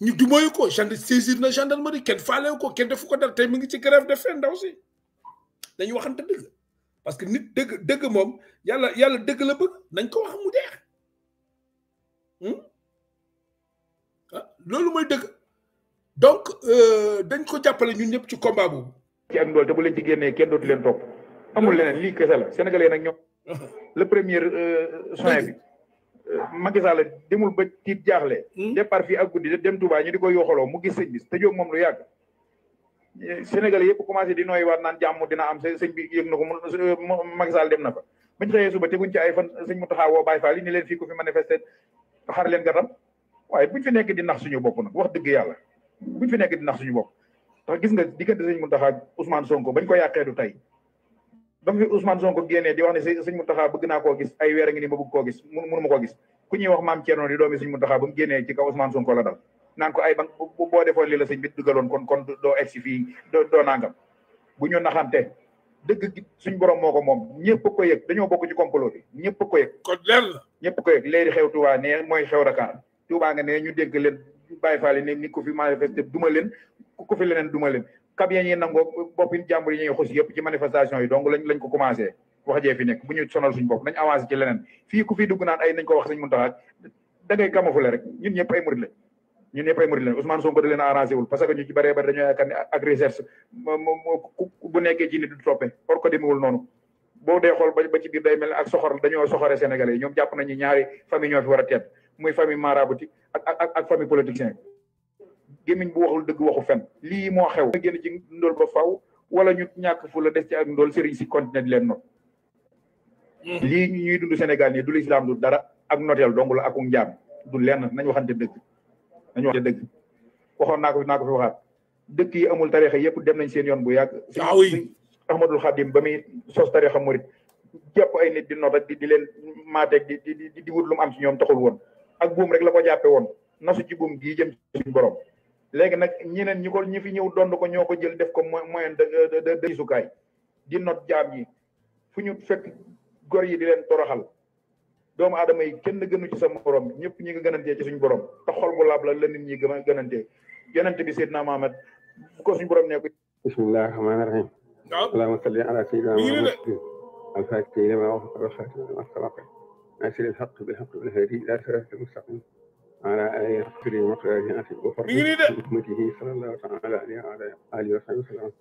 ñu dumóoyu ko gendre saisir na gendarmerie kenn faalewu ko kenn defu ko dara tey mu ngi ci grève de faim ndaw si dañu dëgg parce que nit dëgg dëgg moom yàlla yàlla dëgg la bëgg nañ ko wax mu deex hmm? ah loolu mooy dëgg donc euh, dañ ko jàppale ñu ñëpp ci combat ak ndool te bu leen ci génnee kenn dootu leen topp amul leneen lii kese la sénégalais nag ñoom [LAUGHS] le premier euh, soin bi Macky Sall demul ba tiit jaaxle. Hmm? départ fii ak guddi dem Touba ñi di ko yooxaloo mu gis sëñ bi te jóg moom lu yàgg. Sénégal yëpp commencé di nooy waat naan jàmm dina am sëñ bi yëg na ko mu Macky Sall dem na fa. bañ xëyee suba teguñ ci ay fan sëñ Mountakha woo Baye Fall ni leen fii ku fi manifester xar leen gatam waaye buñ fi nekk di nax suñu bopp nag wax dëgg yàlla buñ fi nekk di nax suñu bopp. tax gis nga diggante sëñ Mountakha Ousmane Sonko bañ ko yàqee du tey ba mu fi Ousmane Sonko di wax ne sëñ Mountakha bëgg naa koo gis ay weer a ngi ni ma bëgg koo gis mënu ma gis ku ñuy wax maam Thierno di doomi sëñ Mountakha ba mu génnee ko ay ba boo defoon lii la sëñ bi dugaloon kon kon doo egg si fii doo nangam bu ñu naxante dëgg gi suñ borom moo ko moom ñëpp ko yëg dañoo bokk ci complot bi ñëpp ko yëg kon leer la ñëpp ko yëg léegi xew Touba ne mooy xew Dakar Touba nga ne ñu dégg leen Baye Fall ne ni ko fi manifesté duma leen ku fi leneen duma leen kab ya ñuy nangoo boppin jàmbur yi ñuy xus yëpp ci manifestation yi donc lañ lañ ko commencé jee fi nekk bu ñu sonal suñu bopp nañ avancé ci leneen fii ku fii dugg naan ay nañ ko wax sañ mun taxaak da ngay kamafule rek ñun ñëpp ay murit lañ ñun ñëpp ay murit lañ Ousmane Sonko da leen arrangé wul parce que ñu ci bëree bëri dañoo ne ak recherche bu nekkee ci du toppe or ko demewul noonu boo dee xool ba ci day mel ak soxor dañoo soxore sénégalais ñoom jàpp nañu ñaari famille a teet muy famille maraboutique ak ak ak famille politicien gémmiñ bu waxul dëgg waxu fen lii moo xew a génn ci ndool ba faw wala ñu ñàkk fu la des ci ak ndool sëriñ si continuer di leen not mm-hmm. lii ñuy dund Sénégal nii du lislaam du dara ak noteel dong la aku njaam du lenn nañ waxante dëgg nañ waxante dëgg waxoon naa ko naa ko fi waxaat dëkk yi amul tarixa yëpp dem nañ seen yoon bu yàgg si ah Ahmadul Xadim ba muy sos tarixa murit jàpp ay nit di not ak di leen maateeg di di di wut lu am ci ñoom taxul woon ak buum rek la ko jàppe woon nasu ci buum gii jëm ci suñu léegi nag ñeneen ñi ko ñi fi ñëw dond ko ñoo ko jël def ko moyen de de disukaay di not jaam yi fu ñu fekk gor yi di leen toroxal doomu adama yi kenn gënu ci sa borom ñëpp ñi nga gënantee ci suñu borom te xol bu laab la la nit ñi gën a gënantee yonent bi Seydina Mohamed bu ko suñu ne ko bismillah rahmaani rahim allahumma salli ala sayyidina Muhammad al-faatihi lima ughliqa wa al-khaatimi lima sabaq على آية كل مخرجات وفرق حكمته صلى الله تعالى عليه وعلى آله وصحبه وسلم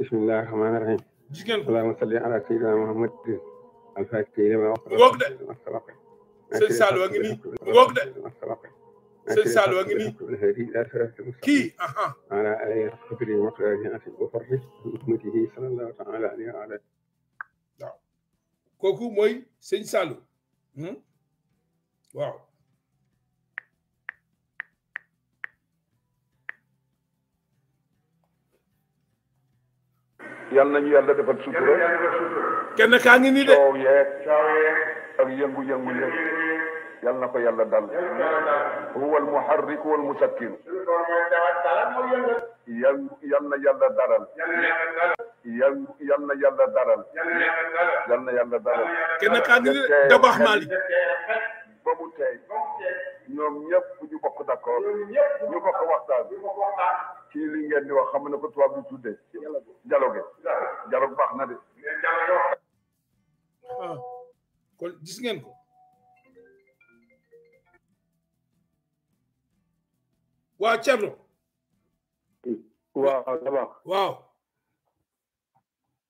بسم الله الرحمن الرحيم اللهم صل على سيدنا محمد الفاتح لما وقت سلسال وقني وقت سلسال وقني كي أها على آية كل مخرجات وفرق حكمته صلى الله تعالى عليه وعلى كوكو موي سلسالو واو yàlla nañu yàlla defal sutura. kenn kaa ngi nii de. coow yeeg ak yëngu-yëngu yeeg yàlla na ko yàlla dal. huwa almuharrik wal musakkin. yal yal na yàlla dalal. yal yal na yàlla dalal. yal na yàlla dalal. kenn kaa ngi nii de dabax maali. ba mu tey ñoom ñëpp ñu bokk d'accord ñu bokk waxtaan. ci li ngeen di wax xam na ko tubaab bi tuddee. dialogue dialogue baax na de. ah ko. waaw Thierno. waaw dama. waaw.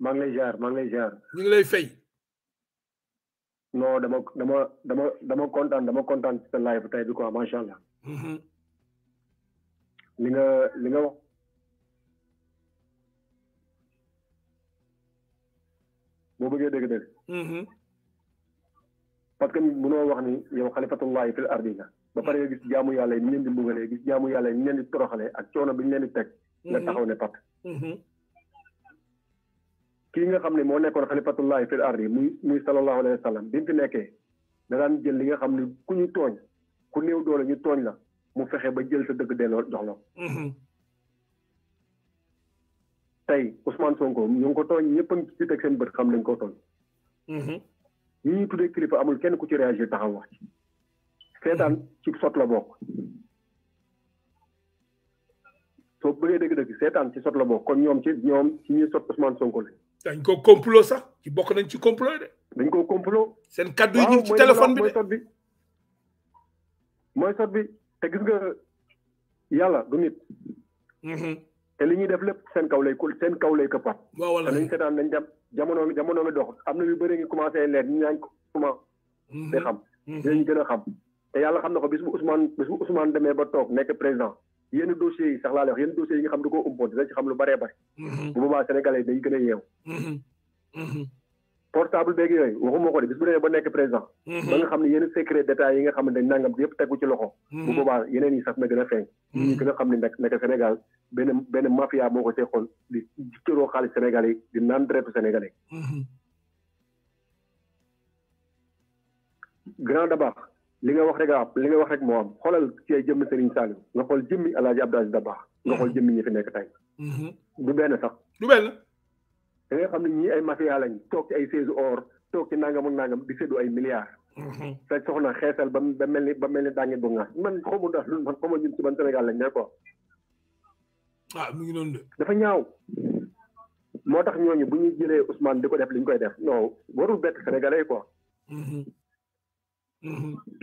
maa ngi lay jaar maa lay jaar. ñu ngi dama dama dama dama kontaan dama kontaan ci sa live tey bi quoi macha allah. Mhm. li nga li nga wax boo bëggee dégg dégg mm-hmm. parce que noo wax ni yow xalifatullahi fil ardi nga ba pare nga gis mm-hmm. jaamu yàlla yi ñu leen di mbugalee gis jaamu yàlla yi ñu leen di toroxalee ak coono bi ñu leen di teg nga mm-hmm. taxaw ne pat kii nga xam ne moo nekkoon xalifatullahi fil ardi muy muy sallallahu alayhi wa sallam bi nekkee da daan jël li nga xam ne ku ñu tooñ ku néew doole ñu tooñ la mu fexe ba jël sa dëgg delloo jox la mm-hmm. tey Ousmane Sonko ñu ngi ko tooñ ñëpp a ngi ci teg seen xam nañ ko tooñ. Mm-hmm. ñi tuddee kilifa amul kenn ku ci réagir taxaw wax ci. seetaan mm-hmm. ci sot la bokk. soo bëggee dëgg-dëgg seetaan ci sot la bokk kon ñoom ci ñoom ci ñuy sot Ousmane Sonko la. dañ ko complot sax ci bokk nañ ci complot de. dañ koo complot. seen kaddu yi ñu ci téléphone bi de mooy sot bi. te gis nga yàlla du nit. Mm-hmm. te li ñuy def lépp seen kaw lay seen kaw lay këppaat. waaw wala te nañ seetaan nañ dem jamono jamono mi dox am na yu bëri ngi commencé leer ñu ñaañ ko commencé. Mm-hmm. di xam mm-hmm. dinañ gën a xam. te yàlla xam na ko bis bu Ousmane bis bu Ousmane demee ba toog nekk président yenn dossiers yi sax laa lay wax yenn dossiers yi nga xam du ko umpoon dinañ ci xam lu bëree bëri. bu boobaa sénégalais dañ gën a yeewu. portable beeg yoy waxuma ko de bis bu demee ba nek président ba nga xamni yene secret d'état yi nga xamni dañ nangam yëpp teggu ci loxo bu boba yeneen yi sax na gëna a ñi gëna xamni a xam Sénégal ben ben mafia moko ko xol di cëroo xaalis Sénégal yi di nan drep Sénégalais grand Dabakh li nga wax rek a li nga wax rek mo am xolal ci ay jëmmi Serigne Saliou nga xol jëmmi El abdallah Abdou nga xol jëmmi ñi fi nek tay du ben sax du ben da xam ne ñi ay mafia lañ toog ci ay seize or toog ci nangam ak nangam di séddu ay milliards. Mhm. sa soxna xeesal ba ba mel ni ba mel ni daange bu nga man xaw ma ndax man xaw ma ñun si ban Sénégal lañ ne quoi. ah mu ngi noonu de. dafa ñaaw moo tax ñooñu bu ñuy jëlee Ousmane di ko def li koy def non warul bett Sénégalais quoi. Mhm.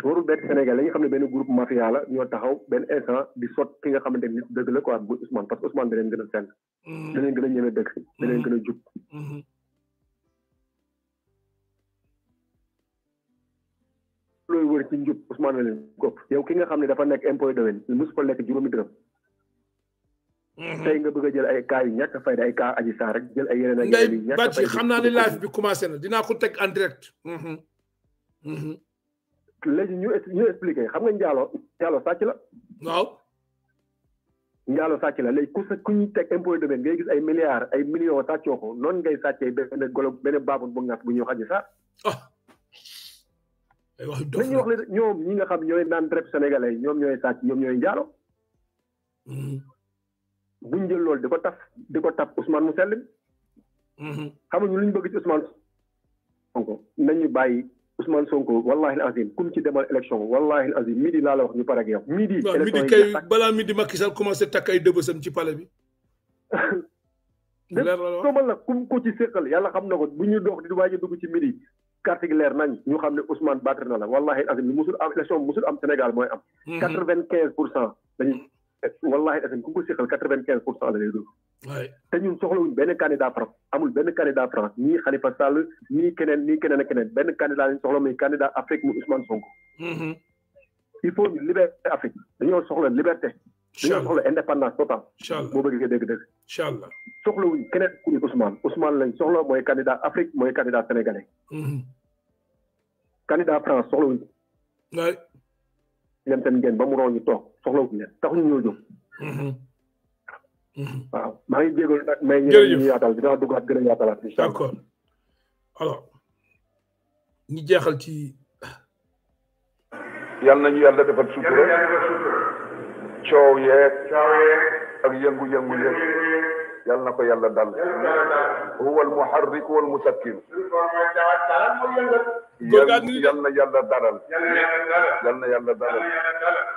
warul benn Sénégalais yi nga xam ne benn groupe mafia la ñoo taxaw benn instant di sot ki nga xamante ni dëgg la quoi bu Ousmane parce que Ousmane da a send mm-hmm. a ñeme dëgg da gën a jub mm-hmm. Mm-hmm. looy wër ci njub Ousmane la leen kopp yow ki nga xam ne dafa nekk impôt domaine mosu fa lekk juróomi dërëm tey nga bëgga jël ay cas yu ñàkk fay ay cas aji saa rek jël ay yeneen ak yeneen xam naa ne live bi commencé na dinaa ko teg en direct léegi ñu ñu xam nga njaalo njaalo sàcc la. waaw. njaalo sàcc la léegi ku sa ku ñu teg impôt domaine ngay gis ay milliards ay millions sàccoo ko noonu ngay sàccee benn golo benn baabur bu ngas bu ñuy ah. wax aji saar. wax dañuy wax ne ñi nga xam ñooy naan traite sénégalais ñoom ñooy sàcc ñoom ñooy njaalo. Mm-hmm. buñ jël loolu di ko taf di ko taf Ousmane mu sell. Mm-hmm. xamuñu luñ bëgg ci Ousmane. donc nañu bàyyi. Ousmane Sonko wallahi azim kum ci demal élection wallahi azim midi laa la wax ñu pare ak yow. midi élection kay balaa midi Macky takk ay dëbësam ci palais bi. [LAUGHS] leer la toogal kum ko ci séqal yàlla xam na ko bu ñu dox di waaj a dugg ci midi. carte gi leer nañ ñu xam ne Ousmane battre na la wallahi azim lu musul am élection musul am Sénégal mooy am. Mhm. quatre vingt quinze pour cent dañuy wallahi azim kum ko séqal quatre vingt quinze pour cent la lay te ñun soxlawuñ benn candidat France amul benn candidat France nii Khalifa Sall nii keneen nii keneen ak keneen benn candidat lañ soxla muy candidat Afrique mu Ousmane Sonko. Mm-hmm. il dañoo soxla liberté. dañoo soxla indépendance totale. incha allah boo bëggee dégg-dégg. incha allah keneen ku ñu Ousmane Ousmane lañ soxla mooy candidat Afrique mooy candidat sénégalais. Mm-hmm. candidat France soxlawuñ. waay. yéen tamit ngeen ba mu roo ñu toog soxlawuñ leen taxuñ ñoo jóg. Mm-hmm. Mhm. waaw maa ngi jégalu nag may ñeneen ñu yaatal dinaa duggaat gën a yaatalaat incha allah d'accord alors ñu jeexal ci yal nañu yàlla defal sutura coow yeeg ak yëngu-yëngu yeeg yal na ko yàlla dal huwa al muharrik wal musakkin yal na yàlla dalal yal na yàlla dalal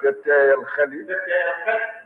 te teeyal xel yi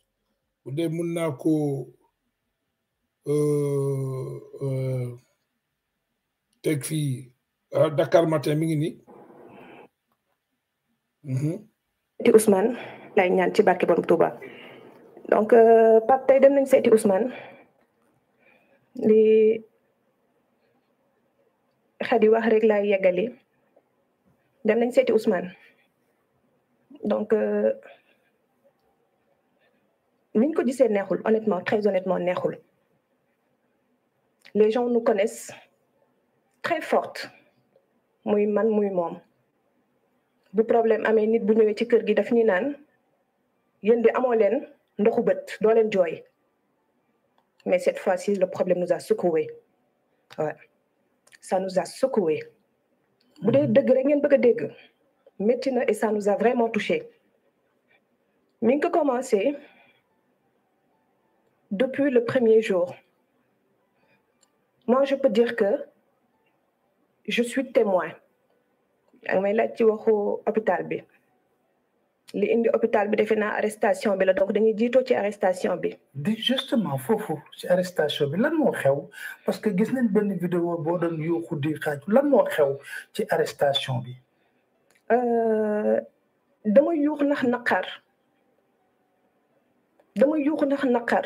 bu ko mun naa tek fi fii uh, Dakar matin ni. Mm -hmm. di Ousmane lay ñaan ci barke borom Touba donc euh, pap tay dem nañ di Ousmane li xadi wax rek laay yeggali dem nañ di Ousmane donc. euh, ni ñu ko neexul honnêtement très honnêtement neexul les gens nous connaissent très moi, muy man muy mom. bu problème amé nit bu ñëwé ci kër gi daf ñi naan yéen de amoo leen ndoxu bët do leen joy. mais cette fois-ci le problème nous a secoué ouais ça nous a secoué bu dee dëgg rek ngeen bëgg dégg métti na et ça nous a vraiment touché ming ko commencé depuis le premier jour. Moi, je peux dire que je suis témoin. Mais là, may laaj ci hôpital bi li indi hôpital bi defe arrestation bi Donc donc dañuy toi ci arrestation bi. di justement foofu ci arrestation bi lan moo xew parce que gis nañ benn vidéo boo doon yuuxu di xaaju lan moo xew ci arrestation bi. Euh, dama yuux ndax naqar dama yuux ndax naqar.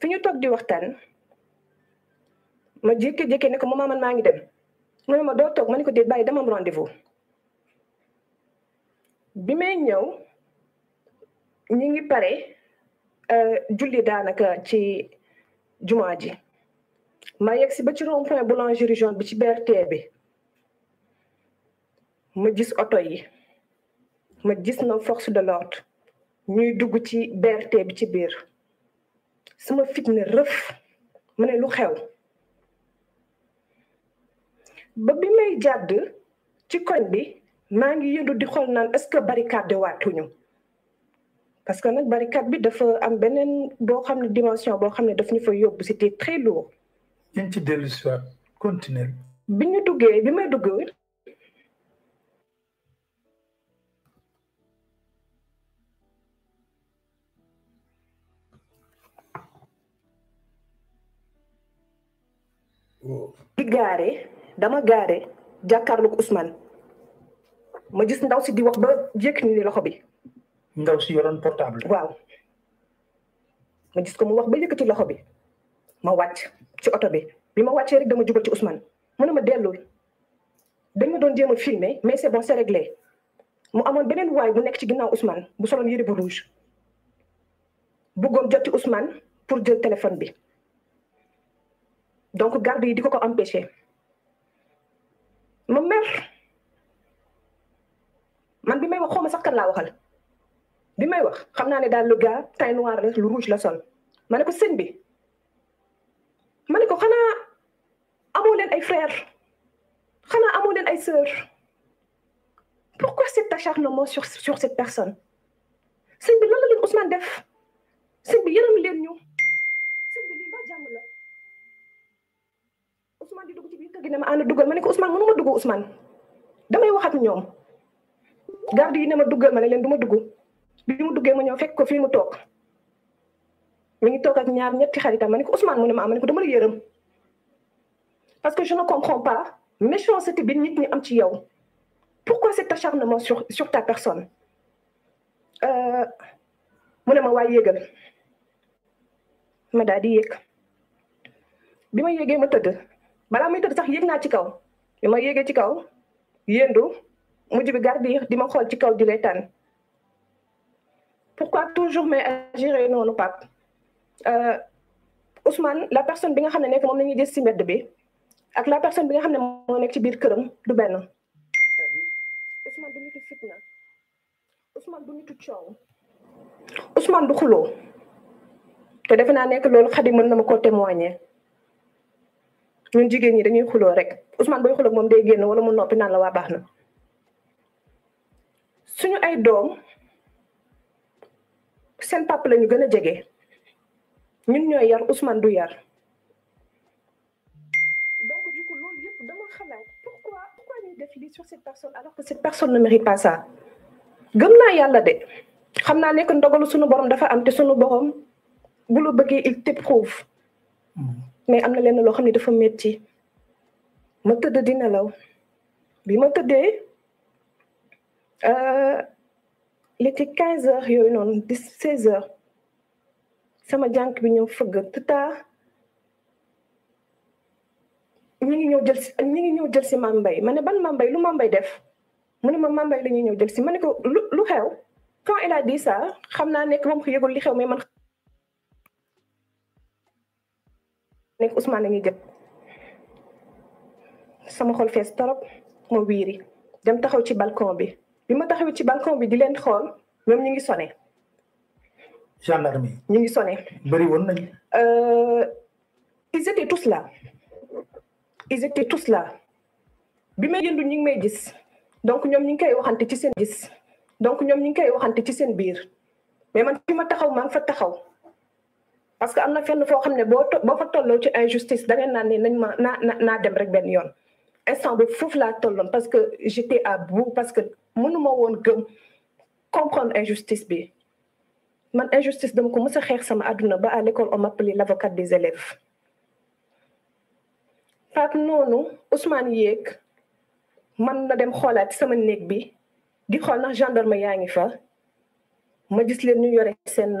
fi ñu toog di waxtaan ma jékki-jékki ne ko maman man maa ngi dem mu ne ma doo toog ma ne ko déet bàyyi dama am rendez bi may ñëw ñu ngi pare euh, julli daanaka ci jumaa ji ma yegg si ba ci rond point boulangerie jaune bi ci berté bi ma gis oto yi ma gis na force de l'ordre ñuy dugg ci BRT bi ci biir sama fit ne rëf ma ne lu xew ba bi may jàdd ci koñ bi maa ngi yendu di xool naan est-ce que barricade waatuñu parce que nag barricade bi dafa am beneen boo xam ne dimension boo xam ne daf ñu fa yóbbu c'était très lourd. ci dellu si waat bi ñu duggee bi may dugg di gaare dama gaare jàkkaarloog Ousmane ma gis ndaw si di wax ba jékki ni loxo bi. ndaw si yoroon portable. waaw ma gis ko mu wax ba ci loxo bi ma wàcc ci oto bi bi ma wàccee rek dama jubal ci Ousmane mu ne ma dellul dañ doon jéem a filmé mais c'est bon c'est réglé mu amoon beneen waay mu nekk ci ginnaaw Ousmane bu soloon yëre bu rouge bëggoon jot ci Ousmane pour jël téléphone bi. donc garde yi di ko empêcher empêché ma mer man bi may wax ma sax kan laa waxal bi may wax xam naa ne daal le gars teint noir la lu rouge la sol ma ne ko sëñ bi ma ne ko xanaa amoo leen ay frère xanaa amo len ay sœur pourquoi cet acharnement sur sur cette personne seigne bi lan la leen Ousmane def seigne bi yërëm leen ñu Ousmane di dugg ci biir kër gi ne ma ànd duggal ma ne ko Ousmane mënu ma dugg Ousmane damay wax ak ñoom garde yi ne ma duggal ma ne leen du ma dugg bi mu duggee ma ñëw fekk ko fi mu toog mi ngi toog ak ñaar ñetti xaritam ma ne ko Ousmane mu ne ma ma ne ko dama la yërëm parce que je ne comprends pas méchanceté bi nit ñi am ci yow pourquoi cet acharnement sur sur ta personne euh, mu ne ma waay yéegal ma daal di yéeg bi ma yéegee ma tëdd balaa itu tëdd sax yegna ci iya kaw bi yegge ci kaw yendu mujj bi gardi di ma xol ci kaw di reetaan pourquoi toujours may non noonu euh Ousmane la personne bi nga xam nek mom lañuy la ci medd bi ak la personne bi nga xam mo nek ci biir kërëm du ben Ousmane du nitu fitna Ousmane du nitu coow Ousmane du xuloo te defena nek nekk mën témoigner ñun jigéen ñi dañuy xuloo rek Ousmane boy xuloo moom day génn wala mu noppi naan la waa baax na suñu ay doom seen papa la ñu gën a jege ñun ñooy yar Ousmane du yar donc du coup loolu yëpp dama xalaat pourquoi pourquoi ñuy def lii sur cette personne alors que cette personne ne mérite pas ça gëm naa yàlla de xam naa nekk ndogalu suñu borom dafa am te suñu borom bu lu bëggee il t'éprouve mais am na lenn loo xam ne dafa métti ma tëdd di law bi ma tëddee euh, il était quinze heures yooyu noonu di seize heures sama jànk bi ñëw fëgg tata ñu ngi ñëw jël si ñu ngi ñëw jël si mambay ma ne ban mambay lu mambay def mu ne ma mbay la ñuy ñëw jël si ma ne ko lu lu xew quand il a dit xam naa nekk moom ko yëgul li xew mais man nekk Ousmane a ngi gët sama xol fees torop ma wiiri dem taxaw ci balcon bi bi ma taxaw ci balcon bi di leen xool ñoom ñu ngi sone gendarmerie ñu ngi sone bëri nañ euh, ils étaient tous là ils étaient tous là bi may yëndu ñu ngi may gis donc ñoom ñu ngi koy waxante ci seen gis donc ñoom ñu ngi koy waxante ci seen biir mais man fi ma taxaw maa ngi fa taxaw parce que amna fenn fo xam bo boo fa tollo ci injustice da ngay naan na nañ ma naa naa dem rek ben yoon instant bi fouf la tolloon parce que j'étais à bout parce que mënuma won gëm comprendre injustice bi man injustice dama ko mës xex sama aduna ba à l'école on m'appelait l'avocat des élèves paak noonu Ousmane Yek, man na dem xoolaat sama néeg bi di xol ndax gendarme yaa ngi fa ma gis leen ñu yoré sen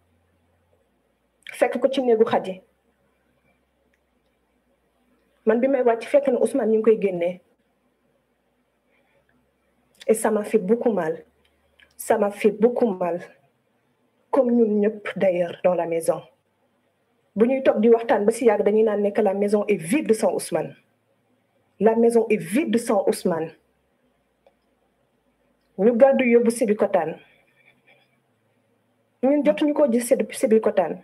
fekk ko ci néegu xadi man bi may wàcc fekk na Ousmane ñu ngi koy génnee et ça m'a fait beaucoup mal ça m'a fait beaucoup mal comme ñun ñëpp d'ailleurs dans la maison bu ñuy toog di waxtaan ba si yàgg dañuy naan nekk la maison est vide sans Ousmane la maison est vide sans Ousmane ñu gàddu yóbbu Sébikotane ñun jotuñu ko gis Sébikotane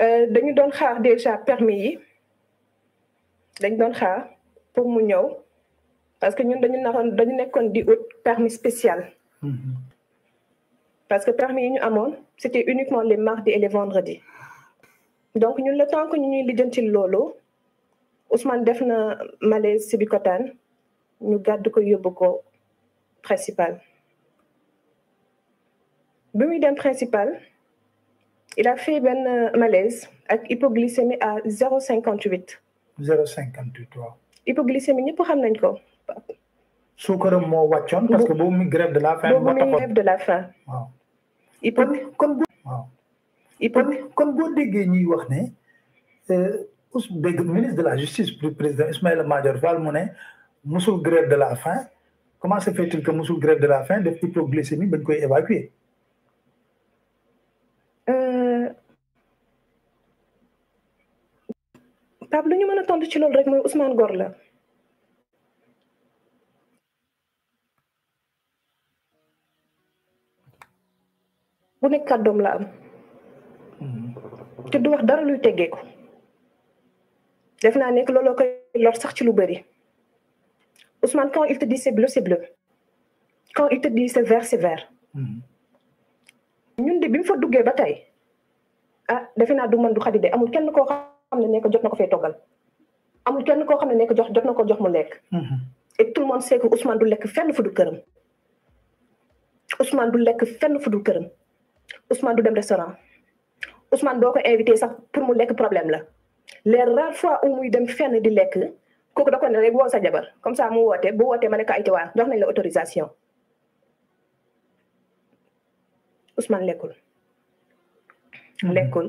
Euh, dañu doon xaar déjà permis yi dañ doon xaar pour mu parce que nous dañu naroon dañu nekkoon permis spécial mm-hmm. parce que permis ñu c'était uniquement les mardis et les vendredis donc ñun le temps que ñuy lijjanti loolu Ousmane def na malaise sibikotan ñu gardons ko yóbbu principal bi muy principal il a fait un ben, euh, malaise avec hypoglycémie à 0,58. 0,58 waaw. hypoglycémie ñëpp xam nañ ko. Sucre moo parce que boobu une grève de la faim. boobu une grève de la faim. waaw. hypo kon waaw. hypo kon boo ne euh, us ministre de la justice le président Ismaël Major Fall mu ne musul grève de la faim comment se fait-il que musul grève de la faim l'hypoglycémie hypoglycémie bañ koy évacuer. Pape ñu mëna tontu ci lool rek moy Ousmane Gor la. bu nek kaddom la am. te du wax dara luy teggee ko. def naa nekk looloo koy lor sax ci lu bëri. Ousmane quand il te dit c'est bleu c'est bleu. quand il te dit c'est vert c'est vert. ñun de bi mu fa duggee ba tey ah defe naa du man du xadi de amul kenn koo xam. xam ne nekk jot na ko fee toggal amul kenn koo xam ne nekk jox jot na ko jox mu lekk. Mm-hmm. et tout le monde du lekk fenn fu du këram. Ousmane du lekk fenn fu dul këram Ousmane du dem restaurant Ousmane doo ko invité sax pour mu lekk problème la les rares fois où muy dem fenn di lekk kooku da ko ne rek woo sa jabar comme ça mu woote bu wootee ma ne ko ayte waa jox nañ la autorisation Ousmane lekkul. Mm-hmm. lekkul.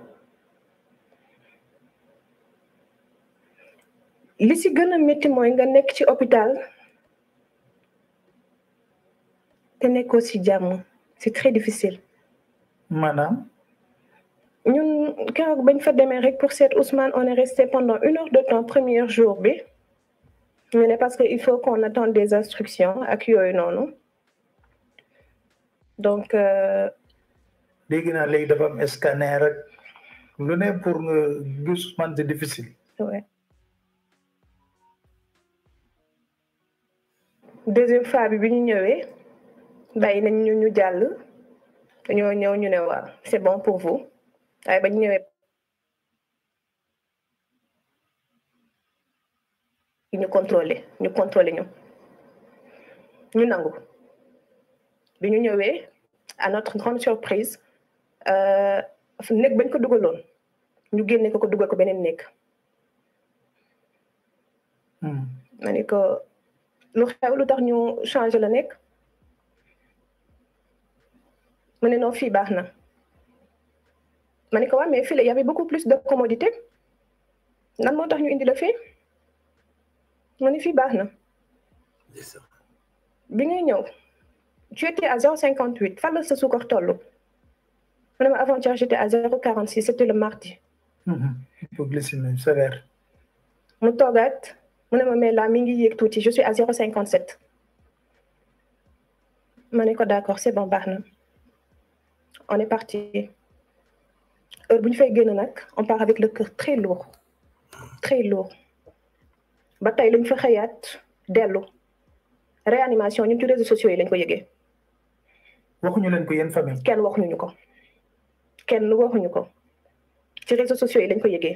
li si gën a métti mooy nga nekk ci hôpital te nekkoo si c'est très difficile. Madame. ñun keroog bañ fa demee rek pour cet Ousmane on est resté pendant une heure de temps premier jour bi parce qu'il faut qu'on attende des instructions ak yooyu noonu donc. Euh, dégg naa léegi dafa am scanner rek lu ne pour nga gis Ousmane c'est difficile. ouais. deuxième fois bi bi ñu ñëwee nañ ñu ñu jall dañu ñëw ñu ne waaw c'est bon pour vous ay ba ñëwé ñu contrôler ñu contrôlé ñu ñu nangu bi ñu ñëwee à notre grande surprise euh néeg bañ ko dugaloon ñu génné ko ko dugal ko benen néeg hmm ni ko lu xew lu tax ñu changé la nekk mu ne non fii baax na ma ne ko waa mais fii la y avait beaucoup plus de commodité nan moo tax ñu indi la fii ma ne fii baax na bi ngay ñëw tu étais à zéro cinquante huit fan la sa suukar toll mu ne ma avant-hier j'étais à zéro quarante six c'était le mardi hypoglycémie mhm. sévère mu toogaat mu ma mais la mi ngi yéeg tuuti je suis à 0,57 ma ne ko d' accord c' est bon baax na on est parti heure bu ñu fay génn nag on part avec le cœur très lourd très lourd ba tey lañ fa xëyaat dellu réanimation ñun ci réseaux sociaux yi lañ ko yëgee. waxuñu leen ko yéen famille. kenn waxuñu ñu ko kenn waxuñu ko ci réseaux sociaux yi lañ ko yëgee.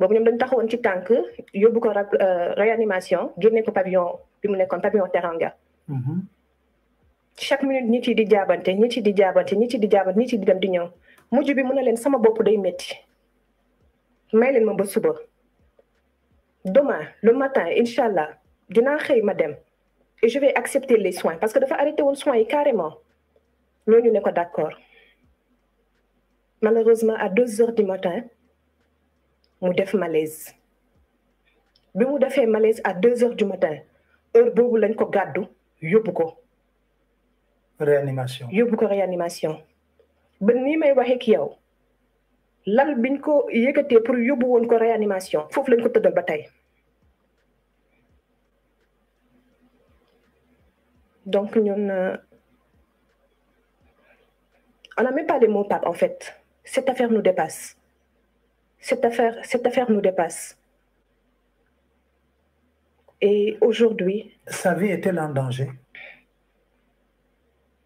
boobu ñoom dañ taxawoon ci tànk yóbbu ko euh, réanimation génne ko pavillon bi mu nekkoon pavillon Teranga. Mm-hmm. chaque minute ñi ci di jaabante ñi ci di jaabante ñi ci di jaabante ñi ci di dem di ñëw mujj bi mu ne leen sama bopp day métti may leen ma ba suba. demain le matin incha allah dinaa xëy ma dem et je vais accepter les soins parce que dafa arrêté woon soins yi carrément ñooñu ne ko d' accord malheureusement à deux heures du matin mu malaise bi mu malaise à 2 heures du matin heure lañ ko ko. réanimation ko réanimation. may biñ ko pour yóbbu woon ko réanimation foofu lañ ko donc euh, on n'a même pas les mots en fait cette affaire nous dépasse cette affaire, cette affaire nous dépasse. Et aujourd'hui. Sa vie est-elle en danger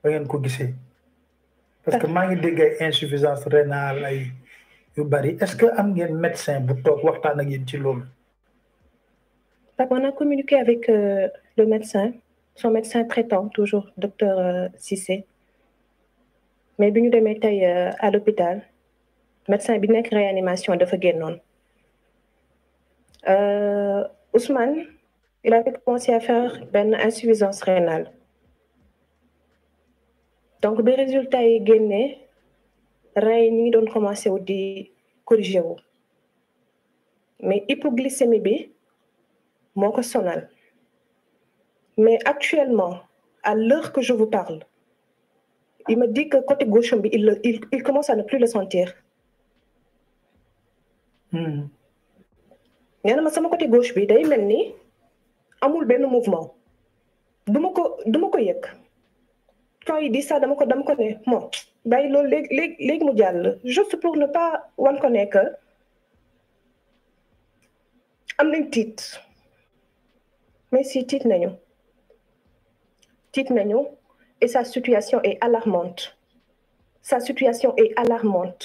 Rien que Parce que moi, j'ai insuffisance rénale. Est-ce que a un médecin pour tok waxtan ak yeen on a communiqué avec euh, le médecin, son médecin traitant toujours docteur Mais euh, Cissé. Mais venu démé tay à l'hôpital, médecin bi nekk réanimation dafa génnoon euh, Ousmane il avait commencé à faire une insuffisance rénale donc les résultats yi génnee rein yi ngi doon commencé wu di mais hypoglycémie bi moo sonal mais actuellement à l'heure que je vous parle il me dit que côté gauche il il commence à ne plus le sentir Hmm. nee na ma sama côté gauche bi day mel ni amul benn mouvement duma ko du ma ko yëg temps yi di sax dama ko dama ko ne bon bàyyi loolu léegi léegi léegi mu jàll juste pour ne pas wan ko ne que am nañ tiit mais si tiit nañu tiit nañu et sa situation est alarmante sa situation est alarmante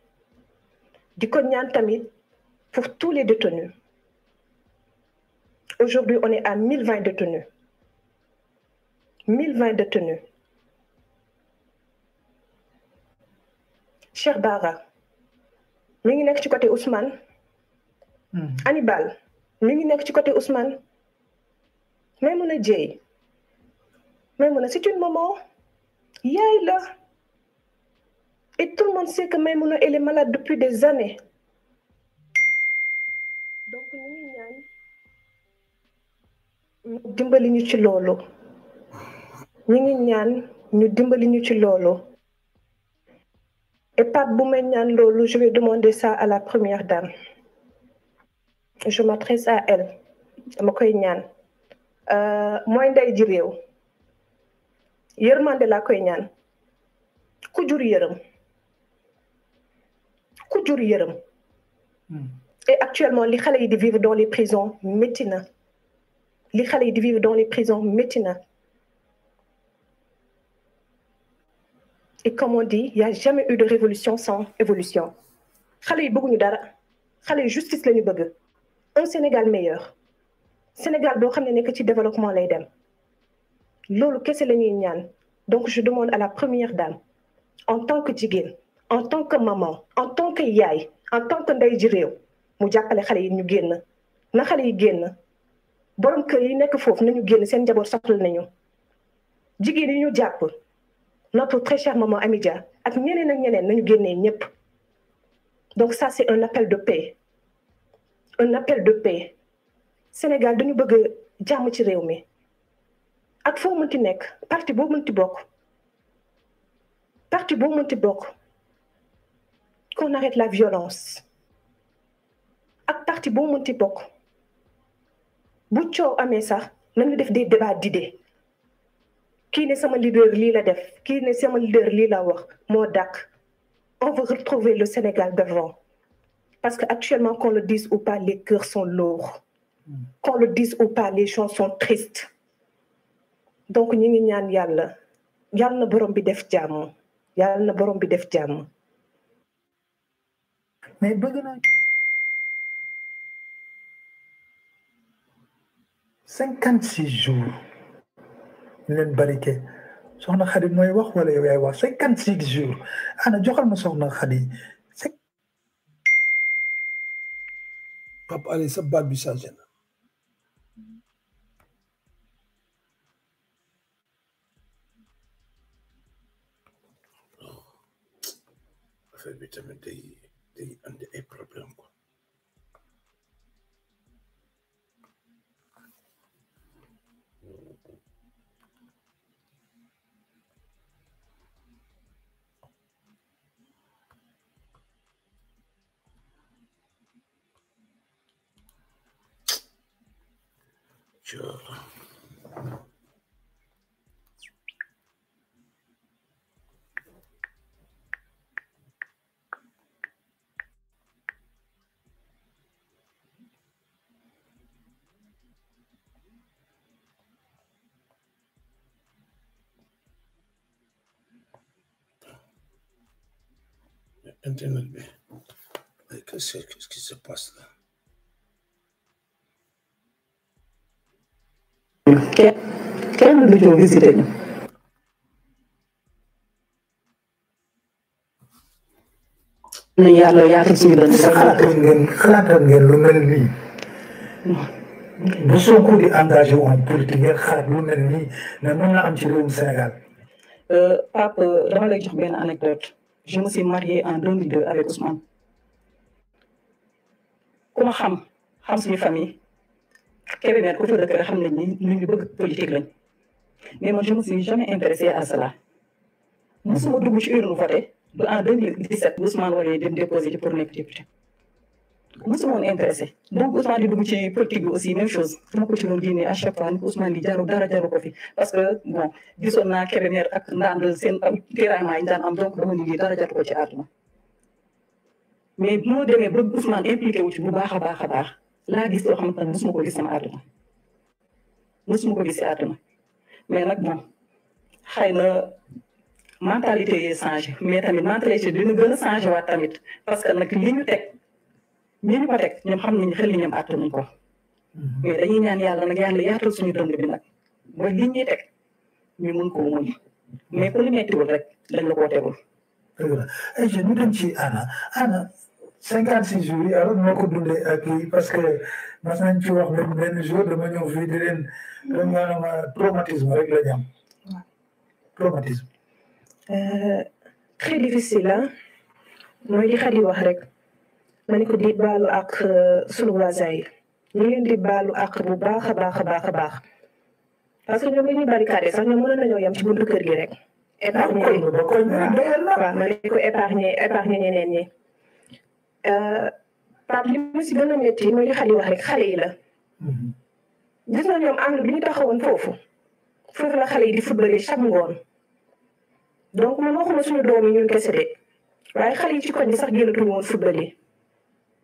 du pour tous les détenus. Aujourd'hui, on est à 1020 détenus. 1020 détenus. Cher Bara, nous sommes côté Ousmane. Annibal, hmm. Hannibal, nous sommes côté Ousmane. Même on est Jay. Même on est, c'est une maman. Yay là! Et tout le monde sait que Maïmouna, elle est malade depuis des années. Donc, nous, dimbali ñu ci loolu ñu ngi ñu dimbali ñu ci et pas bu may ñaan je vais demander ça à la première dame je m'adresse à elle dama koy ñaan euh, mooy ndey ji réew yërmande laa koy ñaan ku jur yërëm Hmm. et actuellement les xale vivent dans les prisons maintenant. Les li vivent dans les prisons maintenant. et comme on dit il n'y a jamais eu de révolution sans évolution xale yi bëgguñu justice la un Sénégal meilleur Sénégal doit ramener le développement lay dem donc je demande à la première dame en tant que tigène en tant que maman en tant que yai, en tant que ndey mu les yi ñu génn na xalé yi génn borom kër nekk foofu nañu génn seen njaboot Nous nañu jigéen yi ñu jàpp notre très chère maman Amidia ak ñeneen ak ñeneen nañu génnee ñëpp donc ça c'est un appel de paix un appel de paix Sénégal dañu bëgg jàmm ci réew mi ak foo mënti nekk parti boo mënti bokk parti boo mënti bokk qu'on arrête la violence Acte parti amé sax des débats d'idées Qui ne leader la def leader on veut retrouver le Sénégal devant. parce qu'actuellement, qu'on le dise ou pas les cœurs sont lourds qu'on le dise ou pas les gens sont tristes donc nous ngi ñaan nous borom bi def mais Bagana. 56 jours Len bari ke soxna Xadi mooy wax wala yow yaay wax 56 jours ana joxal ma soxna Xadi Pape Alé sa baat bi changé na affaire bi tamit the, and the April Sure. Internet, mais qu'est-ce qui kenn kenn du jóg visité ñu. nu yàlla lu mel nii. bu Sonko di engagé wu en politique ngeen xalaat lu mel nii ne na am ci réewum Sénégal. Pape dama jox benn anecdote je me suis mariée en 2002 avec Ousmane Comment sais, xam xam ma famille je est fi dëkk rek xam nañ ni ñu bëgg politique mais moi je me suis jamais intéressée à cela Nous sommes ci une famille. en 2017 Ousmane a dem déposé pour de député musu woon intéressé donc Ousmane di dugg ci politique bi aussi même chose dama ko ci doon chaque fois ni ko Ousmane di jaru dara jaru ko fi parce que bon gisoon naa Kébémer ak ndand seen am tiraillement yi daan am donc dama ni lii dara jaru ko ci àdduna mais bu ma demee ba Ousmane impliqué wu ci bu baax a baax a baax laa gis loo xamante ne mosuma ko gis sama àdduna mosuma ko gis si mais nag bon xëy na mentalité yi changé mais tamit mentalité dina gën a changé waat tamit parce que nag li ñu teg ñi ñu ko teg ñoom xam nañu xel ñoom attanuñ ko. mais mhm. dañuy ñaan yàlla nag yàlla yaatal suñu dënd bi nag ba li ñuy teg ñu mun koo muñ mais rek dañ la koo tegul. dëgg la ay je ñu dem ci Anna Anna cinquante six jours yi alors noo ko dundee parce que mas nañ ci wax même jour dama ñëw fii di traumatisme rek la ñu am traumatisme. Euh, difficile ah mooy li Khady rek. ma ne ko di baalu ak euh, sunu voisin yi ñu leen di baalu ak bu baax a baax a baax a baax parce que ñoom li ñuy barricade sax ñoom mënoon nañoo yem ci buntu kër gi rek. épargne waaw ma ñeneen ñi. Euh, Pape li mu si gën a métti mooy li xale wax rek xale yi la. Mm-hmm. gis na ñoom ànd bi taxawoon foofu foofu la xale yi di footballé chaque ngoon donc man waxuma suñu doom yi ñun kese de waaye xale yi ci koñ sax génnatuñu woon footballé.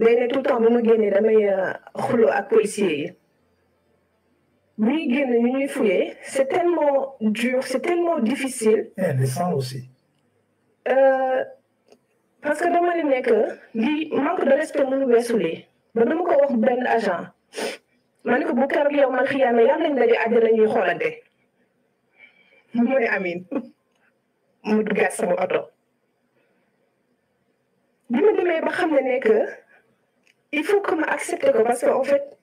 day ne tout le temps bu ma génnee damay euh, xulo ak policiers yi bu ñuy génn ñu ñuy fuyee c'est tellement dur c'est tellement difficile. et eh, indécent aussi. Euh, parce que dama ne nekk li manque de respect mënu weesu lii ba dama ko wax benn agent ma ne ko bu keroog yow man xiyaame yàlla nañ daje àjjana ñuy xoolante mu ne amiin mu duggaat sama oto bi ma demee ba xam ne nekk il faut qu'on accepter que, parce qu'en fait,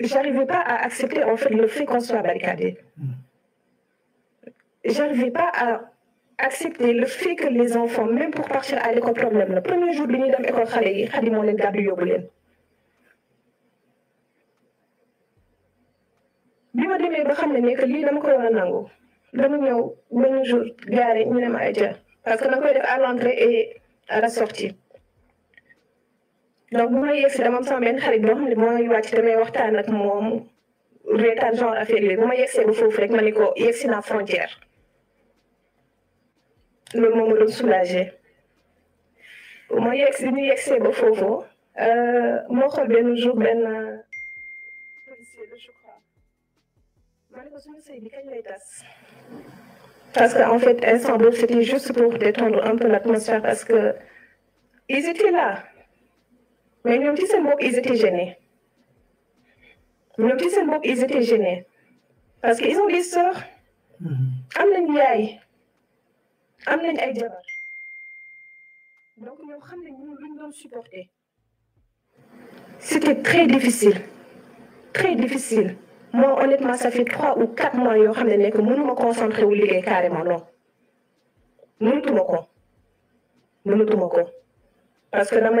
j'arrivais pas à accepter en fait le fait qu'on soit barricadé. J'arrivais pas à accepter le fait que les enfants, même pour partir à l'école, problème, le premier jour de l'école, école parce que à l'entrée et à la sortie donc bu ma yegsi dama am sama benn xarit boo xam ne moo ngi wàcc damay waxtaan ak moom reetaan genre affaire yooyu bu ma yegsee ba foofu rek ma ne ko yegsi naa frontière loolu moom ma doon soulagé bu ma yegsi ñu yegsee ba foofu euh, moo xool benn jour benn policier de je crois ma ne ko suñu sëy lay tas parce que en fait instant boobu c'était juste pour détendre un peu l'atmosphère parce que ils étaient là mais nous disons seen ils étaient gênés Nous ci seen ils étaient gênés parce qu'ils ont des sœurs am nañu yaay am nañ ay donc nous xam nous nous luñ doon supporter c'était très difficile très difficile moi honnêtement ça fait trois ou quatre mois que je ne nekk Je concentré wu liggéey carrément non ne nous concentre pas. parce que nous ne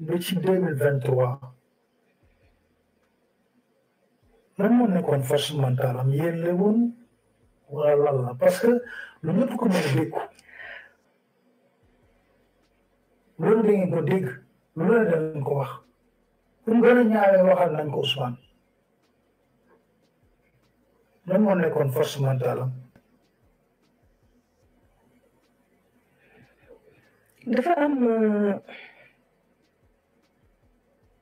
ba ci deux mille vingt trois lan moo nekkoon force mentale am yéen la woon wala lan la parce que lu ñëpp ko mën a dégg loolu da ngeen ko dégg loolu da ngeen ko wax um gën a ñaaree waxal nañ ko Ousmane lan moo nekkoon force mentale am dafa am euh,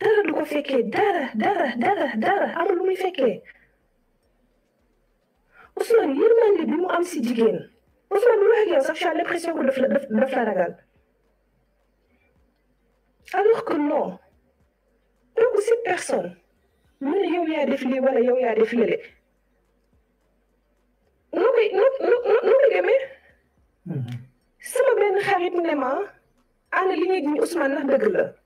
دار لوكا فيكي داره داره داره داره عمرو ما يفيكي وصلنا يرمان لي بيمو ام سي ديغين وصلنا بروحي صافي شحال لابريسيون كل في فلاراغال الوغ كو نو دونك سي بيرسون من يوم يعرف لي ولا يوم يعرف لي نوبي نوبي نوبي جميل سما بين خريب نيما انا اللي نجي عثمان نهدق له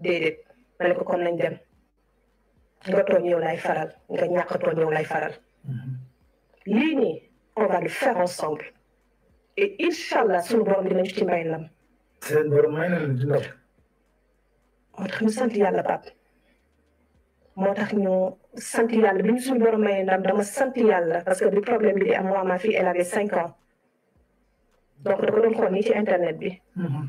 déedéet ma ne ko kon nañ dem nga tooñ yow lay faral nga ñàkk a tooñ lay faral mhm. lii nii on va le faire ensemble et incha allah suñu borom dinañu ci mbay lam seen borom may na leen ci ndam moo tax ñu sant yàlla Pape moo tax ñu sant yàlla bi ñu suñu borom mayee ndam dama sant yàlla parce que bi problème bi di am moi ma fille elle avait cinq ans donc da ko doon xool nii ci internet bi mhm.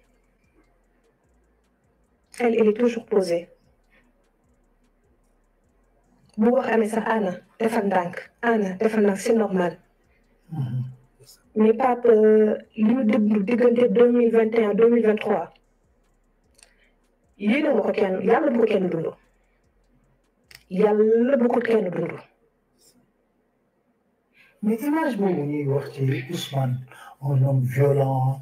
Elle, est toujours posée. c'est normal mm-hmm. mais pas il le début 2023 deux mille vingt et un deux mille vingt trois beaucoup de mais tu Ousmane un homme violent.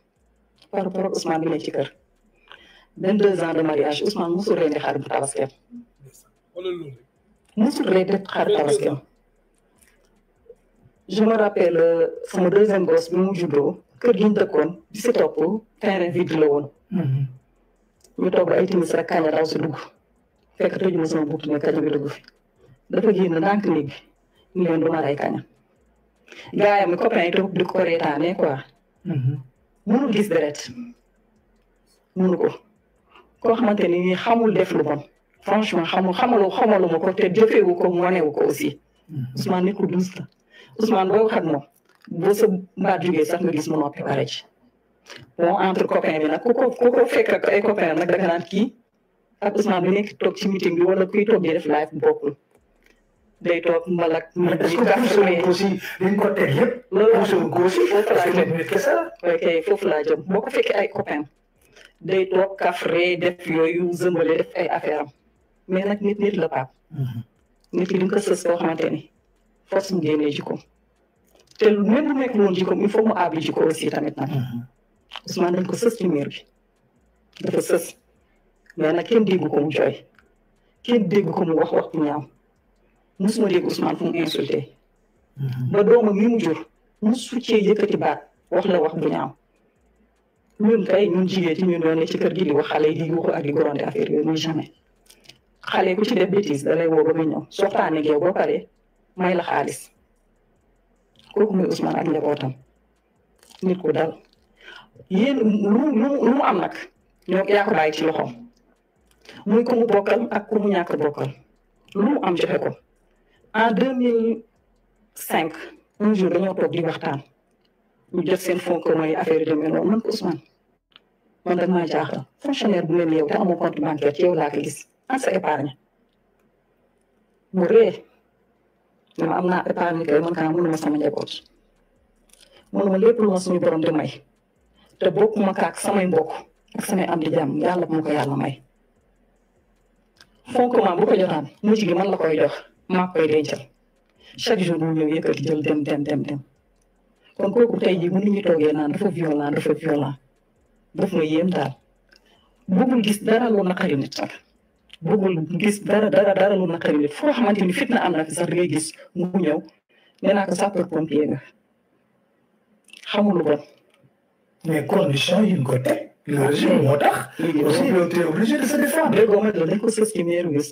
par rapport ak Ousmane bi nekk ci kër vingt-deux ans de mariage Ousmane musul rendi xar bu tabaskeem musul rendi xar tabaskeem je me euh, deuxième gosse bi mu juddoo kër gi ñu dëkkoon bi si topp terrain vide la woon mhm. ñu toog ay timis rek daw si dugg fekk tëju ma sama bunt ne fi dafa génn ndànk néeg bi ñu leen du ma rey kaña gaayam mi copain mënul gis deret mënu ko koo xamante ni nii xamul def lu bon franchement xamul xamalu xamaluma ko te wu ko wu ko aussi mm-hmm. Ousmane nit ku duus la Ousmane boo waxat moom boo sa mbaat sax nga gis mu noppi pare ci bon entre copain bi nag ku ko ku ko fekk ak ay copain nag danga kii ak Ousmane bi nekk toog ci meeting bi wala kuy toog di def live bokkul day toog malak man dañ ko gàtt suñu gauche yi la suñu gauche yi foofu laa jëm boo ko fekkee ay copain day toog kafre def yooyu zëmbale def ay affaire am mais nag nit la paap. nit ki duñ ko sës koo xamante ni force mu génnee jikkoom te même bu nekk noonu jikkoom il faut mu aabi jikko aussi tamit nag. Ousmane dañ ko sës ci miir bi dafa sës mais nag kenn déggu ko mu jooy kenn déggu wax wax bu musuma dégg Ousmane fu mu insulté ba doomam mi mu jur musu cee yëkkati baat wax la wax bu ñaaw ñun kay ñun jigéen ci ñu ci kër gi di wax xale yi di yuuxu ak di goronte affaire yooyu muy jamais xale ku ci def bêtise da lay woo ba muy ñëw soxtaane ak boo paree may la xaalis kooku muy Ousmane ak njabootam nit ku dal yéen lu lu lu am nag ñoo yaa ko ci loxoom muy ku mu bokkal ak ku mu bokkal lu am joxe ko. en deux mille cinq un jour dañoo toog di waxtaan ñu jot seen fonk commun yi affaire yi demee noonu man ko Ousmane man dag maa jaaxal fonctionnaire bu mel ni yow te amoo compte bancaire ci yow laa ko gis en sa épargne am naa épargne kay sama njaboot mënuma lépp lu ma suñu borom di may te bokkuma kaak samay mbok ak samay am di jàmm yàlla bu ma ko yàlla may fonds commun bu jotaan mujj gi man la koy jox maa koy dencal chaque jour mu ñëw yëkkati jël dem dem dem kon kooku tey jii mënuñu toogee naan dafa violent dafa violent daf ma yéem daal bëggul gis dara lu naqari bëggul gis dara dara dara lu naqari foo xamante ni fitna am na fi sax ga gis mu ñëw nee naa ko sapeur pompier nga xamul lu condition yi ko teg. le moo tax. aussi on est obligé de se défendre. déggoo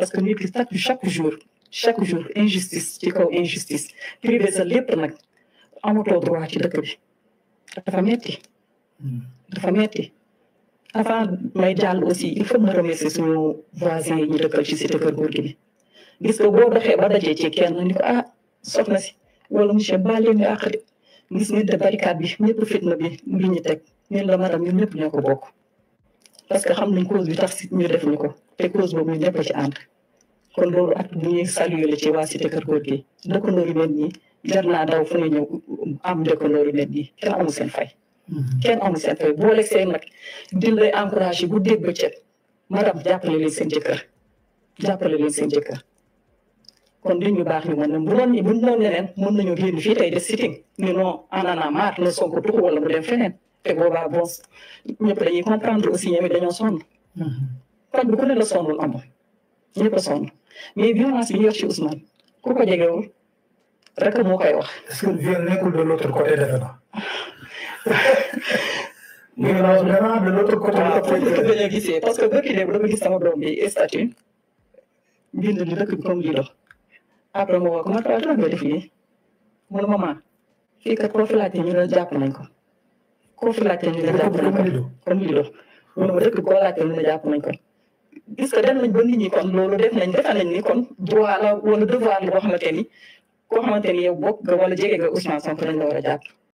parce que nit ki tàccu chaque jour chaque jour injustice ci kaw injustice privé sa lépp nag amatoo droit ci dëkk bi dafa metti dafa metti may jàll aussi il faut ma remercier suñu voisin yi ñu dëkkal ci cité kër góor gi bi gis nga boo doxee ba dajee ci kenn ni ko ah soxna si wala monsieur baal leen ñu àq de gis ngeen de barricade bi ñëpp fitna bi bi ñu teg ñun la madame ñun ñëpp ñoo ko bokk parce que xam nañ cause bi tax si ñu def ñu ko te cause boobu ñun ñëpp ci ànd kon loolu ak bu ñuy saluer la ci waa cité kër góor gi dëkkandoo yu mel nii daw fu ne ñëw am dëkkandoo yu mel nii kenn amul seen fay. kenn amul seen fay boole seen nag di lay encouragé guddeeg bëccëg madame jàppale leen seen jëkkër jàppale leen seen jëkkër. kon nit ñu baax ñu mën na bu doon bu doon leneen mën nañu génn tey def sitting ñu non en en a marre la wala mu dem feneen te boobaa bon ñëpp dañuy comprendre aussi ñoom it dañoo sonn. faj bi ku ne la sonal am na ñëpp a sonn bi ku ko jegewul rek moo wa wax. est-ce que viol nekkul de l'autre côté defe naa. [LAUGHS] violence vraiment de l'autre côté. waaw foofu parce que bëgg na gis sama bi statut bi comme li dox après moo ko comment tu nga def nii mun maman fi laajte koo fi laajte ñu koo laajte ñu ne nañ ko. gis que dem nañ ba ñi kon loolu def nañ defe nañ ni kon droit la wala devoir la boo xamante ni koo xamante ni yow bokk wala jege nga Ousmane Sonko dañ la war a jàpp